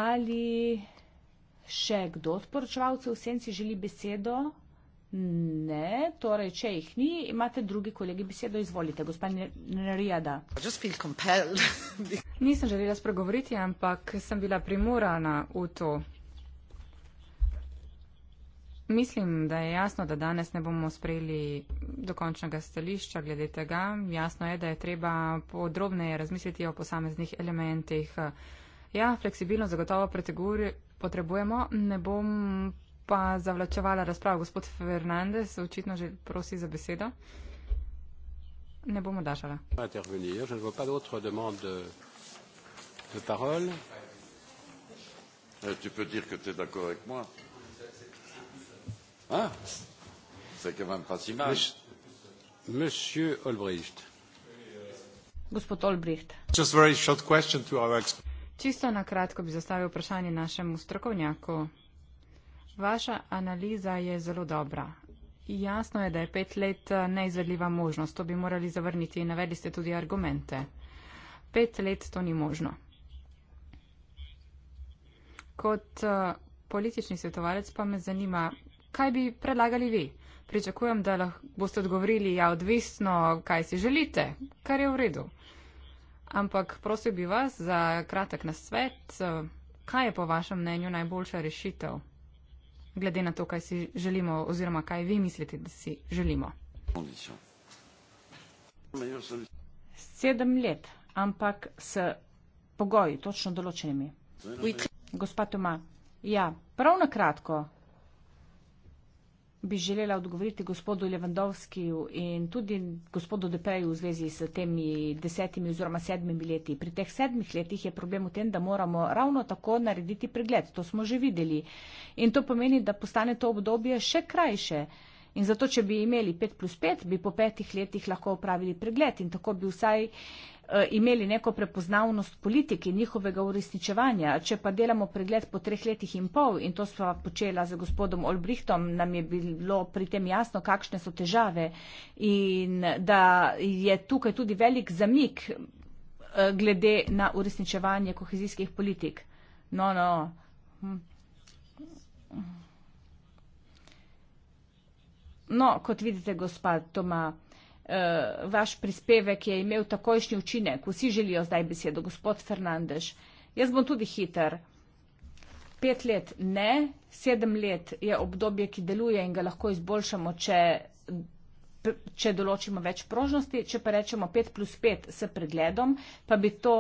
Ali... Še kdo od poročevalcev v senci želi besedo? Ne, torej, če jih ni, imate drugi kolegi besedo, izvolite, gospod Nerijada. Nisem želela spregovoriti, ampak sem bila primorana v to. Mislim, da je jasno, da danes ne bomo sprejeli dokončnega stališča glede tega. Jasno je, da je treba podrobneje razmisliti o posameznih elementih. Ja, fleksibilnost zagotovo potrebujemo. Ne bom pa zavlačevala razprav. Gospod Fernandez očitno že prosi za besedo. Ne bom odašala. Eh, tu peux dire que tu es d'accord avec moi. Hein C'est quand même pas si mal. Monsieur Olbricht. Just very short question to our expert. Čisto na kratko bi zastavil vprašanje našemu strokovnjaku. Vaša analiza je zelo dobra. Jasno je, da je pet let eh, neizvedljiva možnost. To bi morali zavrniti in navedli ste tudi argumente. Pet let to ni možno. Kot eh, politični svetovalec pa me zanima, kaj bi predlagali vi. Pričakujem, da lahko boste odgovorili, ja, odvisno, kaj si želite, kar je v redu. Ampak prosil bi vas za kratek nasvet, eh, kaj je po vašem mnenju najboljša rešitev, glede na to, kaj si želimo oziroma kaj vi mislite, da si želimo. Sedem let, ampak s pogoji, točno določenimi. Gospa Toma, ja, prav na kratko, bi želela odgovoriti gospodu Levandovskiju in tudi gospodu Depeju v zvezi s temi desetimi oziroma sedmimi leti. Pri teh sedmih letih je problem v tem, da moramo ravno tako narediti pregled. To smo že videli. In to pomeni, da postane to obdobje še krajše. In zato, če bi imeli 5 plus 5, bi po petih letih lahko upravili pregled in tako bi vsaj eh, Eh, imeli neko prepoznavnost politike in njihovega uresničevanja. Če pa delamo pregled po treh letih in pol in to sva počela z gospodom Olbrihtom, nam je bilo pri tem jasno, kakšne so težave in da je tukaj tudi velik zamik eh, glede na uresničevanje kohezijskih politik. No, no. Hm. No, kot vidite, gospod Toma. Eh, vaš prispevek je imel takojšnji učinek. Vsi želijo zdaj besedo, gospod Fernandež. Jaz bom tudi hiter. Pet let ne, sedem let je obdobje, ki deluje in ga lahko izboljšamo, če, če določimo več prožnosti. Če pa rečemo pet plus pet s pregledom, pa bi to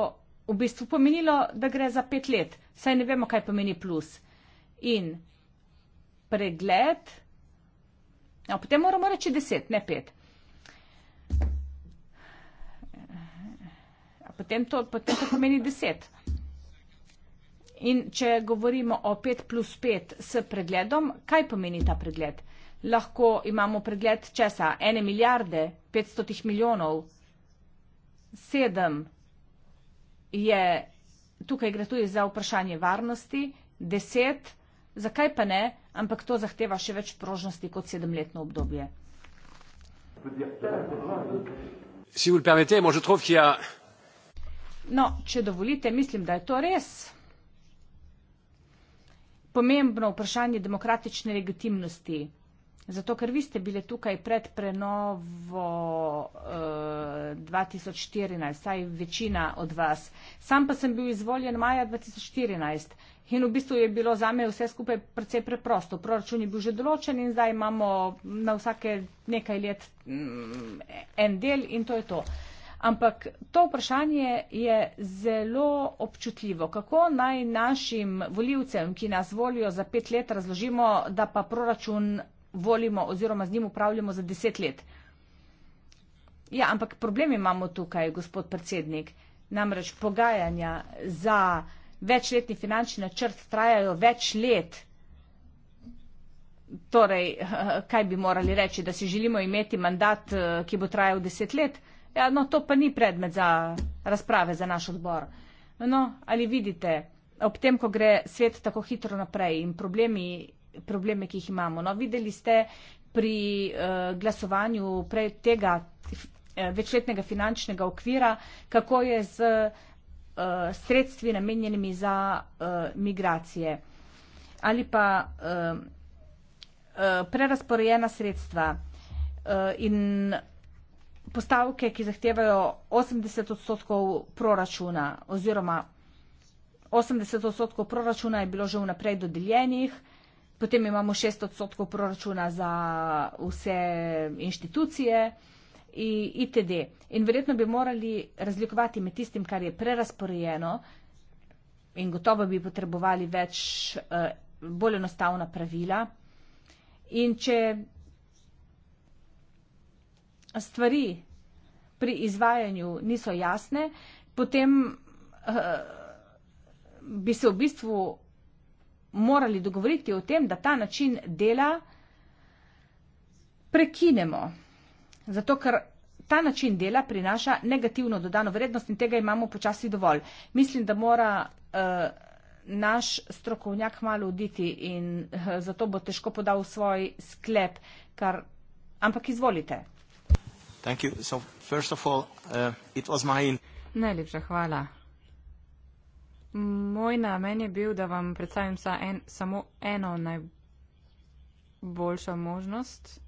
v bistvu pomenilo, da gre za pet let. Saj ne vemo, kaj pomeni plus. In pregled. No, potem moramo reči deset, ne pet. potem to, potem to pomeni 10. In če govorimo o 5 plus 5 s pregledom, kaj pomeni ta pregled? Lahko imamo pregled česa? 1 milijarde, 500 milijonov, 7 je, tukaj gre tudi za vprašanje varnosti, 10, zakaj pa ne, ampak to zahteva še več prožnosti kot 7-letno obdobje. Si vi permettez, moi je trouve qu'il y a No, če dovolite, mislim, da je to res pomembno vprašanje demokratične legitimnosti. Zato, ker vi ste bile tukaj pred prenovo uh, 2014, saj večina od vas. Sam pa sem bil izvoljen maja 2014 in v bistvu je bilo za me vse skupaj precej preprosto. Proračun je bil že določen in zdaj imamo na vsake nekaj let mm, en del in to je to. Uh, Ampak to vprašanje je zelo občutljivo. Kako naj našim voljivcem, ki nas volijo za pet let, razložimo, da pa proračun volimo oziroma z njim upravljamo za deset let? Ja, ampak problem imamo tukaj, gospod predsednik. Namreč pogajanja za večletni finančni načrt trajajo več let. Torej, kaj bi morali reči, da si želimo imeti mandat, eh, ki bo trajal deset let? Ja, no, to pa ni predmet za razprave za naš odbor. No, ali vidite, ob tem, ko gre svet tako hitro naprej in problemi, probleme, ki jih imamo. No, videli ste pri uh, glasovanju prej tega eh, večletnega finančnega okvira, kako je z uh, sredstvi namenjenimi za uh, migracije. Ali pa uh, uh, prerasporejena sredstva uh, in postavke, ki zahtevajo 80 odstotkov proračuna oziroma 80 odstotkov proračuna je bilo že vnaprej dodeljenih, potem imamo 6 odstotkov proračuna za vse inštitucije in itd. In verjetno bi morali razlikovati med tistim, kar je prerasporejeno in gotovo bi potrebovali več, eh, bolj enostavna pravila. In če stvari pri izvajanju niso jasne, potem uh, bi se v bistvu morali dogovoriti o tem, da ta način dela prekinemo. Zato, ker ta način dela prinaša negativno dodano vrednost in tega imamo počasi dovolj. Mislim, da mora uh, naš strokovnjak malo oditi in uh, zato bo težko podal svoj sklep, kar, ampak izvolite. Thank you. So first of all, uh, it was my Najlepša hvala. Moj namen je bil, da vam predstavim sa en, samo eno najboljšo možnost.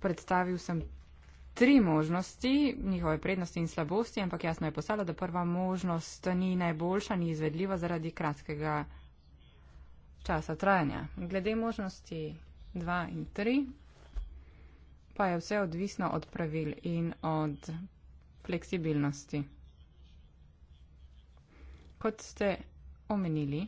Predstavil sem tri možnosti, njihove prednosti in slabosti, ampak jasno je postalo, da prva možnost ni najboljša, ni izvedljiva zaradi kratkega časa trajanja. Glede možnosti 2 in 3 pa je vse odvisno od pravil in od fleksibilnosti. Kot ste omenili,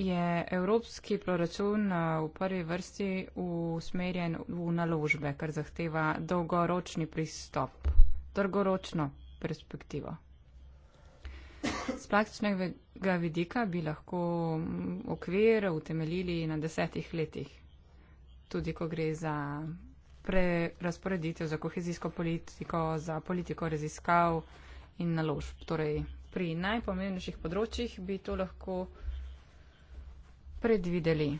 je evropski proračun eh, v prvi vrsti usmerjen v naložbe, kar zahteva dolgoročni pristop, dolgoročno perspektivo. Z praktičnega vidika bi lahko mm, okvir utemeljili na desetih letih tudi ko gre za prerasporeditev, za kohezijsko politiko, za politiko raziskav in naložb. Torej, pri najpomembnejših področjih bi to lahko predvideli.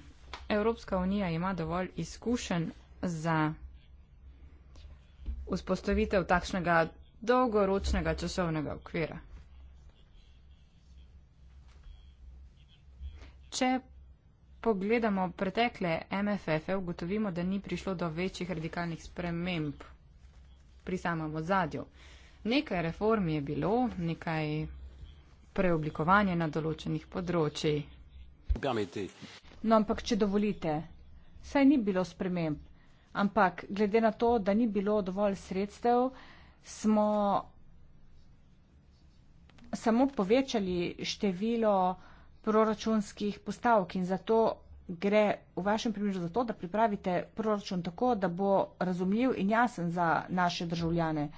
Evropska unija ima dovolj izkušen za vzpostavitev takšnega dolgoročnega časovnega okvira. Če pogledamo pretekle MFF-e, ugotovimo, da ni prišlo do večjih radikalnih sprememb pri samem ozadju. Nekaj reform je bilo, nekaj preoblikovanja na določenih področji. No, ampak če dovolite, saj ni bilo sprememb, ampak glede na to, da ni bilo dovolj sredstev, smo samo povečali število proračunskih postavk in zato gre v vašem primeru za to, da pripravite proračun tako, da bo razumljiv in jasen za naše državljane.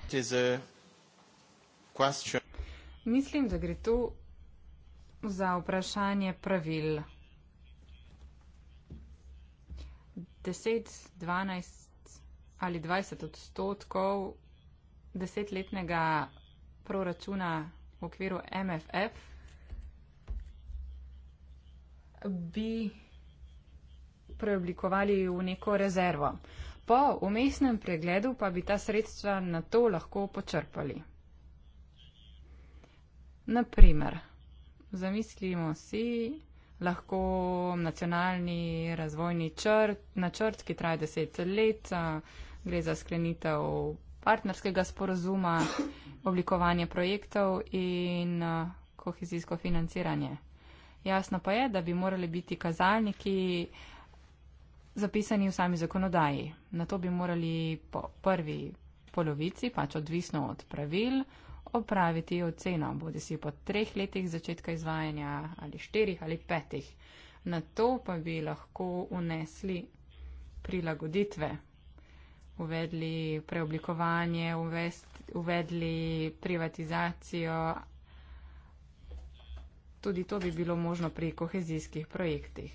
Mislim, da gre tu za vprašanje pravil. 10, 12 ali 20 odstotkov desetletnega proračuna v okviru MFF bi preoblikovali v neko rezervo. Po umestnem pregledu pa bi ta sredstva na to lahko počrpali. Naprimer, zamislimo si lahko nacionalni razvojni črt, načrt, ki traja deset let, gre za sklenitev partnerskega sporozuma, oblikovanje projektov in kohezijsko financiranje. Jasno pa je, da bi morali biti kazalniki zapisani v sami zakonodaji. Na to bi morali po prvi polovici, pač odvisno od pravil, opraviti oceno, bodi si po treh letih začetka izvajanja ali štirih ali petih. Na to pa bi lahko unesli prilagoditve, uvedli preoblikovanje, uvest, uvedli privatizacijo Tudi to bi bilo možno pri kohezijskih projektih.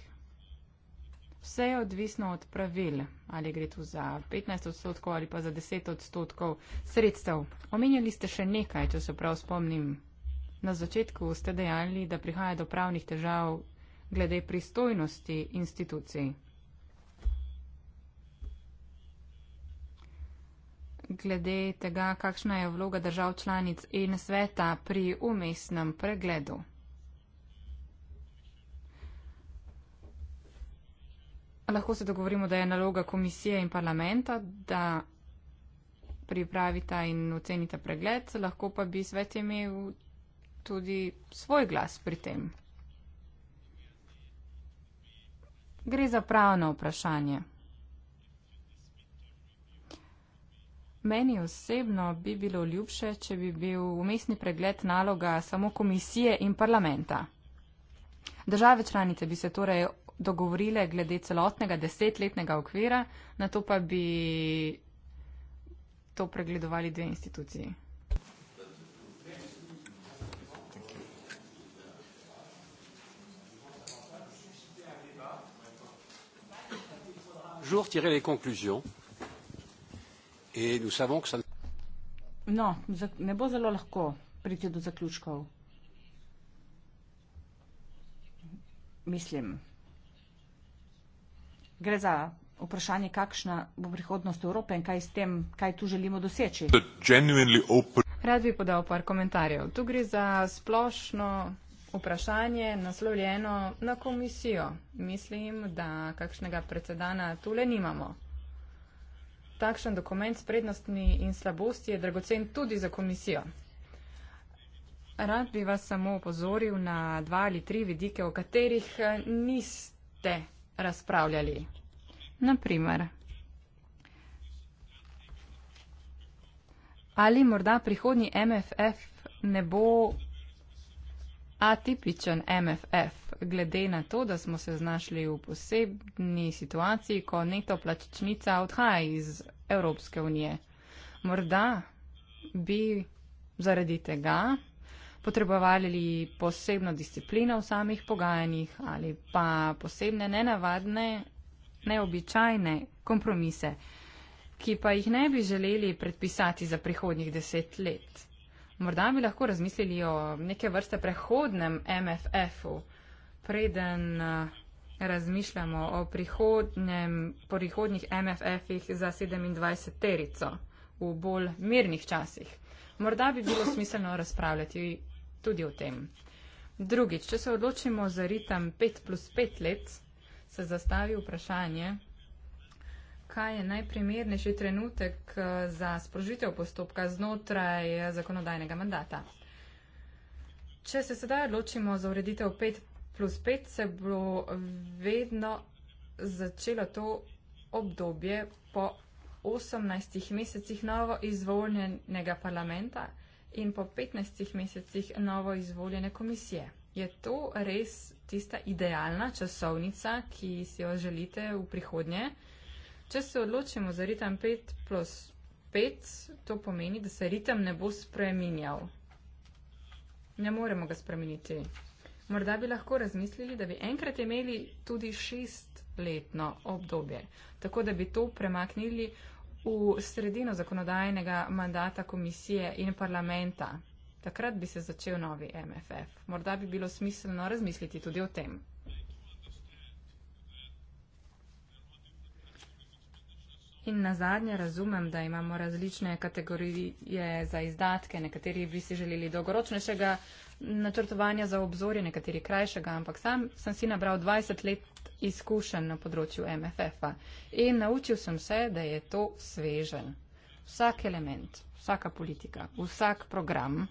Vse je odvisno od pravil, ali gre tu za 15 odstotkov ali pa za 10 odstotkov sredstev. Omenjali ste še nekaj, če se prav spomnim. Na začetku ste dejali, da prihaja do pravnih težav glede pristojnosti institucij. Glede tega, kakšna je vloga držav članic in sveta pri umestnem pregledu. Lahko se dogovorimo, da je naloga komisije in parlamenta, da pripravita in ocenita pregled, lahko pa bi svet imel tudi svoj glas pri tem. Gre za pravno vprašanje. Meni osebno bi bilo ljubše, če bi bil umestni pregled naloga samo komisije in parlamenta. Države članice bi se torej dogovorile glede celotnega desetletnega okvira, na to pa bi to pregledovali dve instituciji. No, ne bo zelo lahko priti do zaključkov. Mislim. Gre za vprašanje, kakšna bo prihodnost Evrope in kaj s tem, kaj tu želimo doseči. Rad bi podal par komentarjev. Tu gre za splošno vprašanje naslovljeno na komisijo. Mislim, da kakšnega predsedana tule nimamo. Takšen dokument s prednostmi in slabosti je dragocen tudi za komisijo. Rad bi vas samo upozoril na dva ali tri vidike, o katerih niste razpravljali. Naprimer, ali morda prihodnji MFF ne bo atipičen MFF, glede na to, da smo se znašli v posebni situaciji, ko neto plačičnica odhaja iz Evropske unije. Morda bi zaradi tega potrebovali posebno disciplino v samih pogajanjih ali pa posebne nenavadne, neobičajne kompromise, ki pa jih ne bi želeli predpisati za prihodnjih deset let. Morda bi lahko razmislili o neke vrste prehodnem MFF-u, preden eh, razmišljamo o prihodnjem, prihodnjih MFF-ih za 27 terico v bolj mirnih časih. Morda bi bilo smiselno razpravljati tudi o tem. Drugič, če se odločimo za ritem 5 plus 5 let, se zastavi vprašanje, kaj je najprimernejši trenutek eh, za sprožitev postopka znotraj eh, zakonodajnega mandata. Če se sedaj odločimo za ureditev 5 plus 5, se bo vedno začelo to obdobje po 18 mesecih novo izvoljenega parlamenta in po 15 mesecih novo izvoljene komisije. Je to res tista idealna časovnica, ki si jo želite v prihodnje? Če se odločimo za ritem 5 plus 5, to pomeni, da se ritem ne bo spremenjal. Ne moremo ga spremeniti. Morda bi lahko razmislili, da bi enkrat imeli tudi šestletno obdobje, tako da bi to premaknili v sredino zakonodajnega mandata komisije in parlamenta. Takrat bi se začel novi MFF. Morda bi bilo smiselno razmisliti tudi o tem. In na zadnje razumem, da imamo različne kategorije za izdatke. Nekateri bi si želeli dolgoročnejšega načrtovanja za obzorje, nekateri krajšega, ampak sam sem si nabral 20 let izkušenj na področju MFF-a in naučil sem se, da je to svežen. Vsak element, vsaka politika, vsak program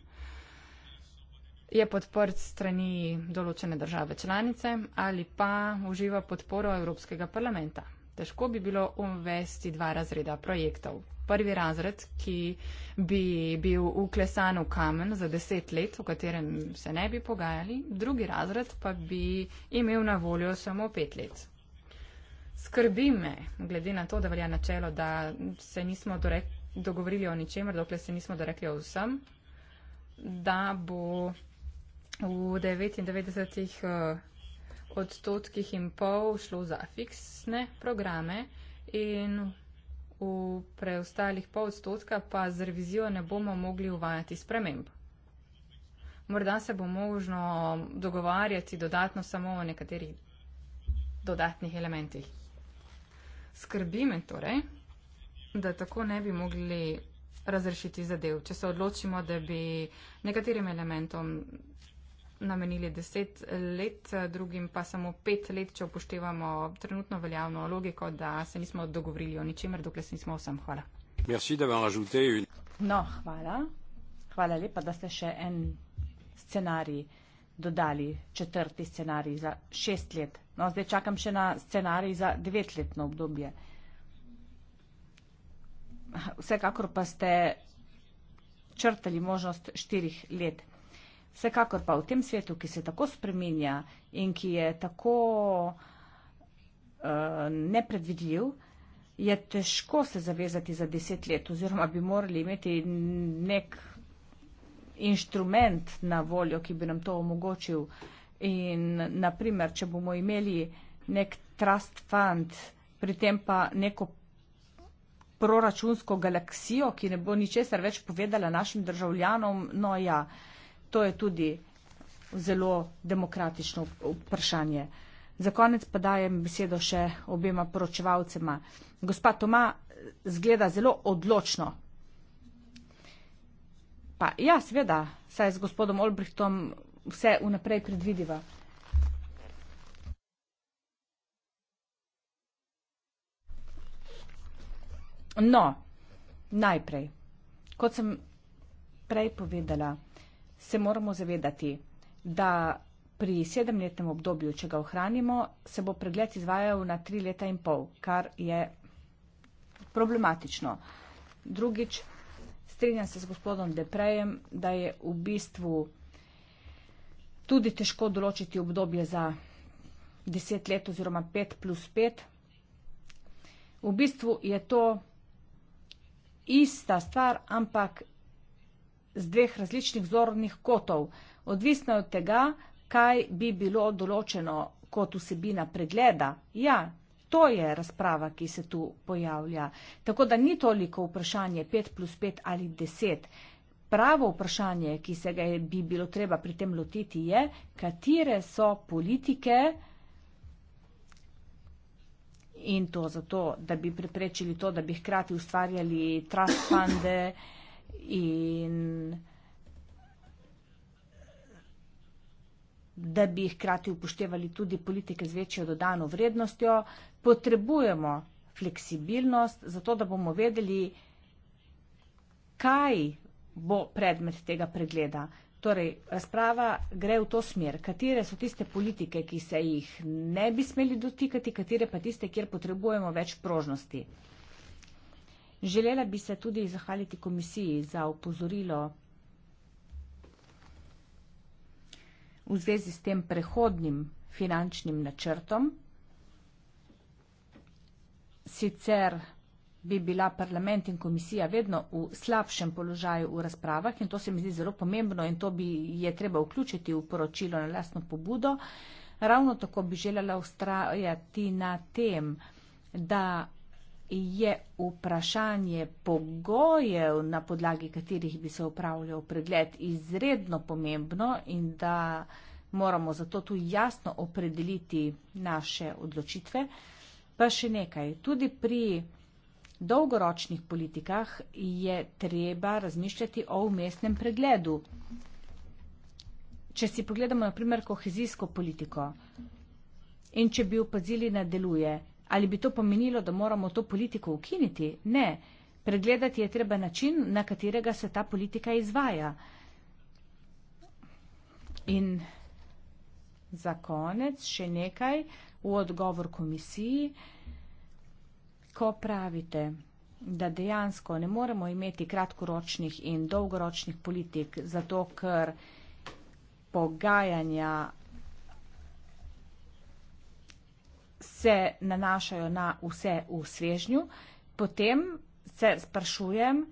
je podprt strani določene države članice ali pa uživa podporo Evropskega parlamenta. Težko bi bilo uvesti dva razreda projektov, prvi razred, ki bi bil uklesan v kamen za deset let, v katerem se ne bi pogajali, drugi razred pa bi imel na voljo samo pet let. Skrbi me, glede na to, da velja načelo, da se nismo dorek, dogovorili o ničemer, dokler se nismo dorekli o vsem, da bo v 99 eh, odstotkih in pol šlo za fiksne programe in v preostalih pol odstotka pa z revizijo ne bomo mogli uvajati sprememb. Morda se bo možno dogovarjati dodatno samo o nekaterih dodatnih elementih. Skrbi me torej, da tako ne bi mogli razrešiti zadev, če se odločimo, da bi nekaterim elementom namenili deset let, drugim pa samo pet let, če upoštevamo trenutno veljavno logiko, da se nismo dogovorili o ničemer, dokler se nismo vsem. Hvala. Merci, no, hvala. Hvala lepa, da ste še en scenarij dodali, četrti scenarij za šest let. No, zdaj čakam še na scenarij za devetletno obdobje. Vsekakor pa ste črtali možnost štirih let. Vsekakor pa v tem svetu, ki se tako spreminja in ki je tako uh, nepredvidljiv, je težko se zavezati za deset let oziroma bi morali imeti nek inštrument na voljo, ki bi nam to omogočil. In, naprimer, če bomo imeli nek trust fund, pri tem pa neko proračunsko galaksijo, ki ne bo ničesar več povedala našim državljanom, no ja. Uh, To je tudi zelo demokratično vprašanje. Za konec pa dajem besedo še obema poročevalcema. Gospa Toma zgleda zelo odločno. Pa ja, seveda, saj z gospodom Olbrichtom vse vnaprej predvidiva. No, najprej, kot sem prej povedala, se moramo zavedati, da pri sedemletnem obdobju, če ga ohranimo, se bo pregled izvajal na tri leta in pol, kar je problematično. Drugič, strinjam se z gospodom Deprejem, da je v bistvu tudi težko določiti obdobje za deset let oziroma pet plus pet. V bistvu je to ista stvar, ampak z dveh različnih zornih kotov. Odvisno je od tega, kaj bi bilo določeno kot vsebina pregleda. Ja, to je razprava, ki se tu pojavlja. Tako da ni toliko vprašanje 5 plus 5 ali 10. Pravo vprašanje, ki se ga bi bilo treba pri tem lotiti, je, katere so politike in to zato, da bi preprečili to, da bi hkrati ustvarjali trust funde in da bi hkrati upoštevali tudi politike z večjo dodano vrednostjo, potrebujemo fleksibilnost, zato da bomo vedeli, kaj bo predmet tega pregleda. Torej, razprava gre v to smer, katere so tiste politike, ki se jih ne bi smeli dotikati, katere pa tiste, kjer potrebujemo več prožnosti. Želela bi se tudi zahvaliti komisiji za upozorilo v zvezi s tem prehodnim finančnim načrtom. Sicer bi bila parlament in komisija vedno v slabšem položaju v razpravah in to se mi zdi zelo pomembno in to bi je treba vključiti v poročilo na lastno pobudo. Ravno tako bi želela ustrajati na tem, da je vprašanje pogojev, na podlagi katerih bi se upravljal pregled, izredno pomembno in da moramo zato tu jasno opredeliti naše odločitve. Pa še nekaj, tudi pri dolgoročnih politikah je treba razmišljati o umestnem pregledu. Če si pogledamo, naprimer, kohezijsko politiko in če bi opazili, da deluje, ali bi to pomenilo, da moramo to politiko ukiniti? Ne. Pregledati je treba način, na katerega se ta politika izvaja. In za konec še nekaj v odgovor komisiji, ko pravite, da dejansko ne moremo imeti kratkoročnih in dolgoročnih politik, zato ker pogajanja se nanašajo na vse v svežnju, potem se sprašujem,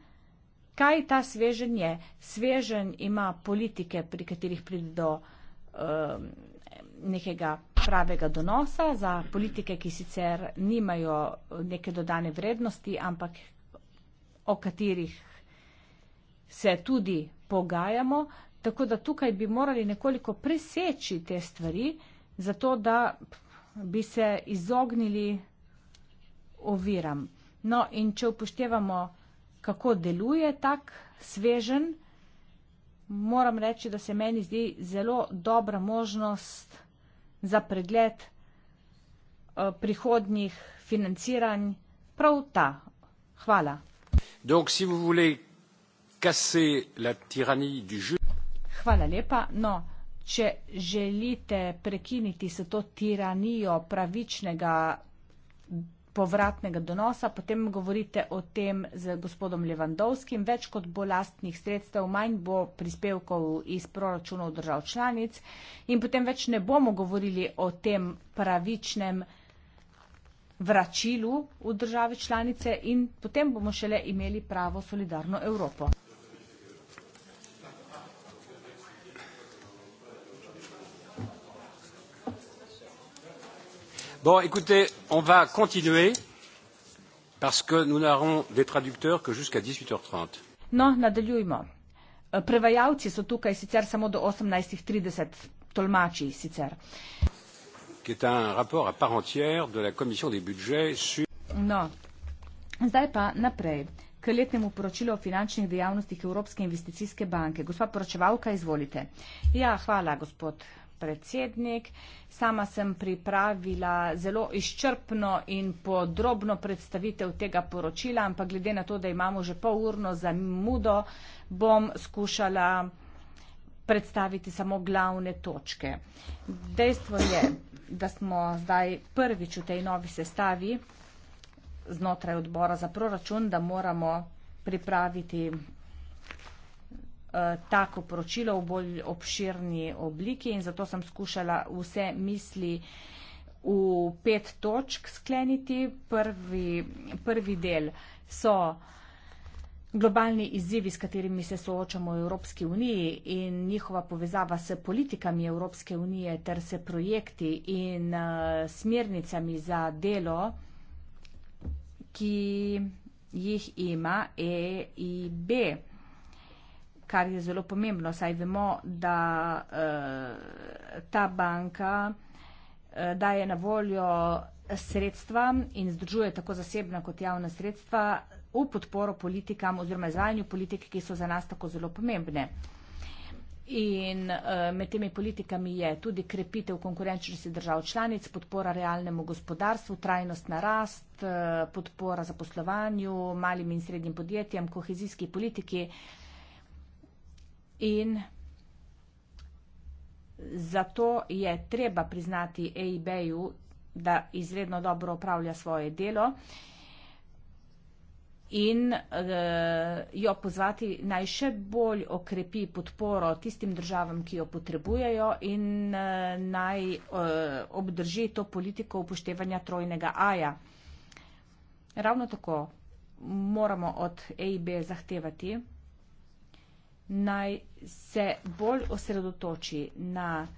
kaj ta svežen je. Svežen ima politike, pri katerih pride do um, nekega pravega donosa, za politike, ki sicer nimajo neke dodane vrednosti, ampak o katerih se tudi pogajamo. Tako da tukaj bi morali nekoliko preseči te stvari, zato da bi se izognili oviram. No, in če upoštevamo, kako deluje tak svežen, moram reči, da se meni zdi zelo dobra možnost za pregled eh, prihodnjih financiranj prav ta. Hvala. Donc, si vous voulez casser la tyrannie du jeu. Hvala lepa. No, če želite prekiniti s to tiranijo pravičnega povratnega donosa, potem govorite o tem z gospodom Levandovskim, več kot bo lastnih sredstev, manj bo prispevkov iz proračunov držav članic in potem več ne bomo govorili o tem pravičnem vračilu v države članice in potem bomo šele imeli pravo solidarno Evropo. écoutez, on va continuer parce que nous n'aurons des traducteurs que jusqu'à 18h30. No, nadaljujmo. E, prevajalci so tukaj sicer samo do 18:30, tolmači sicer. Qui est un rapport à part entière de la commission des budgets sur. No, zdaj pa naprej k letnemu poročilu o finančnih dejavnostih Evropske investicijske banke. Gospa poročevalka, izvolite. Ja, hvala, gospod predsednik. Sama sem pripravila zelo izčrpno in podrobno predstavitev tega poročila, ampak glede na to, da imamo že pol urno zamudo, bom skušala predstaviti samo glavne točke. Dejstvo je, da smo zdaj prvič v tej novi sestavi znotraj odbora za proračun, da moramo pripraviti Eh, tako poročilo v bolj obširni obliki in zato sem skušala vse misli v pet točk skleniti. Prvi, prvi del so globalni izzivi, s katerimi se soočamo v Evropski uniji in njihova povezava s politikami Evropske unije ter se projekti in uh, smernicami za delo, ki jih ima EIB. E, kar je zelo pomembno, saj vemo, da eh, ta banka eh, daje na voljo sredstva in združuje tako zasebna kot javna sredstva v podporo politikam oziroma izvajanju politik, ki so za nas tako zelo pomembne. In eh, med temi politikami je tudi krepitev konkurenčnosti držav članic, podpora realnemu gospodarstvu, trajnostna rast, podpora zaposlovanju, malim in srednjim podjetjem, kohezijski politiki, in zato je treba priznati EIB-ju, da izredno dobro opravlja svoje delo in eh, jo pozvati naj še bolj okrepi podporo tistim državam, ki jo potrebujejo in eh, naj eh, obdrži to politiko upoštevanja trojnega aja. Ravno tako moramo od EIB zahtevati, naj se bolj osredotoči na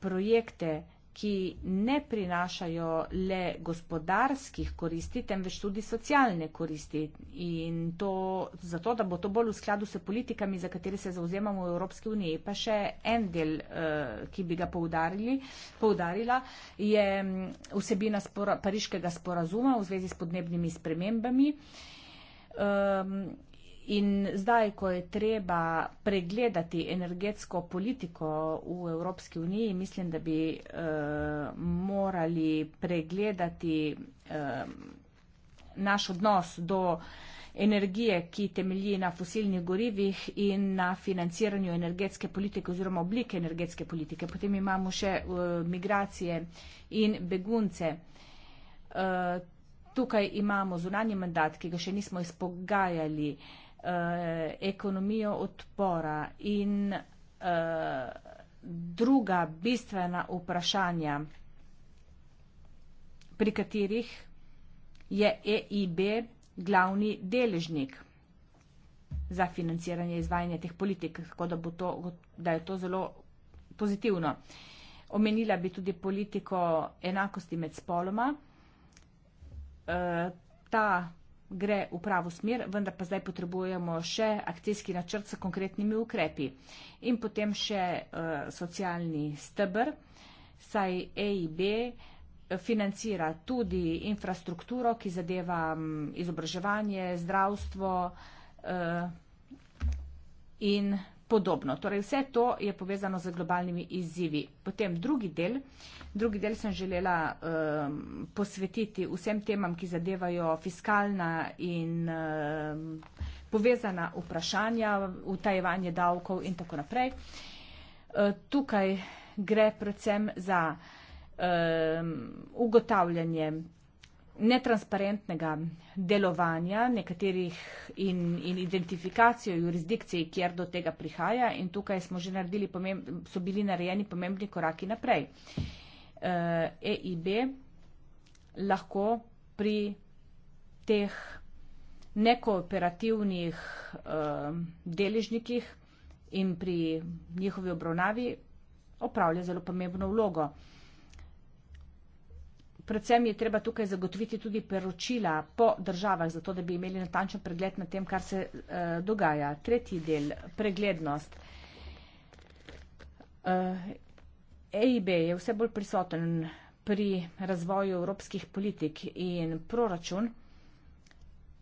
projekte, ki ne prinašajo le gospodarskih koristi, temveč tudi socialne koristi. In to zato, da bo to bolj v skladu s politikami, za katere se zauzemamo v Evropski uniji. Pa še en del, eh, ki bi ga poudarila, je mm, vsebina spora, pariškega sporazuma v zvezi s podnebnimi spremembami. Ehm, In zdaj, ko je treba pregledati energetsko politiko v Evropski uniji, mislim, da bi uh, morali pregledati uh, naš odnos do energije, ki temelji na fosilnih gorivih in na financiranju energetske politike oziroma oblike energetske politike. Potem imamo še uh, migracije in begunce. Uh, tukaj imamo zunanji mandat, ki ga še nismo izpogajali. Uh, eh, ekonomijo odpora in eh, druga bistvena vprašanja, pri katerih je EIB glavni deležnik za financiranje izvajanja teh politik, tako da, to, da je to zelo pozitivno. Omenila bi tudi politiko enakosti med spoloma. Eh, ta gre v pravo smer, vendar pa zdaj potrebujemo še akcijski načrt s konkretnimi ukrepi. In potem še uh, socialni stebr, saj EIB eh, financira tudi infrastrukturo, ki zadeva mm, izobraževanje, zdravstvo uh, in podobno. Torej, vse to je povezano z globalnimi izzivi. Potem drugi del, drugi del sem želela um, posvetiti vsem temam, ki zadevajo fiskalna in um, povezana vprašanja, utajevanje davkov in tako naprej. Uh, tukaj gre predvsem za um, ugotavljanje netransparentnega delovanja nekaterih in, in identifikacijo jurisdikcij, kjer do tega prihaja in tukaj smo že naredili, pomemb, so bili narejeni pomembni koraki naprej. EIB eh, e lahko pri teh nekooperativnih eh, deležnikih in pri njihovi obravnavi opravlja zelo pomembno vlogo predvsem je treba tukaj zagotoviti tudi peročila po državah, zato da bi imeli natančen pregled na tem, kar se uh, dogaja. Tretji del, preglednost. Uh, eh, EIB je vse bolj prisoten pri razvoju evropskih politik in proračun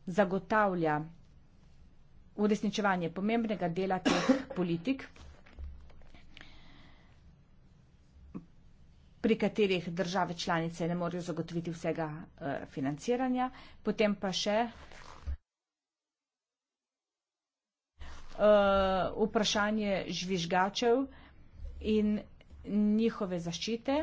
zagotavlja uresničevanje pomembnega dela teh politik. pri katerih države članice ne morejo zagotoviti vsega eh, financiranja. Potem pa še eh, vprašanje žvižgačev in njihove zaščite.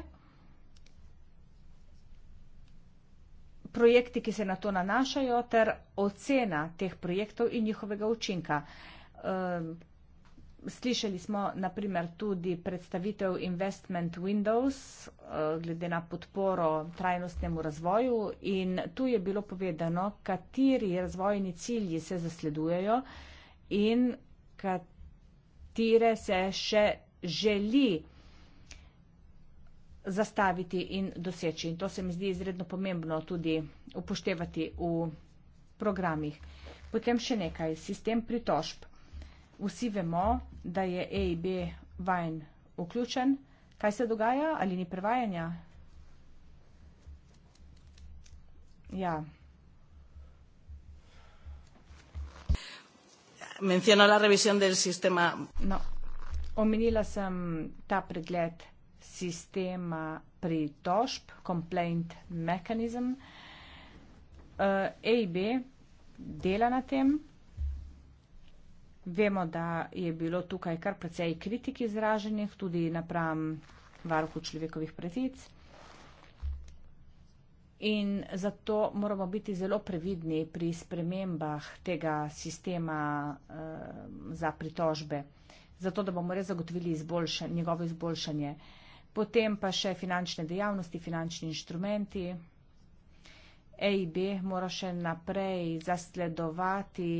projekti, ki se na to nanašajo, ter ocena teh projektov in njihovega učinka. Eh, Slišali smo naprimer tudi predstavitev Investment Windows eh, glede na podporo trajnostnemu razvoju in tu je bilo povedano, kateri razvojni cilji se zasledujejo in katere se še želi zastaviti in doseči. In to se mi zdi izredno pomembno tudi upoštevati v programih. Potem še nekaj, sistem pritožb vsi vemo, da je AIB vajen vključen. Kaj se dogaja? Ali ni prevajanja? Ja. Menciono la revisión del sistema. No. Omenila sem ta pregled sistema pritožb, complaint mechanism. Uh, eh, AIB dela na tem. Vemo, da je bilo tukaj kar precej kritik izraženih, tudi napram varuhu človekovih pravic. In zato moramo biti zelo previdni pri spremembah tega sistema e, za pritožbe, zato da bomo res zagotovili izboljšanje, njegovo izboljšanje. Potem pa še finančne dejavnosti, finančni inštrumenti. EIB mora še naprej zasledovati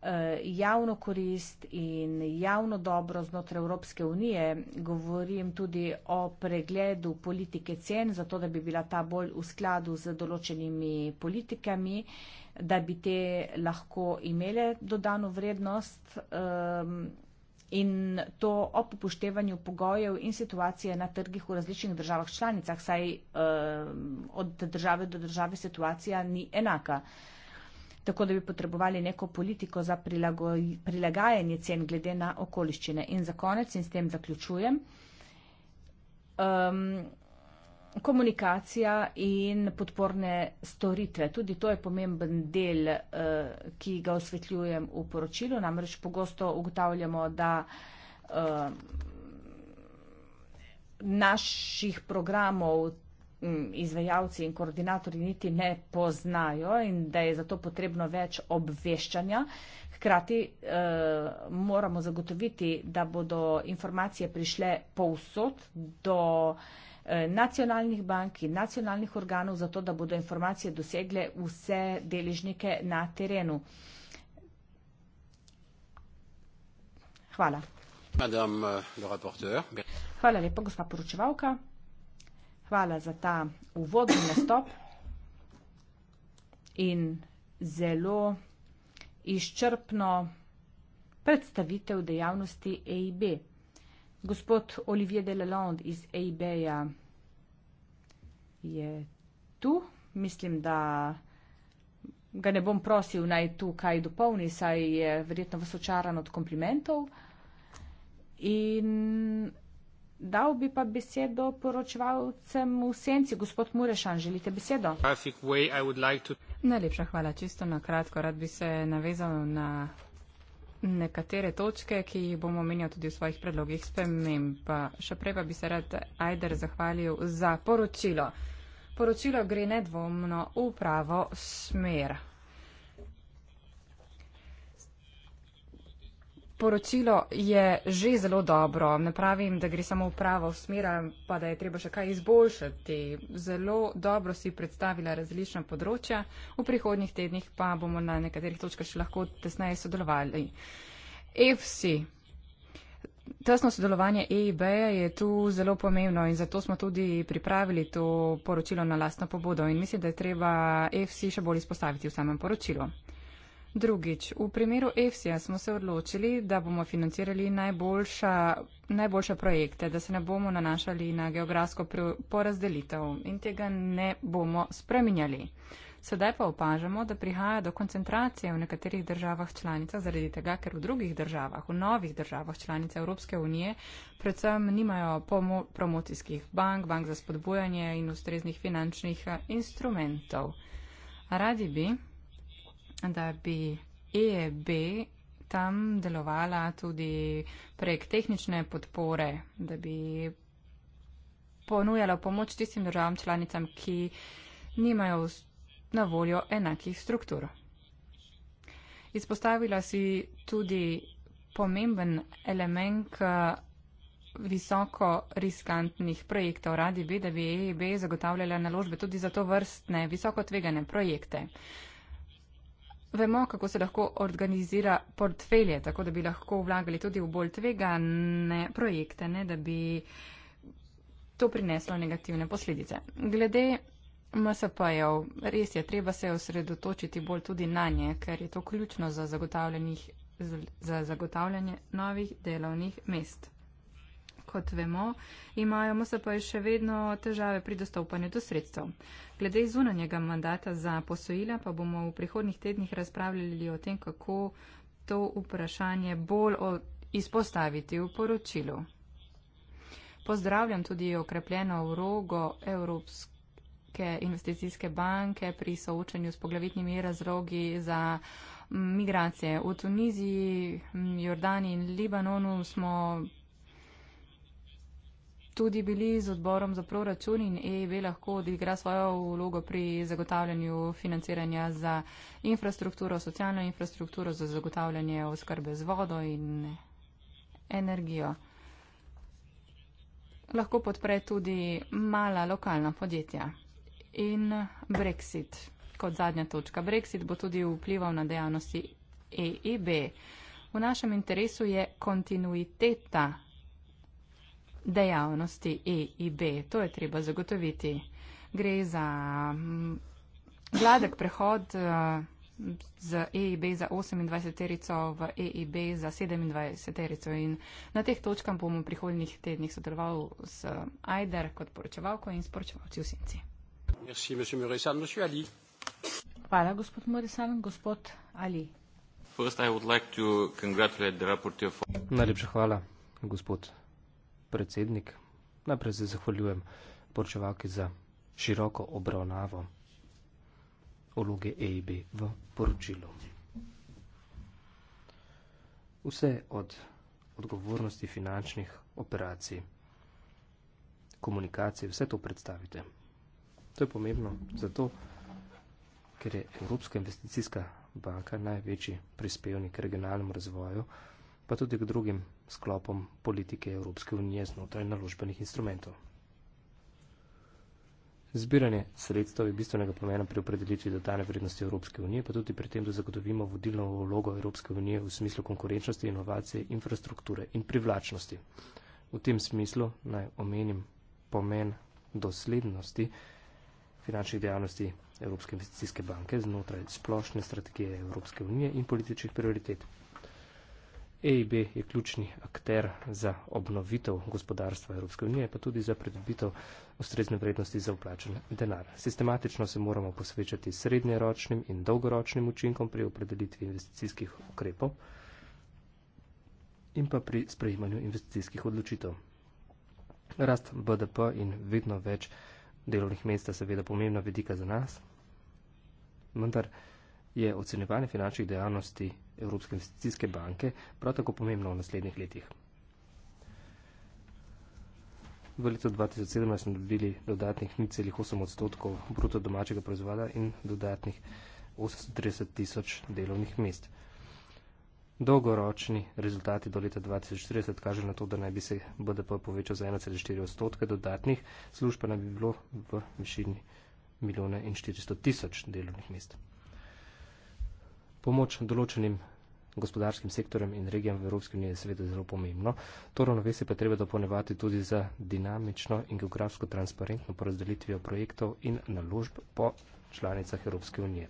Eh, javno korist in javno dobro znotraj Evropske unije. Govorim tudi o pregledu politike cen, zato da bi bila ta bolj v skladu z določenimi politikami, da bi te lahko imele dodano vrednost ehm, in to ob upoštevanju pogojev in situacije na trgih v različnih državah članicah, saj ehm, od države do države situacija ni enaka tako da bi potrebovali neko politiko za prilagajanje cen glede na okoliščine. In za konec in s tem zaključujem. Um, komunikacija in podporne storitve. Tudi to je pomemben del, uh, ki ga osvetljujem v poročilu. Namreč pogosto ugotavljamo, da uh, naših programov izvajalci in koordinatori niti ne poznajo in da je zato potrebno več obveščanja. Hkrati eh, moramo zagotoviti, da bodo informacije prišle povsod do eh, nacionalnih bank in nacionalnih organov, zato da bodo informacije dosegle vse deležnike na terenu. Hvala. Madame, uh, Hvala lepa, gospa poročevalka. Hvala za ta uvodni nastop in zelo izčrpno predstavitev dejavnosti EIB. Gospod Olivier Delalonde iz EIB-ja je tu. Mislim, da ga ne bom prosil naj tukaj dopolni, saj je verjetno vas očaran od komplimentov. In Dal bi pa besedo poročevalcem v senci. Gospod Murešan, želite besedo? Way, like to... Najlepša hvala. Čisto na kratko. Rad bi se navezal na nekatere točke, ki jih bomo omenjali tudi v svojih predlogih spremenj. Pa še prej pa bi se rad Ajder zahvalil za poročilo. Poročilo gre nedvomno v pravo smer. poročilo je že zelo dobro. Ne pravim, da gre samo v pravo smer, pa da je treba še kaj izboljšati. Zelo dobro si predstavila različna področja, v prihodnih tednih pa bomo na nekaterih točkah še lahko tesneje sodelovali. EFSI. Tesno sodelovanje EIB-a je tu zelo pomembno in zato smo tudi pripravili to poročilo na lastno pobudo in mislim, da je treba EFSI še bolj izpostaviti v samem poročilu. Drugič, v primeru EFSI-ja smo se odločili, da bomo financirali najboljša, najboljše projekte, da se ne bomo nanašali na geografsko porazdelitev in tega ne bomo spreminjali. Sedaj pa opažamo, da prihaja do koncentracije v nekaterih državah članicah zaradi tega, ker v drugih državah, v novih državah članic Evropske unije, predvsem nimajo promocijskih bank, bank za spodbujanje in ustreznih finančnih eh, instrumentov. Radi bi, da bi EEB tam delovala tudi prek tehnične podpore, da bi ponujala pomoč tistim državam članicam, ki nimajo na voljo enakih struktur. Izpostavila si tudi pomemben element eh, visoko riskantnih projektov. Radi bi, da bi EIB zagotavljala naložbe tudi za to vrstne visoko tvegane projekte. Uh, Vemo, kako se lahko organizira portfelje, tako da bi lahko vlagali tudi v bolj tvegane projekte, ne, da bi to prineslo negativne posledice. Glede MSP-jev, res je, treba se osredotočiti bolj tudi na nje, ker je to ključno za, za zagotavljanje novih delovnih mest kot vemo, imajo MSP še vedno težave pri dostopanju do sredstev. Glede izunanjega mandata za posojila pa bomo v prihodnih tednih razpravljali o tem, kako to vprašanje bolj izpostaviti v poročilu. Pozdravljam tudi okrepljeno vrogo Evropske investicijske banke pri soočanju s poglavitnimi razlogi za mm, migracije. V Tuniziji, mm, Jordani in Libanonu smo tudi bili z odborom za proračun in EIB lahko odigra svojo vlogo pri zagotavljanju financiranja za infrastrukturo, socialno infrastrukturo, za zagotavljanje oskrbe z vodo in energijo. Lahko podpre tudi mala lokalna podjetja. In Brexit. Kot zadnja točka. Brexit bo tudi vplival na dejavnosti EIB. E v našem interesu je kontinuiteta dejavnosti EIB. To je treba zagotoviti. Gre za mm, gladek prehod eh, z EIB za 28-terico v EIB za 27-terico in na teh točkah bom v prihodnjih tednih sodeloval s AIDER kot poročevalko in s poročevalci v Sinci. Merci, monsieur Murisan, monsieur Ali. Hvala, gospod Murisan, gospod Ali. First, like for... Najlepša hvala, gospod predsednik, najprej se zahvaljujem poročevalki za široko obravnavo vloge EIB v poročilu. Vse od odgovornosti finančnih operacij, komunikacije, vse to predstavite. To je pomembno zato, ker je Evropska investicijska banka največji prispevnik regionalnemu razvoju, pa tudi k drugim sklopom politike Evropske unije znotraj naložbenih instrumentov. Zbiranje sredstev je bistvenega pomena pri opredelitvi dodane vrednosti Evropske unije, pa tudi pri tem, da zagotovimo vodilno vlogo Evropske unije v smislu konkurenčnosti, inovacije, infrastrukture in privlačnosti. V tem smislu naj omenim pomen doslednosti finančnih dejavnosti Evropske investicijske banke znotraj splošne strategije Evropske unije in političnih prioritet. EIB je ključni akter za obnovitev gospodarstva Evropske unije, pa tudi za predobitev ustrezne vrednosti za uplačen denar. Sistematično se moramo posvečati srednjeročnim in dolgoročnim učinkom pri opredelitvi investicijskih ukrepov in pa pri sprejemanju investicijskih odločitev. Rast BDP in vedno več delovnih mesta seveda pomembna vedika za nas, vendar je ocenjevanje finančnih dejavnosti Evropske investicijske banke, prav tako pomembno v naslednjih letih. V letu 2017 smo dobili dodatnih 0,8 odstotkov bruto domačega proizvoda in dodatnih 830 tisoč delovnih mest. Dolgoročni rezultati do leta 2040 kaže na to, da naj bi se BDP povečal za 1,4 odstotke dodatnih, služba naj bi bilo v višini milijone in 400 tisoč delovnih mest pomoč določenim gospodarskim sektorjem in regijam v Evropski uniji je seveda zelo pomembno. To ravnovesje pa treba dopolnevati tudi za dinamično in geografsko transparentno porazdelitvijo projektov in naložb po članicah Evropske unije.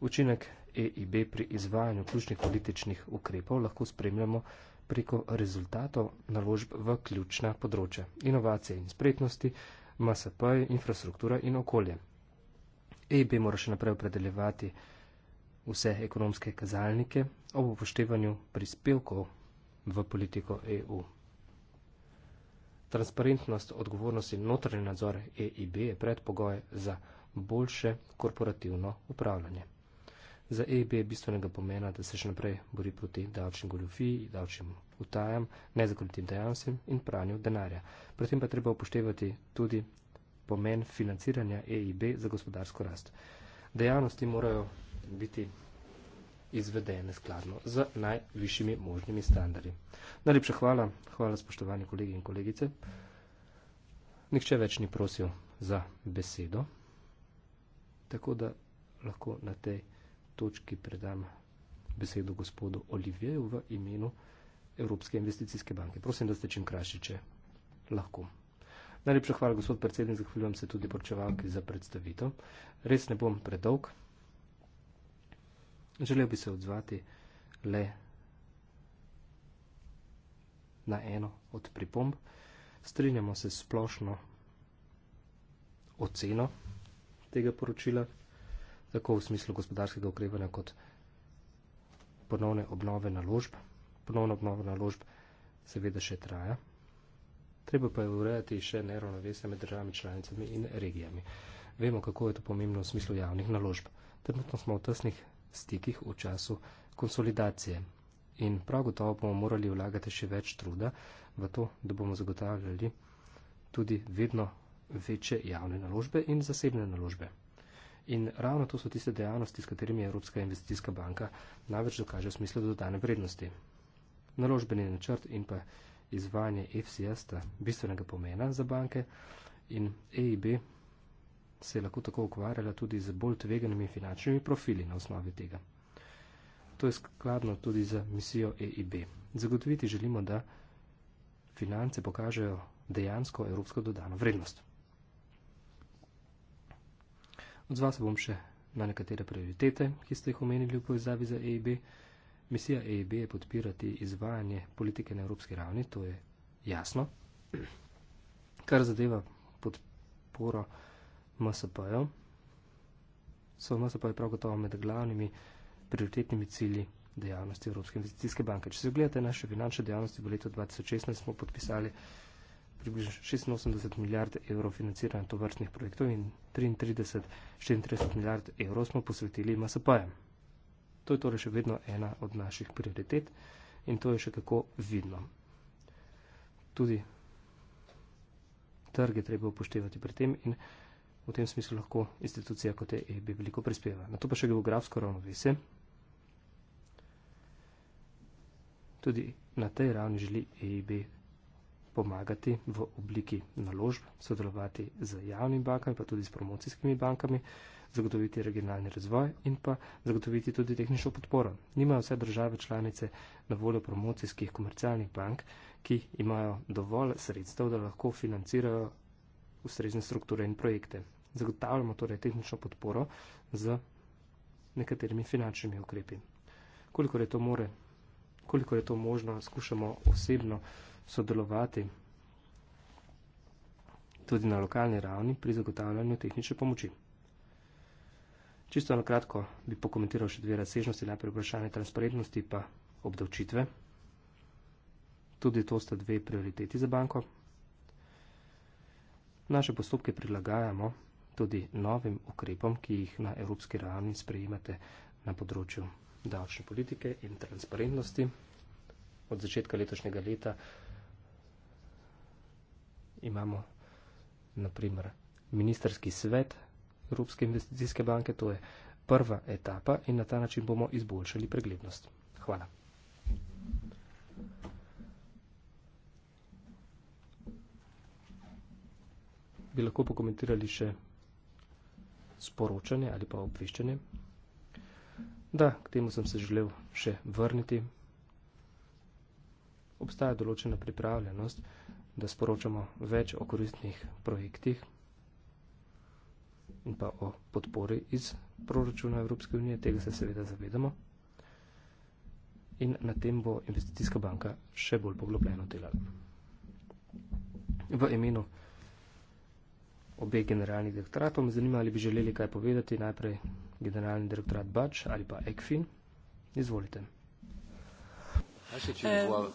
Učinek EIB pri izvajanju ključnih političnih ukrepov lahko spremljamo preko rezultatov naložb v ključna področja. Inovacije in spretnosti, MSP, infrastruktura in okolje. EIB mora še naprej opredeljevati vse ekonomske kazalnike ob upoštevanju prispevkov v politiko EU. Transparentnost, odgovornost in notranje nadzore EIB je predpogoj za boljše korporativno upravljanje. Za EIB je bistvenega pomena, da se še naprej bori proti davčnim goljofiji, davčnim utajam, nezakonitim dejavnostim in pranju denarja. Pri tem pa treba upoštevati tudi pomen financiranja EIB za gospodarsko rast. Dejavnosti morajo biti izvedene skladno z najvišjimi možnimi standardi. Najlepša hvala, hvala spoštovani kolegi in kolegice. Nihče več ni prosil za besedo, tako da lahko na tej točki predam besedo gospodu Olivijeju v imenu Evropske investicijske banke. Prosim, da ste čim krajši, če lahko. Najlepša hvala, gospod predsednik, zahvaljujem se tudi poročevalki za predstavitev. Res ne bom predolg. Želel bi se odzvati le na eno od pripomb. Strinjamo se splošno oceno tega poročila, tako v smislu gospodarskega ukrepanja kot ponovne obnove naložb. Ponovna obnova naložb seveda še traja. Treba pa je urejati še neravnovesje med državami, članicami in regijami. Vemo, kako je to pomembno v smislu javnih naložb. Trenutno smo v tesnih stikih v času konsolidacije. In prav gotovo bomo morali vlagati še več truda v to, da bomo zagotavljali tudi vedno večje javne naložbe in zasebne naložbe. In ravno to so tiste dejavnosti, s katerimi Evropska investicijska banka največ dokaže v smislu dodane vrednosti. Naložbeni načrt in pa izvajanje FCS sta bistvenega pomena za banke in EIB se je lahko tako ukvarjala tudi z bolj tveganimi finančnimi profili na osnovi tega. To je skladno tudi za misijo EIB. Zagotoviti želimo, da finance pokažejo dejansko evropsko dodano vrednost. Odzval se bom še na nekatere prioritete, ki ste jih omenili v povezavi za EIB. Misija EIB je podpirati izvajanje politike na evropski ravni, to je jasno. Kar zadeva podporo MSP-jo. Ja. So MSP prav gotovo med glavnimi prioritetnimi cilji dejavnosti Evropske investicijske banke. Če se ogledate naše finančne dejavnosti, v letu 2016 smo podpisali približno 86 milijard evrov financiranja tovrstnih projektov in 33-34 milijard evrov smo posvetili MSP-jem. To je torej še vedno ena od naših prioritet in to je še kako vidno. Tudi trge treba upoštevati pri tem in vsega v tem smislu lahko institucija kot je EBI veliko prispeva. Na to pa še geografsko ravnovesje. Tudi na tej ravni želi EIB pomagati v obliki naložb, sodelovati z javnimi bankami, pa tudi s promocijskimi bankami, zagotoviti regionalni razvoj in pa zagotoviti tudi tehnično podporo. Nimajo vse države članice na voljo promocijskih komercialnih bank, ki imajo dovolj sredstev, da lahko financirajo ustrezne strukture in projekte. Zagotavljamo torej tehnično podporo z nekaterimi finančnimi ukrepi. Koliko je to more, koliko je to možno, skušamo osebno sodelovati tudi na lokalni ravni pri zagotavljanju tehnične pomoči. Čisto na kratko bi pokomentiral še dve razsežnosti, najprej vprašanje transparentnosti pa obdavčitve. Tudi to sta dve prioriteti za banko. Naše postopke prilagajamo tudi novim ukrepom, ki jih na evropski ravni sprejemate na področju davčne politike in transparentnosti. Od začetka letošnjega leta imamo naprimer ministerski svet Evropske investicijske banke, to je prva etapa in na ta način bomo izboljšali preglednost. Hvala. bi lahko pokomentirali še sporočanje ali pa obveščanje. Da, k temu sem se želel še vrniti. Obstaja določena pripravljenost, da sporočamo več o koristnih projektih in pa o podpori iz proračuna Evropske unije, tega se seveda zavedamo. In na tem bo investicijska banka še bolj poglobljeno delala. V imenu obe generalni direktoratom. Zanima, ali bi želeli kaj povedati najprej generalni direktorat Bač ali pa ECFIN. Izvolite. Um,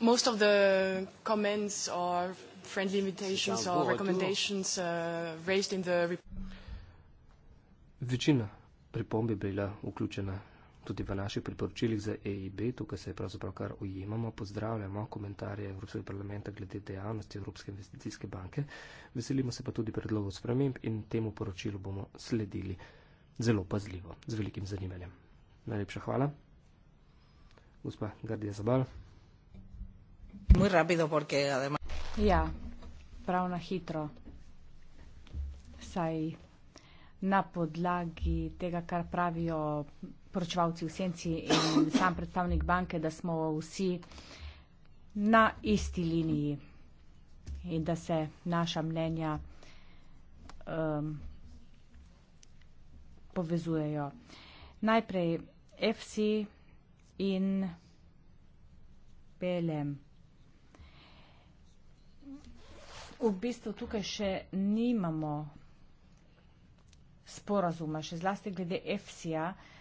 most of the comments or friendly invitations or recommendations uh, raised in the... Večina pripomb je bila vključena Tudi v naših priporočilih za EIB, tukaj se pravzaprav kar ujemamo, pozdravljamo komentarje Evropskega parlamenta glede dejavnosti Evropske investicijske banke, veselimo se pa tudi predlogov sprememb in temu poročilu bomo sledili zelo pazljivo, z velikim zanimanjem. Najlepša hvala. Gospa Gardija Zabal. Ja, prav na hitro. Saj na podlagi tega, kar pravijo poročevalci v senci in sam predstavnik banke, da smo vsi na isti liniji in da se naša mnenja um, povezujejo. Najprej FC in PLM. V bistvu tukaj še nimamo sporazuma, še zlasti glede FC-ja. Uh,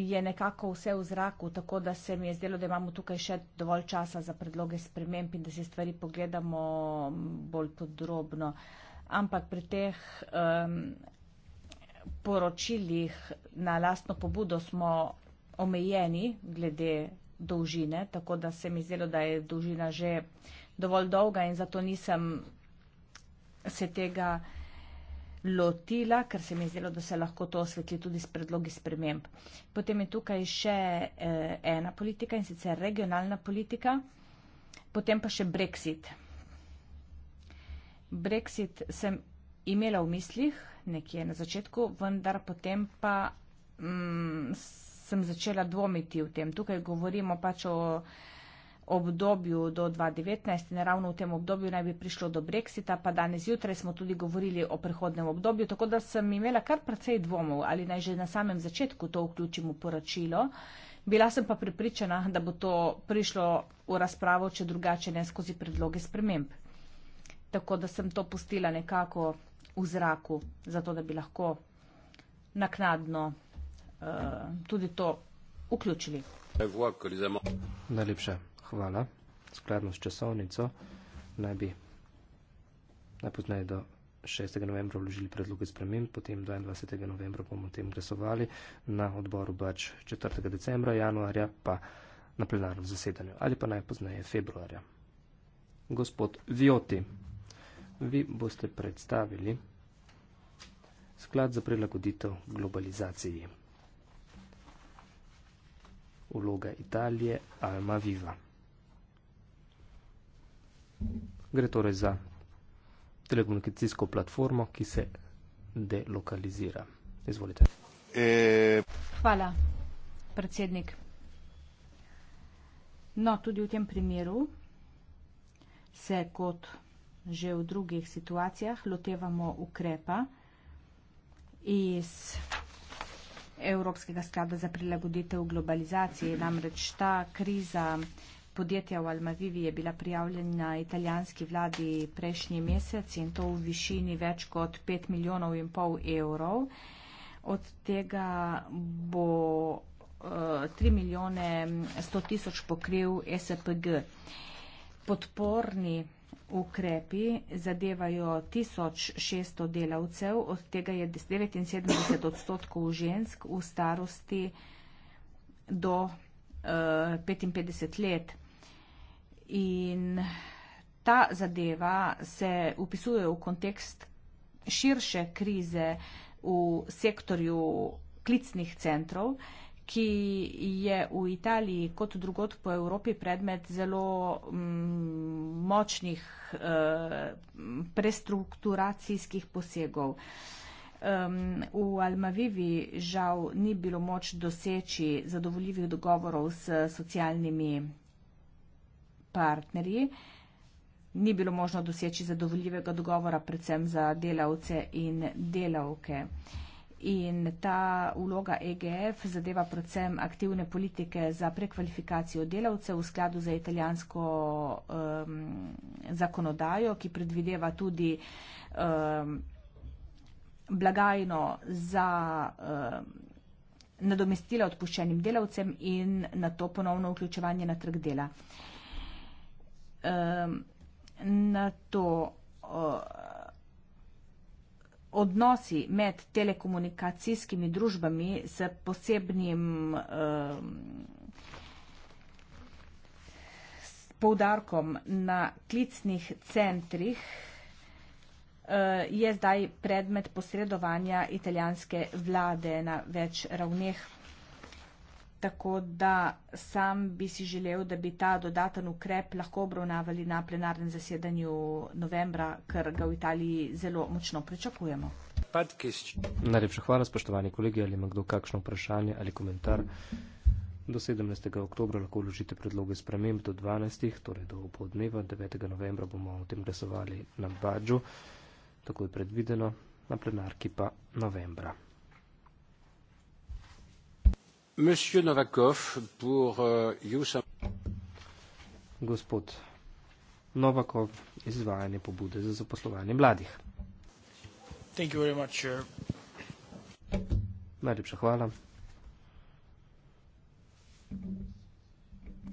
je nekako vse v zraku, tako da se mi je zdelo, da imamo tukaj še dovolj časa za predloge sprememb in da si stvari pogledamo bolj podrobno. Ampak pri teh um, poročilih na lastno pobudo smo omejeni glede dolžine, tako da se mi zdelo, da je dolžina že dovolj dolga in zato nisem se tega lotila, ker se mi je zdelo, da se lahko to osvetli tudi s predlogi sprememb. Potem je tukaj še eh, ena politika in sicer regionalna politika, potem pa še Brexit. Brexit sem imela v mislih nekje na začetku, vendar potem pa mm, sem začela dvomiti v tem. Tukaj govorimo pač o obdobju do 2019 in ravno v tem obdobju naj bi prišlo do brexita, pa danes jutraj smo tudi govorili o prehodnem obdobju, tako da sem imela kar precej dvomov, ali naj že na samem začetku to vključimo poročilo. Bila sem pa pripričana, da bo to prišlo v razpravo, če drugače ne skozi predloge sprememb. Tako da sem to pustila nekako v zraku, zato da bi lahko naknadno uh, tudi to vključili. Najlepše hvala, skladno s časovnico, naj bi najpoznaje do 6. novembra vložili predloge spremem, potem 22. novembra bomo o tem glasovali na odboru bač 4. decembra, januarja pa na plenarnem zasedanju ali pa najpoznaje februarja. Gospod Vioti, vi boste predstavili sklad za prilagoditev globalizaciji. Uloga Italije Alma Viva. Gre torej za telekomunikacijsko platformo, ki se delokalizira. Izvolite. E... Hvala, predsednik. No, tudi v tem primeru se kot že v drugih situacijah lotevamo ukrepa iz Evropskega sklada za prilagoditev globalizaciji. Namreč ta kriza podjetja v Almavivi je bila prijavljena italijanski vladi prejšnji mesec in to v višini več kot 5 milijonov in pol evrov. Od tega bo 3 eh, milijone 100 tisoč pokril SPG. Podporni ukrepi zadevajo 1600 delavcev, od tega je 79 odstotkov žensk v starosti do 55 eh, let. In ta zadeva se upisuje v kontekst širše krize v sektorju klicnih centrov, ki je v Italiji kot drugot po Evropi predmet zelo mm, močnih eh, prestrukturacijskih posegov. Um, v Almavivi žal ni bilo moč doseči zadovoljivih dogovorov s socialnimi partnerji. Ni bilo možno doseči zadovoljivega dogovora, predvsem za delavce in delavke. In ta vloga EGF zadeva predvsem aktivne politike za prekvalifikacijo delavcev v skladu za italijansko um, zakonodajo, ki predvideva tudi um, blagajno za um, nadomestila odpuščenim delavcem in na to ponovno vključevanje na trg dela. Uh, na to odnosi med telekomunikacijskimi družbami s posebnim poudarkom na klicnih centrih e, je zdaj predmet posredovanja italijanske vlade na več ravneh Tako da sam bi si želel, da bi ta dodaten ukrep lahko obravnavali na plenarnem zasedanju novembra, ker ga v Italiji zelo močno pričakujemo. Najlepša hvala, spoštovani kolegi, ali ima kdo kakšno vprašanje ali komentar. Do 17. oktober lahko vložite predloge sprememb do 12. torej do podneva. 9. novembra bomo o tem glasovali na Bađu, tako je predvideno, na plenarki pa novembra. Euh, Gospod Novakov, izvajanje pobude za zaposlovanje mladih. Thank you very much, Najlepša hvala.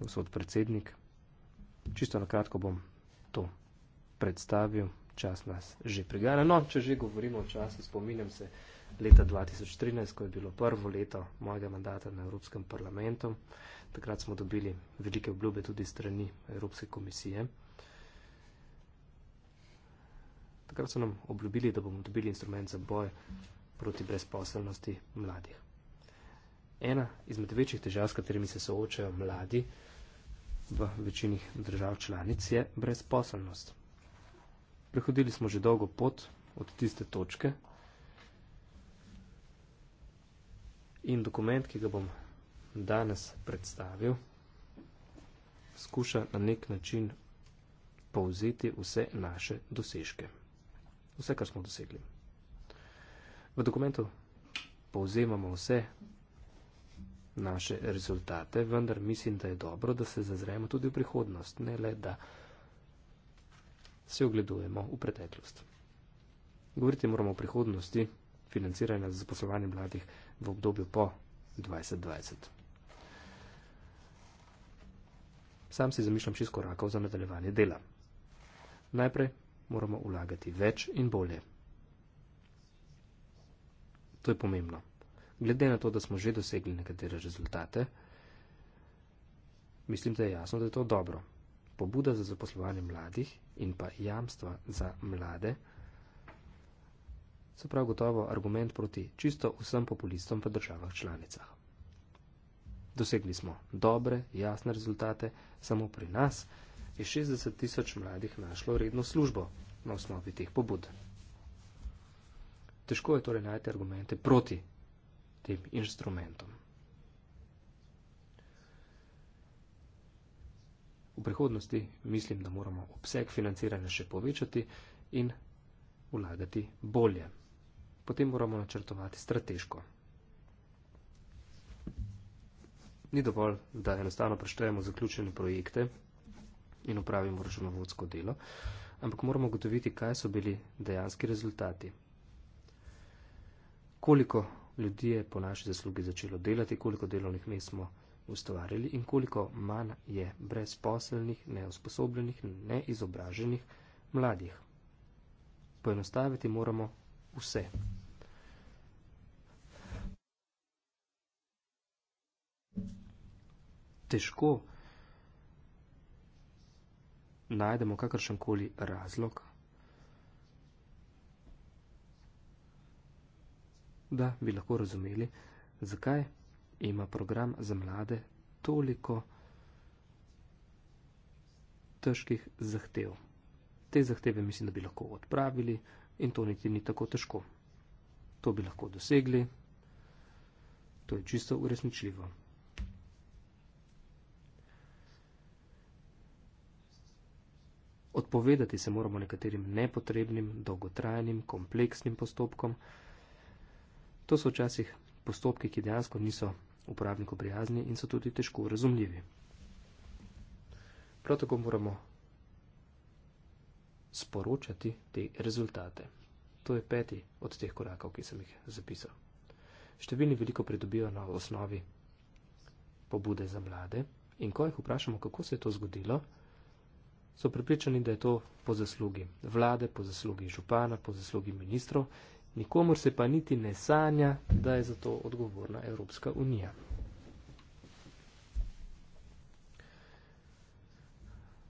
Gospod predsednik, čisto na kratko bom to predstavil. Čas nas že prigane. No, če že govorimo o času, spominjam se leta 2013, ko je bilo prvo leto mojega mandata na Evropskem parlamentu. Takrat smo dobili velike obljube tudi strani Evropske komisije. Takrat so nam obljubili, da bomo dobili instrument za boj proti brezposelnosti mladih. Ena izmed večjih težav, s katerimi se soočajo mladi v večini držav članic, je brezposelnost. Prehodili smo že dolgo pot od tiste točke, In dokument, ki ga bom danes predstavil, skuša na nek način povzeti vse naše dosežke. Vse, kar smo dosegli. V dokumentu povzemamo vse naše rezultate, vendar mislim, da je dobro, da se zazremo tudi v prihodnost, ne le, da se ogledujemo v preteklost. Govoriti moramo o prihodnosti, financiranja za zaposlovanje mladih v obdobju po 2020. Sam si zamišljam šest korakov za nadaljevanje dela. Najprej moramo vlagati več in bolje. To je pomembno. Glede na to, da smo že dosegli nekatere rezultate, mislim, da je jasno, da je to dobro. Pobuda za zaposlovanje mladih in pa jamstva za mlade so prav gotovo argument proti čisto vsem populistom v državah članicah. Dosegli smo dobre, jasne rezultate, samo pri nas je 60 tisoč mladih našlo redno službo na osnovi teh pobud. Težko je torej najti argumente proti tem inštrumentom. V prihodnosti mislim, da moramo obseg financiranja še povečati in vlagati bolje potem moramo načrtovati strateško. Ni dovolj, da enostavno preštejemo zaključene projekte in upravimo računovodsko delo, ampak moramo gotoviti, kaj so bili dejanski rezultati. Koliko ljudi je po naši zaslugi začelo delati, koliko delovnih mest smo ustvarili in koliko manj je brezposelnih, neusposobljenih, neizobraženih mladih. Poenostaviti moramo vse. Težko najdemo kakršen koli razlog, da bi lahko razumeli, zakaj ima program za mlade toliko težkih zahtev. Te zahteve mislim, da bi lahko odpravili in to niti ni tako težko. To bi lahko dosegli. To je čisto uresničljivo. Odpovedati se moramo nekaterim nepotrebnim, dolgotrajnim, kompleksnim postopkom. To so včasih postopki, ki dejansko niso uporabniku prijazni in so tudi težko razumljivi. Prav tako moramo sporočati te rezultate. To je peti od teh korakov, ki sem jih zapisal. Številni veliko pridobijo na osnovi pobude za mlade in ko jih vprašamo, kako se je to zgodilo, so pripričani, da je to po zaslugi vlade, po zaslugi župana, po zaslugi ministrov, nikomor se pa niti ne sanja, da je za to odgovorna Evropska unija.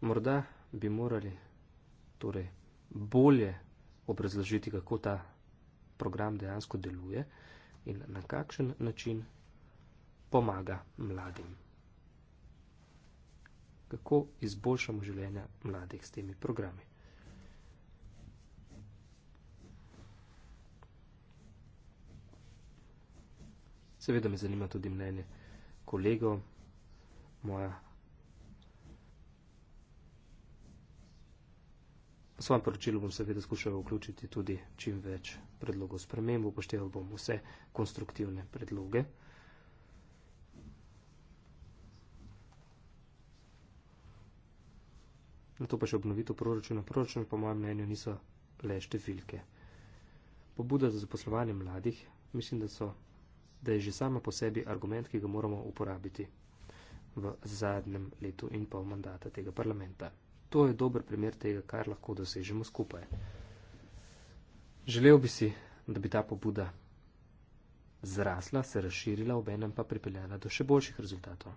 Morda bi morali torej bolje obrazložiti, kako ta program dejansko deluje in na kakšen način pomaga mladim. Kako izboljšamo življenja mladih s temi programi. Seveda me zanima tudi mnenje kolegov, moja V svojem poročilu bom seveda skušal vključiti tudi čim več predlogov sprememb, upošteval bom vse konstruktivne predloge. Na to pa še obnovito proračuna. Proračun po mojem mnenju niso le številke. Pobuda za zaposlovanje mladih, mislim, da, so, da je že sama po sebi argument, ki ga moramo uporabiti v zadnjem letu in pol mandata tega parlamenta. To je dober primer tega, kar lahko dosežemo skupaj. Želel bi si, da bi ta pobuda zrasla, se razširila, ob enem pa pripeljala do še boljših rezultatov.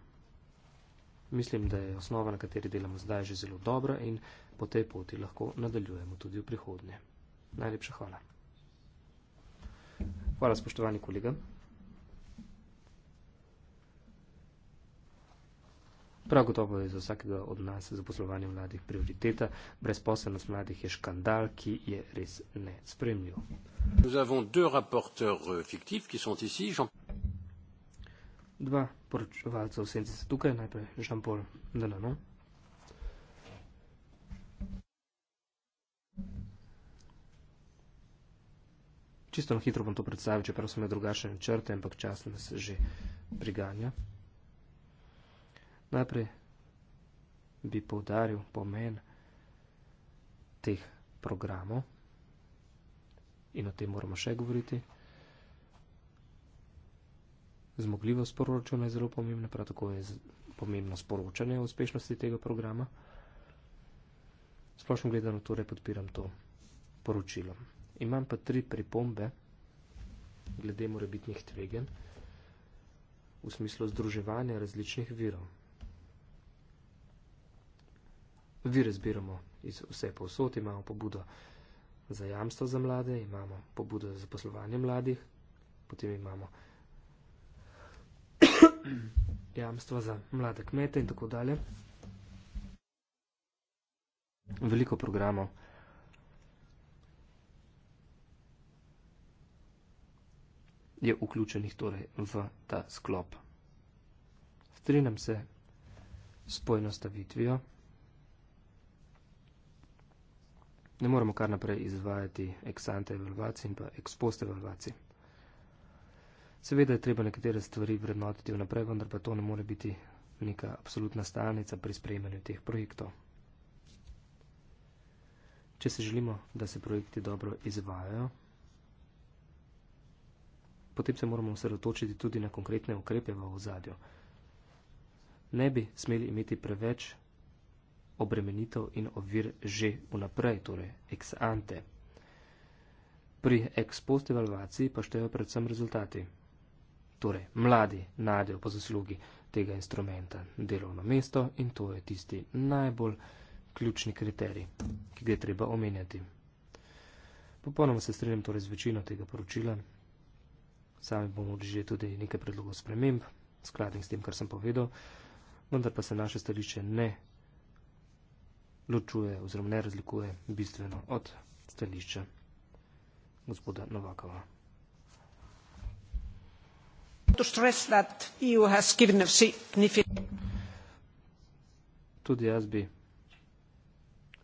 Mislim, da je osnova, na kateri delamo zdaj, že zelo dobra in po tej poti lahko nadaljujemo tudi v prihodnje. Najlepša hvala. Hvala, spoštovani kolega. Prav gotovo je za vsakega od nas zaposlovanje mladih prioriteta. Brezposelnost mladih je škandal, ki je res nespremljiv. Euh, Dva poročevalca v senci so tukaj, najprej Jean-Paul Delano. Čisto na hitro bom to predstavil, čeprav so me drugačne črte, ampak čas nas že priganja. Najprej bi povdaril pomen teh programov in o tem moramo še govoriti. Zmogljivost proračuna je zelo pomembna, prav tako je pomembno sporočanje o uspešnosti tega programa. Splošno gledano torej podpiram to poročilo. Imam pa tri pripombe glede morebitnih tvegen v smislu združevanja različnih virov. Vire zbiramo iz vse povsod, imamo pobudo za jamstvo za mlade, imamo pobudo za poslovanje mladih, potem imamo jamstva za mlade kmete in tako dalje. Veliko programov. je vključenih torej v ta sklop. Strinam se s pojnostavitvijo. ne moremo kar naprej izvajati eksante evalvacij in pa ekspost evalvacij. Seveda je treba nekatere stvari vrednotiti vnaprej, vendar pa to ne more biti neka absolutna stalnica pri sprejemanju teh projektov. Če se želimo, da se projekti dobro izvajajo, potem se moramo osredotočiti tudi na konkretne ukrepe v ozadju. Ne bi smeli imeti preveč obremenitev in ovir že vnaprej, torej ex ante. Pri ex post evalvaciji pa štejo predvsem rezultati. Torej, mladi najdejo po zaslugi tega instrumenta delovno mesto in to je tisti najbolj ključni kriterij, ki ga je treba omenjati. Popolnoma se strinjam torej z večino tega poročila. Sami bomo že tudi nekaj predlogov sprememb, skladnih s tem, kar sem povedal, vendar pa se naše stališče ne ločuje oziroma ne razlikuje bistveno od stališča gospoda Novakova. E Tudi jaz bi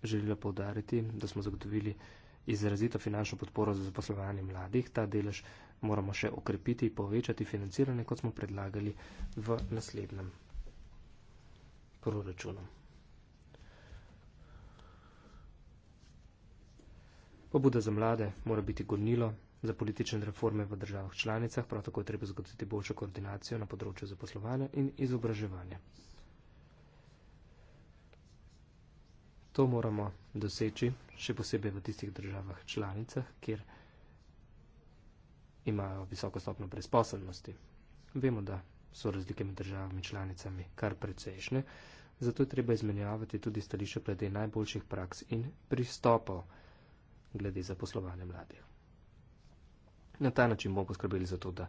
želela povdariti, da smo zagotovili izrazito finančno podporo za zaposlovanje mladih. Ta delež moramo še okrepiti in povečati financiranje, kot smo predlagali v naslednjem proračunu. Pobuda za mlade mora biti gonilo za politične reforme v državah članicah, prav tako je treba zagotoviti boljšo koordinacijo na področju zaposlovanja in izobraževanja. To moramo doseči še posebej v tistih državah članicah, kjer imajo visoko stopno brezposobnosti. Vemo, da so razlike med državami in članicami kar precejšnje, zato je treba izmenjavati tudi stališče glede najboljših praks in pristopov članicam glede zaposlovanja mladih. Na ta način bomo poskrbeli za to, da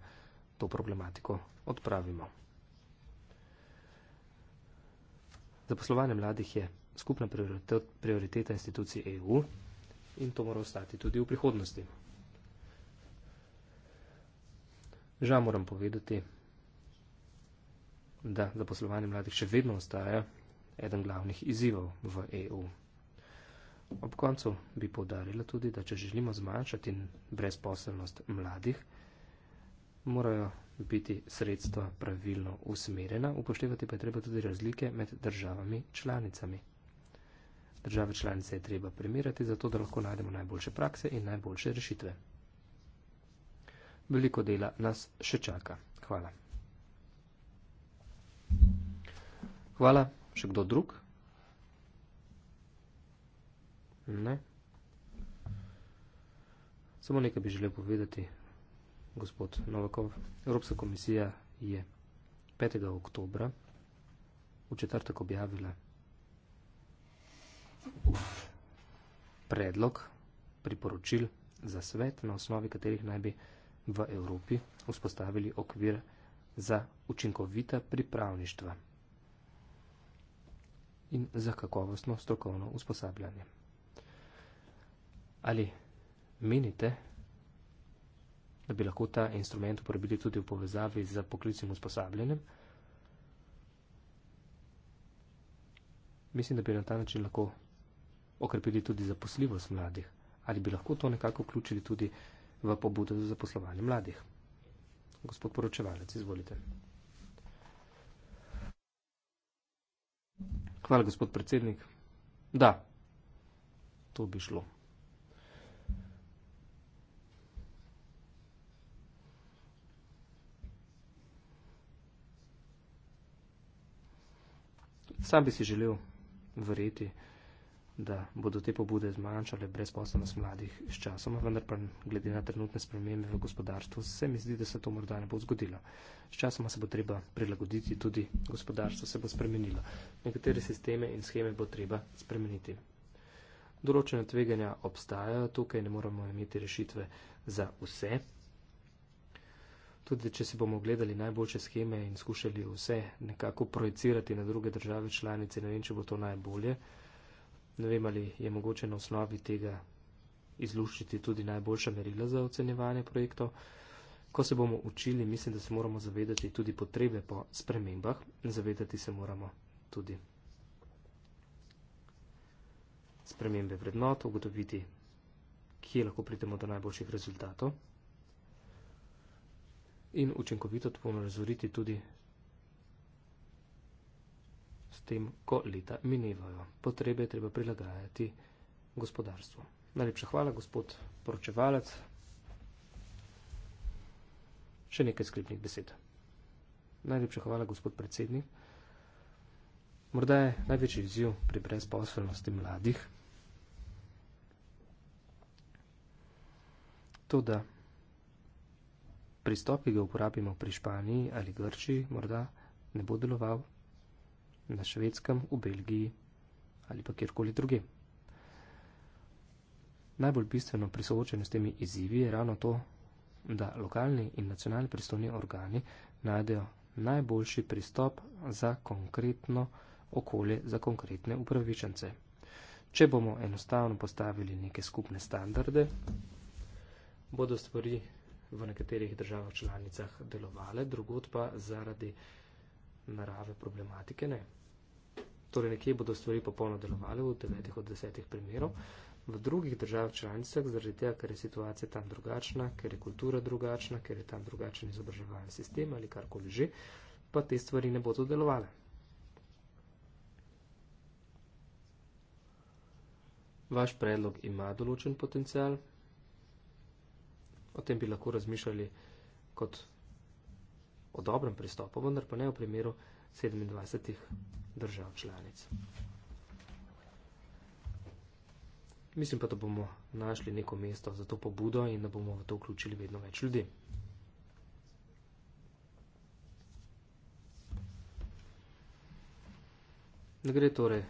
to problematiko odpravimo. Zaposlovanje mladih je skupna prioriteta institucij EU in to mora ostati tudi v prihodnosti. Žal moram povedati, da zaposlovanje mladih še vedno ostaja eden glavnih izzivov v EU. Ob koncu bi povdarila tudi, da če želimo zmanjšati brezposelnost mladih, morajo biti sredstva pravilno usmerjena, upoštevati pa je treba tudi razlike med državami članicami. Države članice je treba primerjati, zato da lahko najdemo najboljše prakse in najboljše rešitve. Veliko dela nas še čaka. Hvala. Hvala. Še kdo drug? Ne. Samo nekaj bi želel povedati, gospod Novakov. Evropska komisija je 5. oktobra v četrtek objavila predlog priporočil za svet, na osnovi katerih naj bi v Evropi vzpostavili okvir za učinkovita pripravništva in za kakovostno strokovno usposabljanje. Ali menite, da bi lahko ta instrument uporabili tudi v povezavi z poklicnim usposabljanjem? Mislim, da bi na ta način lahko okrepili tudi zaposljivost mladih. Ali bi lahko to nekako vključili tudi v pobudo za zaposlovanje mladih? Gospod poročevalec, izvolite. Hvala, gospod predsednik. Da, to bi šlo. Sam bi si želel verjeti, da bodo te pobude zmanjšale brezposobnost mladih s časom, vendar pa glede na trenutne spremembe v gospodarstvu se mi zdi, da se to morda ne bo zgodilo. S časoma se bo treba prilagoditi, tudi gospodarstvo se bo spremenilo. Nekatere sisteme in scheme bo treba spremeniti. Določene tveganja obstajajo, tukaj ne moramo imeti rešitve za vse tudi če si bomo gledali najboljše scheme in skušali vse nekako projicirati na druge države članice, ne vem, če bo to najbolje. Ne vem, ali je mogoče na osnovi tega izluščiti tudi najboljša merila za ocenjevanje projektov. Ko se bomo učili, mislim, da se moramo zavedati tudi potrebe po spremembah, zavedati se moramo tudi spremembe vrednot, ugotoviti, kje lahko pridemo do najboljših rezultatov in učinkovito to bomo razvoriti tudi s tem, ko leta minevajo. Potrebe je treba prilagajati gospodarstvu. Najlepša hvala, gospod poročevalec. Še nekaj sklepnih besed. Najlepša hvala, gospod predsednik. Morda je največji izziv pri brezposobnosti mladih. To, da pristop, ki ga uporabimo pri Španiji ali Grčiji, morda ne bo deloval na švedskem, v Belgiji ali pa kjerkoli druge. Najbolj bistveno pri soočenju s temi izzivi je ravno to, da lokalni in nacionalni pristovni organi najdejo najboljši pristop za konkretno okolje, za konkretne upravičence. Če bomo enostavno postavili neke skupne standarde, bodo stvari v nekaterih državah članicah delovale, drugod pa zaradi narave problematike ne. Torej nekje bodo stvari popolno delovale v 9 od 10 primerov, v drugih državah članicah zaradi tega, ker je situacija tam drugačna, ker je kultura drugačna, ker je tam drugačen izobraževalni sistem ali karkoli že, pa te stvari ne bodo delovale. Vaš predlog ima določen potencial, O tem bi lahko razmišljali kot o dobrem pristopu, vendar pa ne v primeru 27 držav članic. Mislim pa, da bomo našli neko mesto za to pobudo in da bomo v to vključili vedno več ljudi. Ne gre torej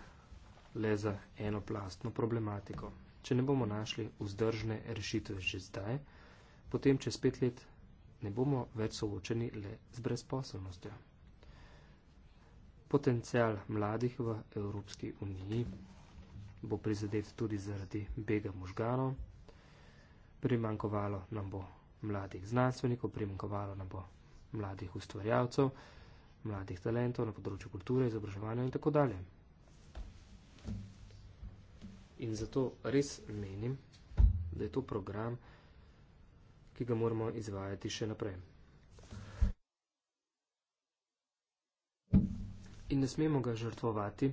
le za enoplastno problematiko. Če ne bomo našli vzdržne rešitve že zdaj, potem čez pet let ne bomo več soočeni le z brezposobnostjo. Potencial mladih v Evropski uniji bo prizadet tudi zaradi bega možganov, primankovalo nam bo mladih znanstvenikov, primankovalo nam bo mladih ustvarjalcev, mladih talentov na področju kulture, izobraževanja in tako dalje. In zato res menim, da je to program, ki ga moramo izvajati še naprej. In ne smemo ga žrtvovati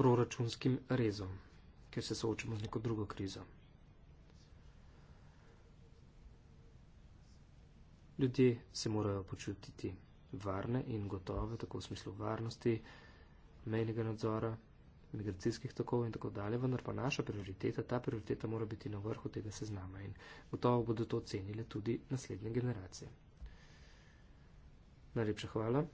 proračunskim rezom, ker se soočamo z neko drugo krizo. Ljudje se morajo počutiti varne in gotove, tako v smislu varnosti, mejnega nadzora migracijskih tokov in tako dalje, vendar pa naša prioriteta, ta prioriteta mora biti na vrhu tega seznama in gotovo bodo to ocenile tudi naslednje generacije. Najlepša hvala.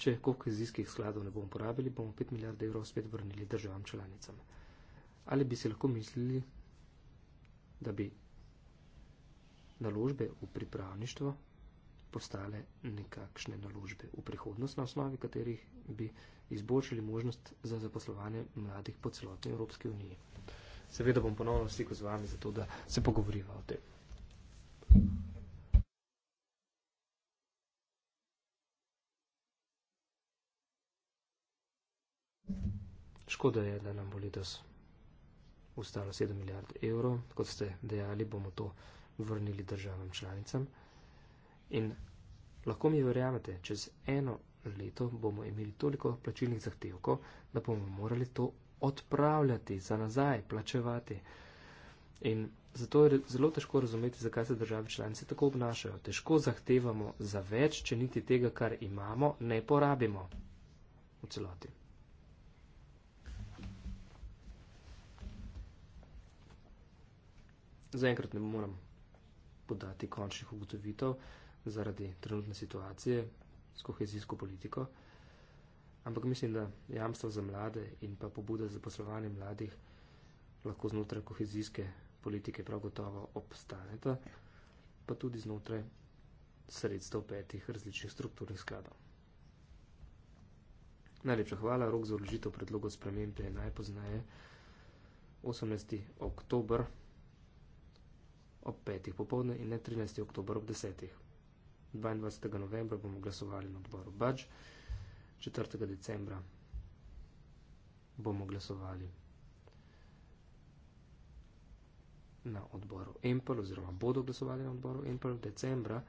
Če kohezijskih skladov ne bomo porabili, bomo 5 milijard evrov spet vrnili državam članicam. Ali bi si lahko mislili, da bi naložbe v pripravništvo postale nekakšne naložbe v prihodnost, na osnovi katerih bi izboljšali možnost za zaposlovanje mladih po celotni Evropski uniji. Seveda bom ponovno v stiku z vami, zato da se pogovoriva o tem. Škoda je, da nam bo letos ustalo 7 milijard evrov, kot ste dejali, bomo to vzpravili vrnili državam članicam. In lahko mi verjamete, čez eno leto bomo imeli toliko plačilnih zahtevkov, da bomo morali to odpravljati za nazaj, plačevati. In zato je zelo težko razumeti, zakaj se države članice tako obnašajo. Težko zahtevamo za več, če niti tega, kar imamo, ne porabimo v celoti. Zaenkrat ne moramo podati končnih ugotovitev zaradi trenutne situacije s kohezijsko politiko. Ampak mislim, da jamstva za mlade in pa pobuda za poslovanje mladih lahko znotraj kohezijske politike prav gotovo obstaneta, pa tudi znotraj sredstev petih različnih strukturnih skladov. Najlepša hvala. Rok za vložitev predlogov sprememb je najpoznaje 18. oktober 2020 ob 5. popovdne in ne 13. oktober ob 10. 22. novembra bomo glasovali na odboru Bač, 4. decembra bomo glasovali na odboru Empel oziroma bodo glasovali na odboru Empel, decembra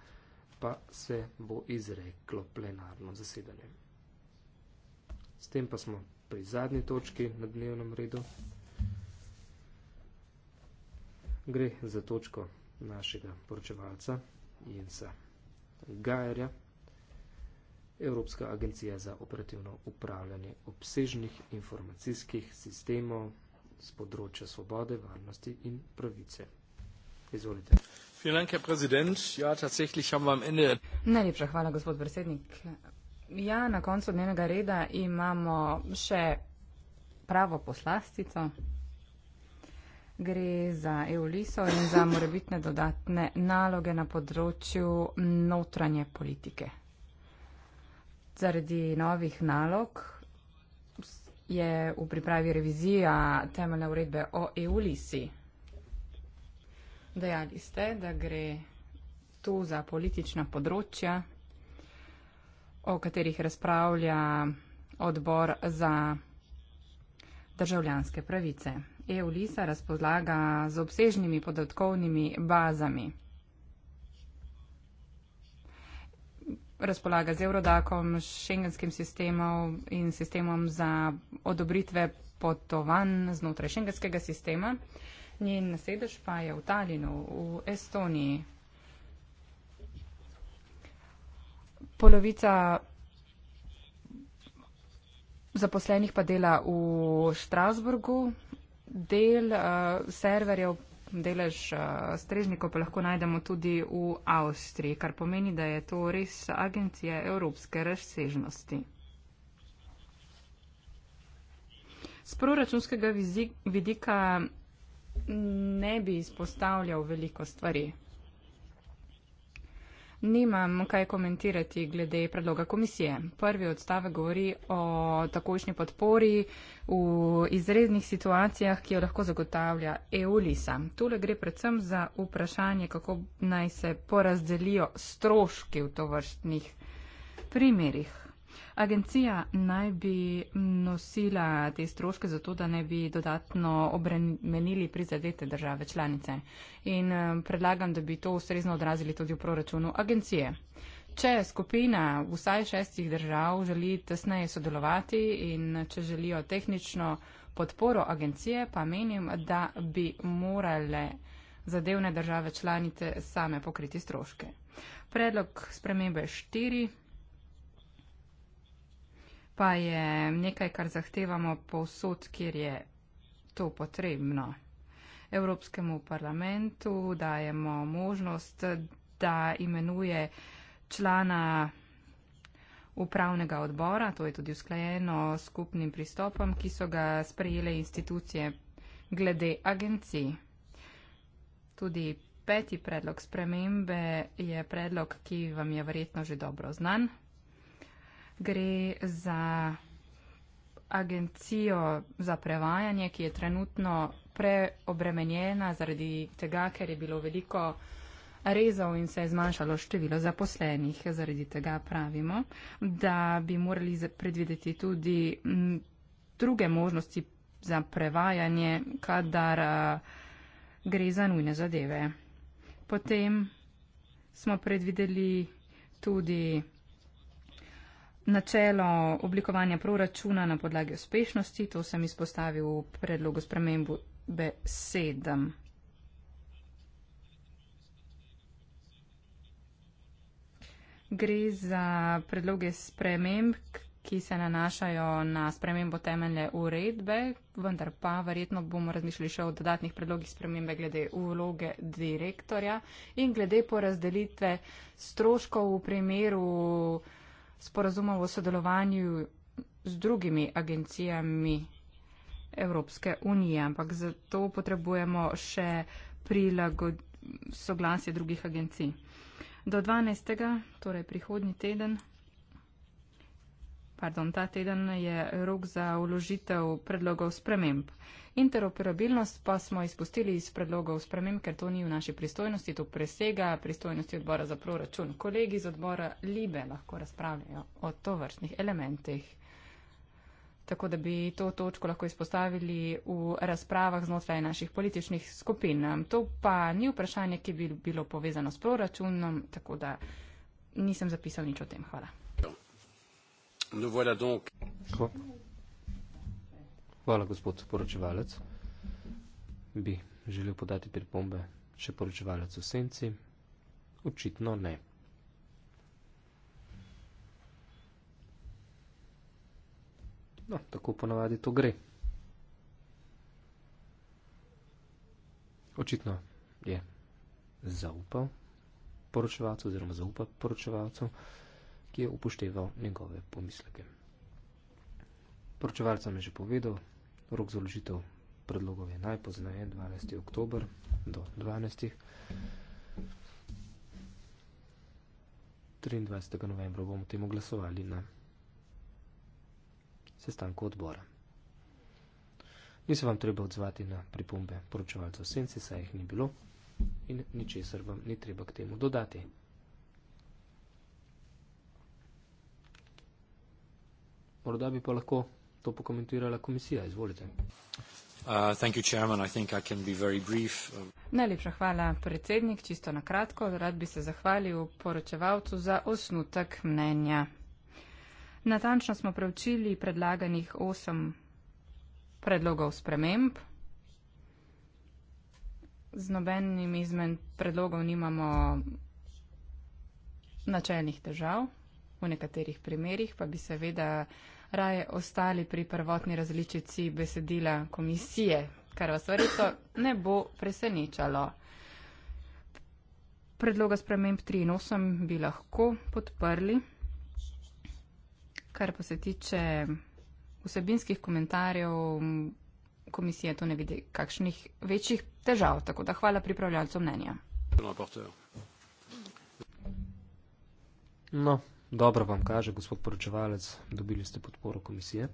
pa se bo izreklo plenarno zasedanje. S tem pa smo pri zadnji točki na dnevnem redu gre za točko našega poročevalca Jensa Gajerja, Evropska agencija za operativno upravljanje obsežnih informacijskih sistemov z področja svobode, varnosti in pravice. Izvolite. Dank, Herr ja, haben wir am ende. Najlepša hvala, gospod predsednik. Ja, na koncu dnevnega reda imamo še pravo poslastico, Gre za Euliso in za morebitne dodatne naloge na področju notranje politike. Zaradi novih nalog je v pripravi revizija temeljne uredbe o Eulisi. Dejali ste, da gre tu za politična področja, o katerih razpravlja odbor za državljanske pravice. EULISA razpolaga z obsežnimi podatkovnimi bazami. Razpolaga z Eurodakom, šengenskim sistemom in sistemom za odobritve potovanj znotraj šengenskega sistema. Njen sedež pa je v Talinu, v Estoniji. Polovica zaposlenih pa dela v Štrasburgu, del uh, serverjev, delež uh, strežnikov pa lahko najdemo tudi v Avstriji, kar pomeni, da je to res agencija evropske razsežnosti. Z proračunskega vidika ne bi izpostavljal veliko stvari. Nimam kaj komentirati glede predloga komisije. Prvi odstavek govori o takošnji podpori v izrednih situacijah, ki jo lahko zagotavlja EULISA. Tule gre predvsem za vprašanje, kako naj se porazdelijo stroški v tovrstnih primerih. Agencija naj bi nosila te stroške zato, da ne bi dodatno obremenili prizadete države članice. In eh, predlagam, da bi to ustrezno odrazili tudi v proračunu agencije. Če skupina vsaj šestih držav želi tesneje sodelovati in eh, če želijo tehnično podporo agencije, pa menim, da bi morale zadevne države članice same pokriti stroške. Predlog spremembe 4 pa je nekaj, kar zahtevamo povsod, kjer je to potrebno. Evropskemu parlamentu dajemo možnost, da imenuje člana upravnega odbora, to je tudi usklajeno s skupnim pristopom, ki so ga sprejele institucije glede agencij. Tudi peti predlog spremembe je predlog, ki vam je verjetno že dobro znan gre za agencijo za prevajanje, ki je trenutno preobremenjena zaradi tega, ker je bilo veliko rezov in se je zmanjšalo število zaposlenih. Zaradi tega pravimo, da bi morali predvideti tudi druge možnosti za prevajanje, kadar gre za nujne zadeve. Potem smo predvideli tudi Načelo oblikovanja proračuna na podlagi uspešnosti, to sem izpostavil v predlogu spremembu B7. Gre za predloge sprememb, ki se nanašajo na spremembo temelje uredbe, vendar pa verjetno bomo razmišljali še o dodatnih predlogih spremembe glede uloge direktorja in glede porazdelitve stroškov v primeru sporazumov o sodelovanju z drugimi agencijami Evropske unije, ampak zato potrebujemo še prilagod soglasje drugih agencij. Do 12. torej prihodnji teden pardon, ta teden je rok za uložitev predlogov sprememb. Interoperabilnost pa smo izpustili iz predlogov sprememb, ker to ni v naši pristojnosti, to presega pristojnosti odbora za proračun. Kolegi iz odbora Libe lahko razpravljajo o tovrstnih elementih. Tako da bi to točko lahko izpostavili v razpravah znotraj naših političnih skupin. To pa ni vprašanje, ki bi bilo povezano s proračunom, tako da nisem zapisal nič o tem. Hvala. Nous voilà donc. Hvala, gospod poročevalec. Bi želel podati pripombe, če poročevalec v senci? Očitno ne. No, tako ponavadi to gre. Očitno je zaupal poročevalcu oziroma zaupa poročevalcu ki je upošteval njegove pomisleke. Pročevalca mi je že povedal, rok za ložitev predlogov je najpoznaje 12. oktober do 12. 23. novembra bomo temu glasovali na sestanku odbora. Ni se vam treba odzvati na pripombe poročevalcev senci, saj jih ni bilo in ničesar vam ni treba k temu dodati. Morda bi pa lahko to pokomentirala komisija. Izvolite. Uh, Najlepša hvala, predsednik. Čisto na kratko, rad bi se zahvalil poročevalcu za osnutek mnenja. Natančno smo preučili predlaganih osem predlogov sprememb. Z nobenim izmen predlogov nimamo načelnih težav v nekaterih primerjih pa bi seveda raje ostali pri prvotni različici besedila komisije, kar vas verjetno ne bo presenečalo. Predloga sprememb 3 in 8 bi lahko podprli, kar pa se tiče vsebinskih komentarjev. Komisija to ne vidi kakšnih večjih težav, tako da hvala pripravljalcu mnenja. No, Dobro vam kaže, gospod poročevalec, dobili ste podporo komisije.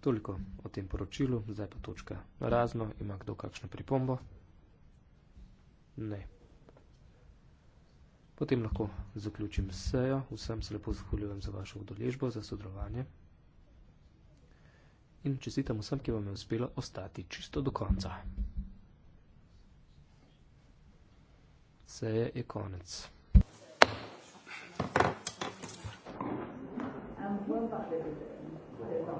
Toliko o tem poročilu, zdaj pa točka razno, ima kdo kakšno pripombo? Ne. Potem lahko zaključim sejo, vsem se lepo zahvaljujem za vašo udoležbo, za sodelovanje in čestitam vsem, ki vam je uspelo ostati čisto do konca. seje je konec. Um, well,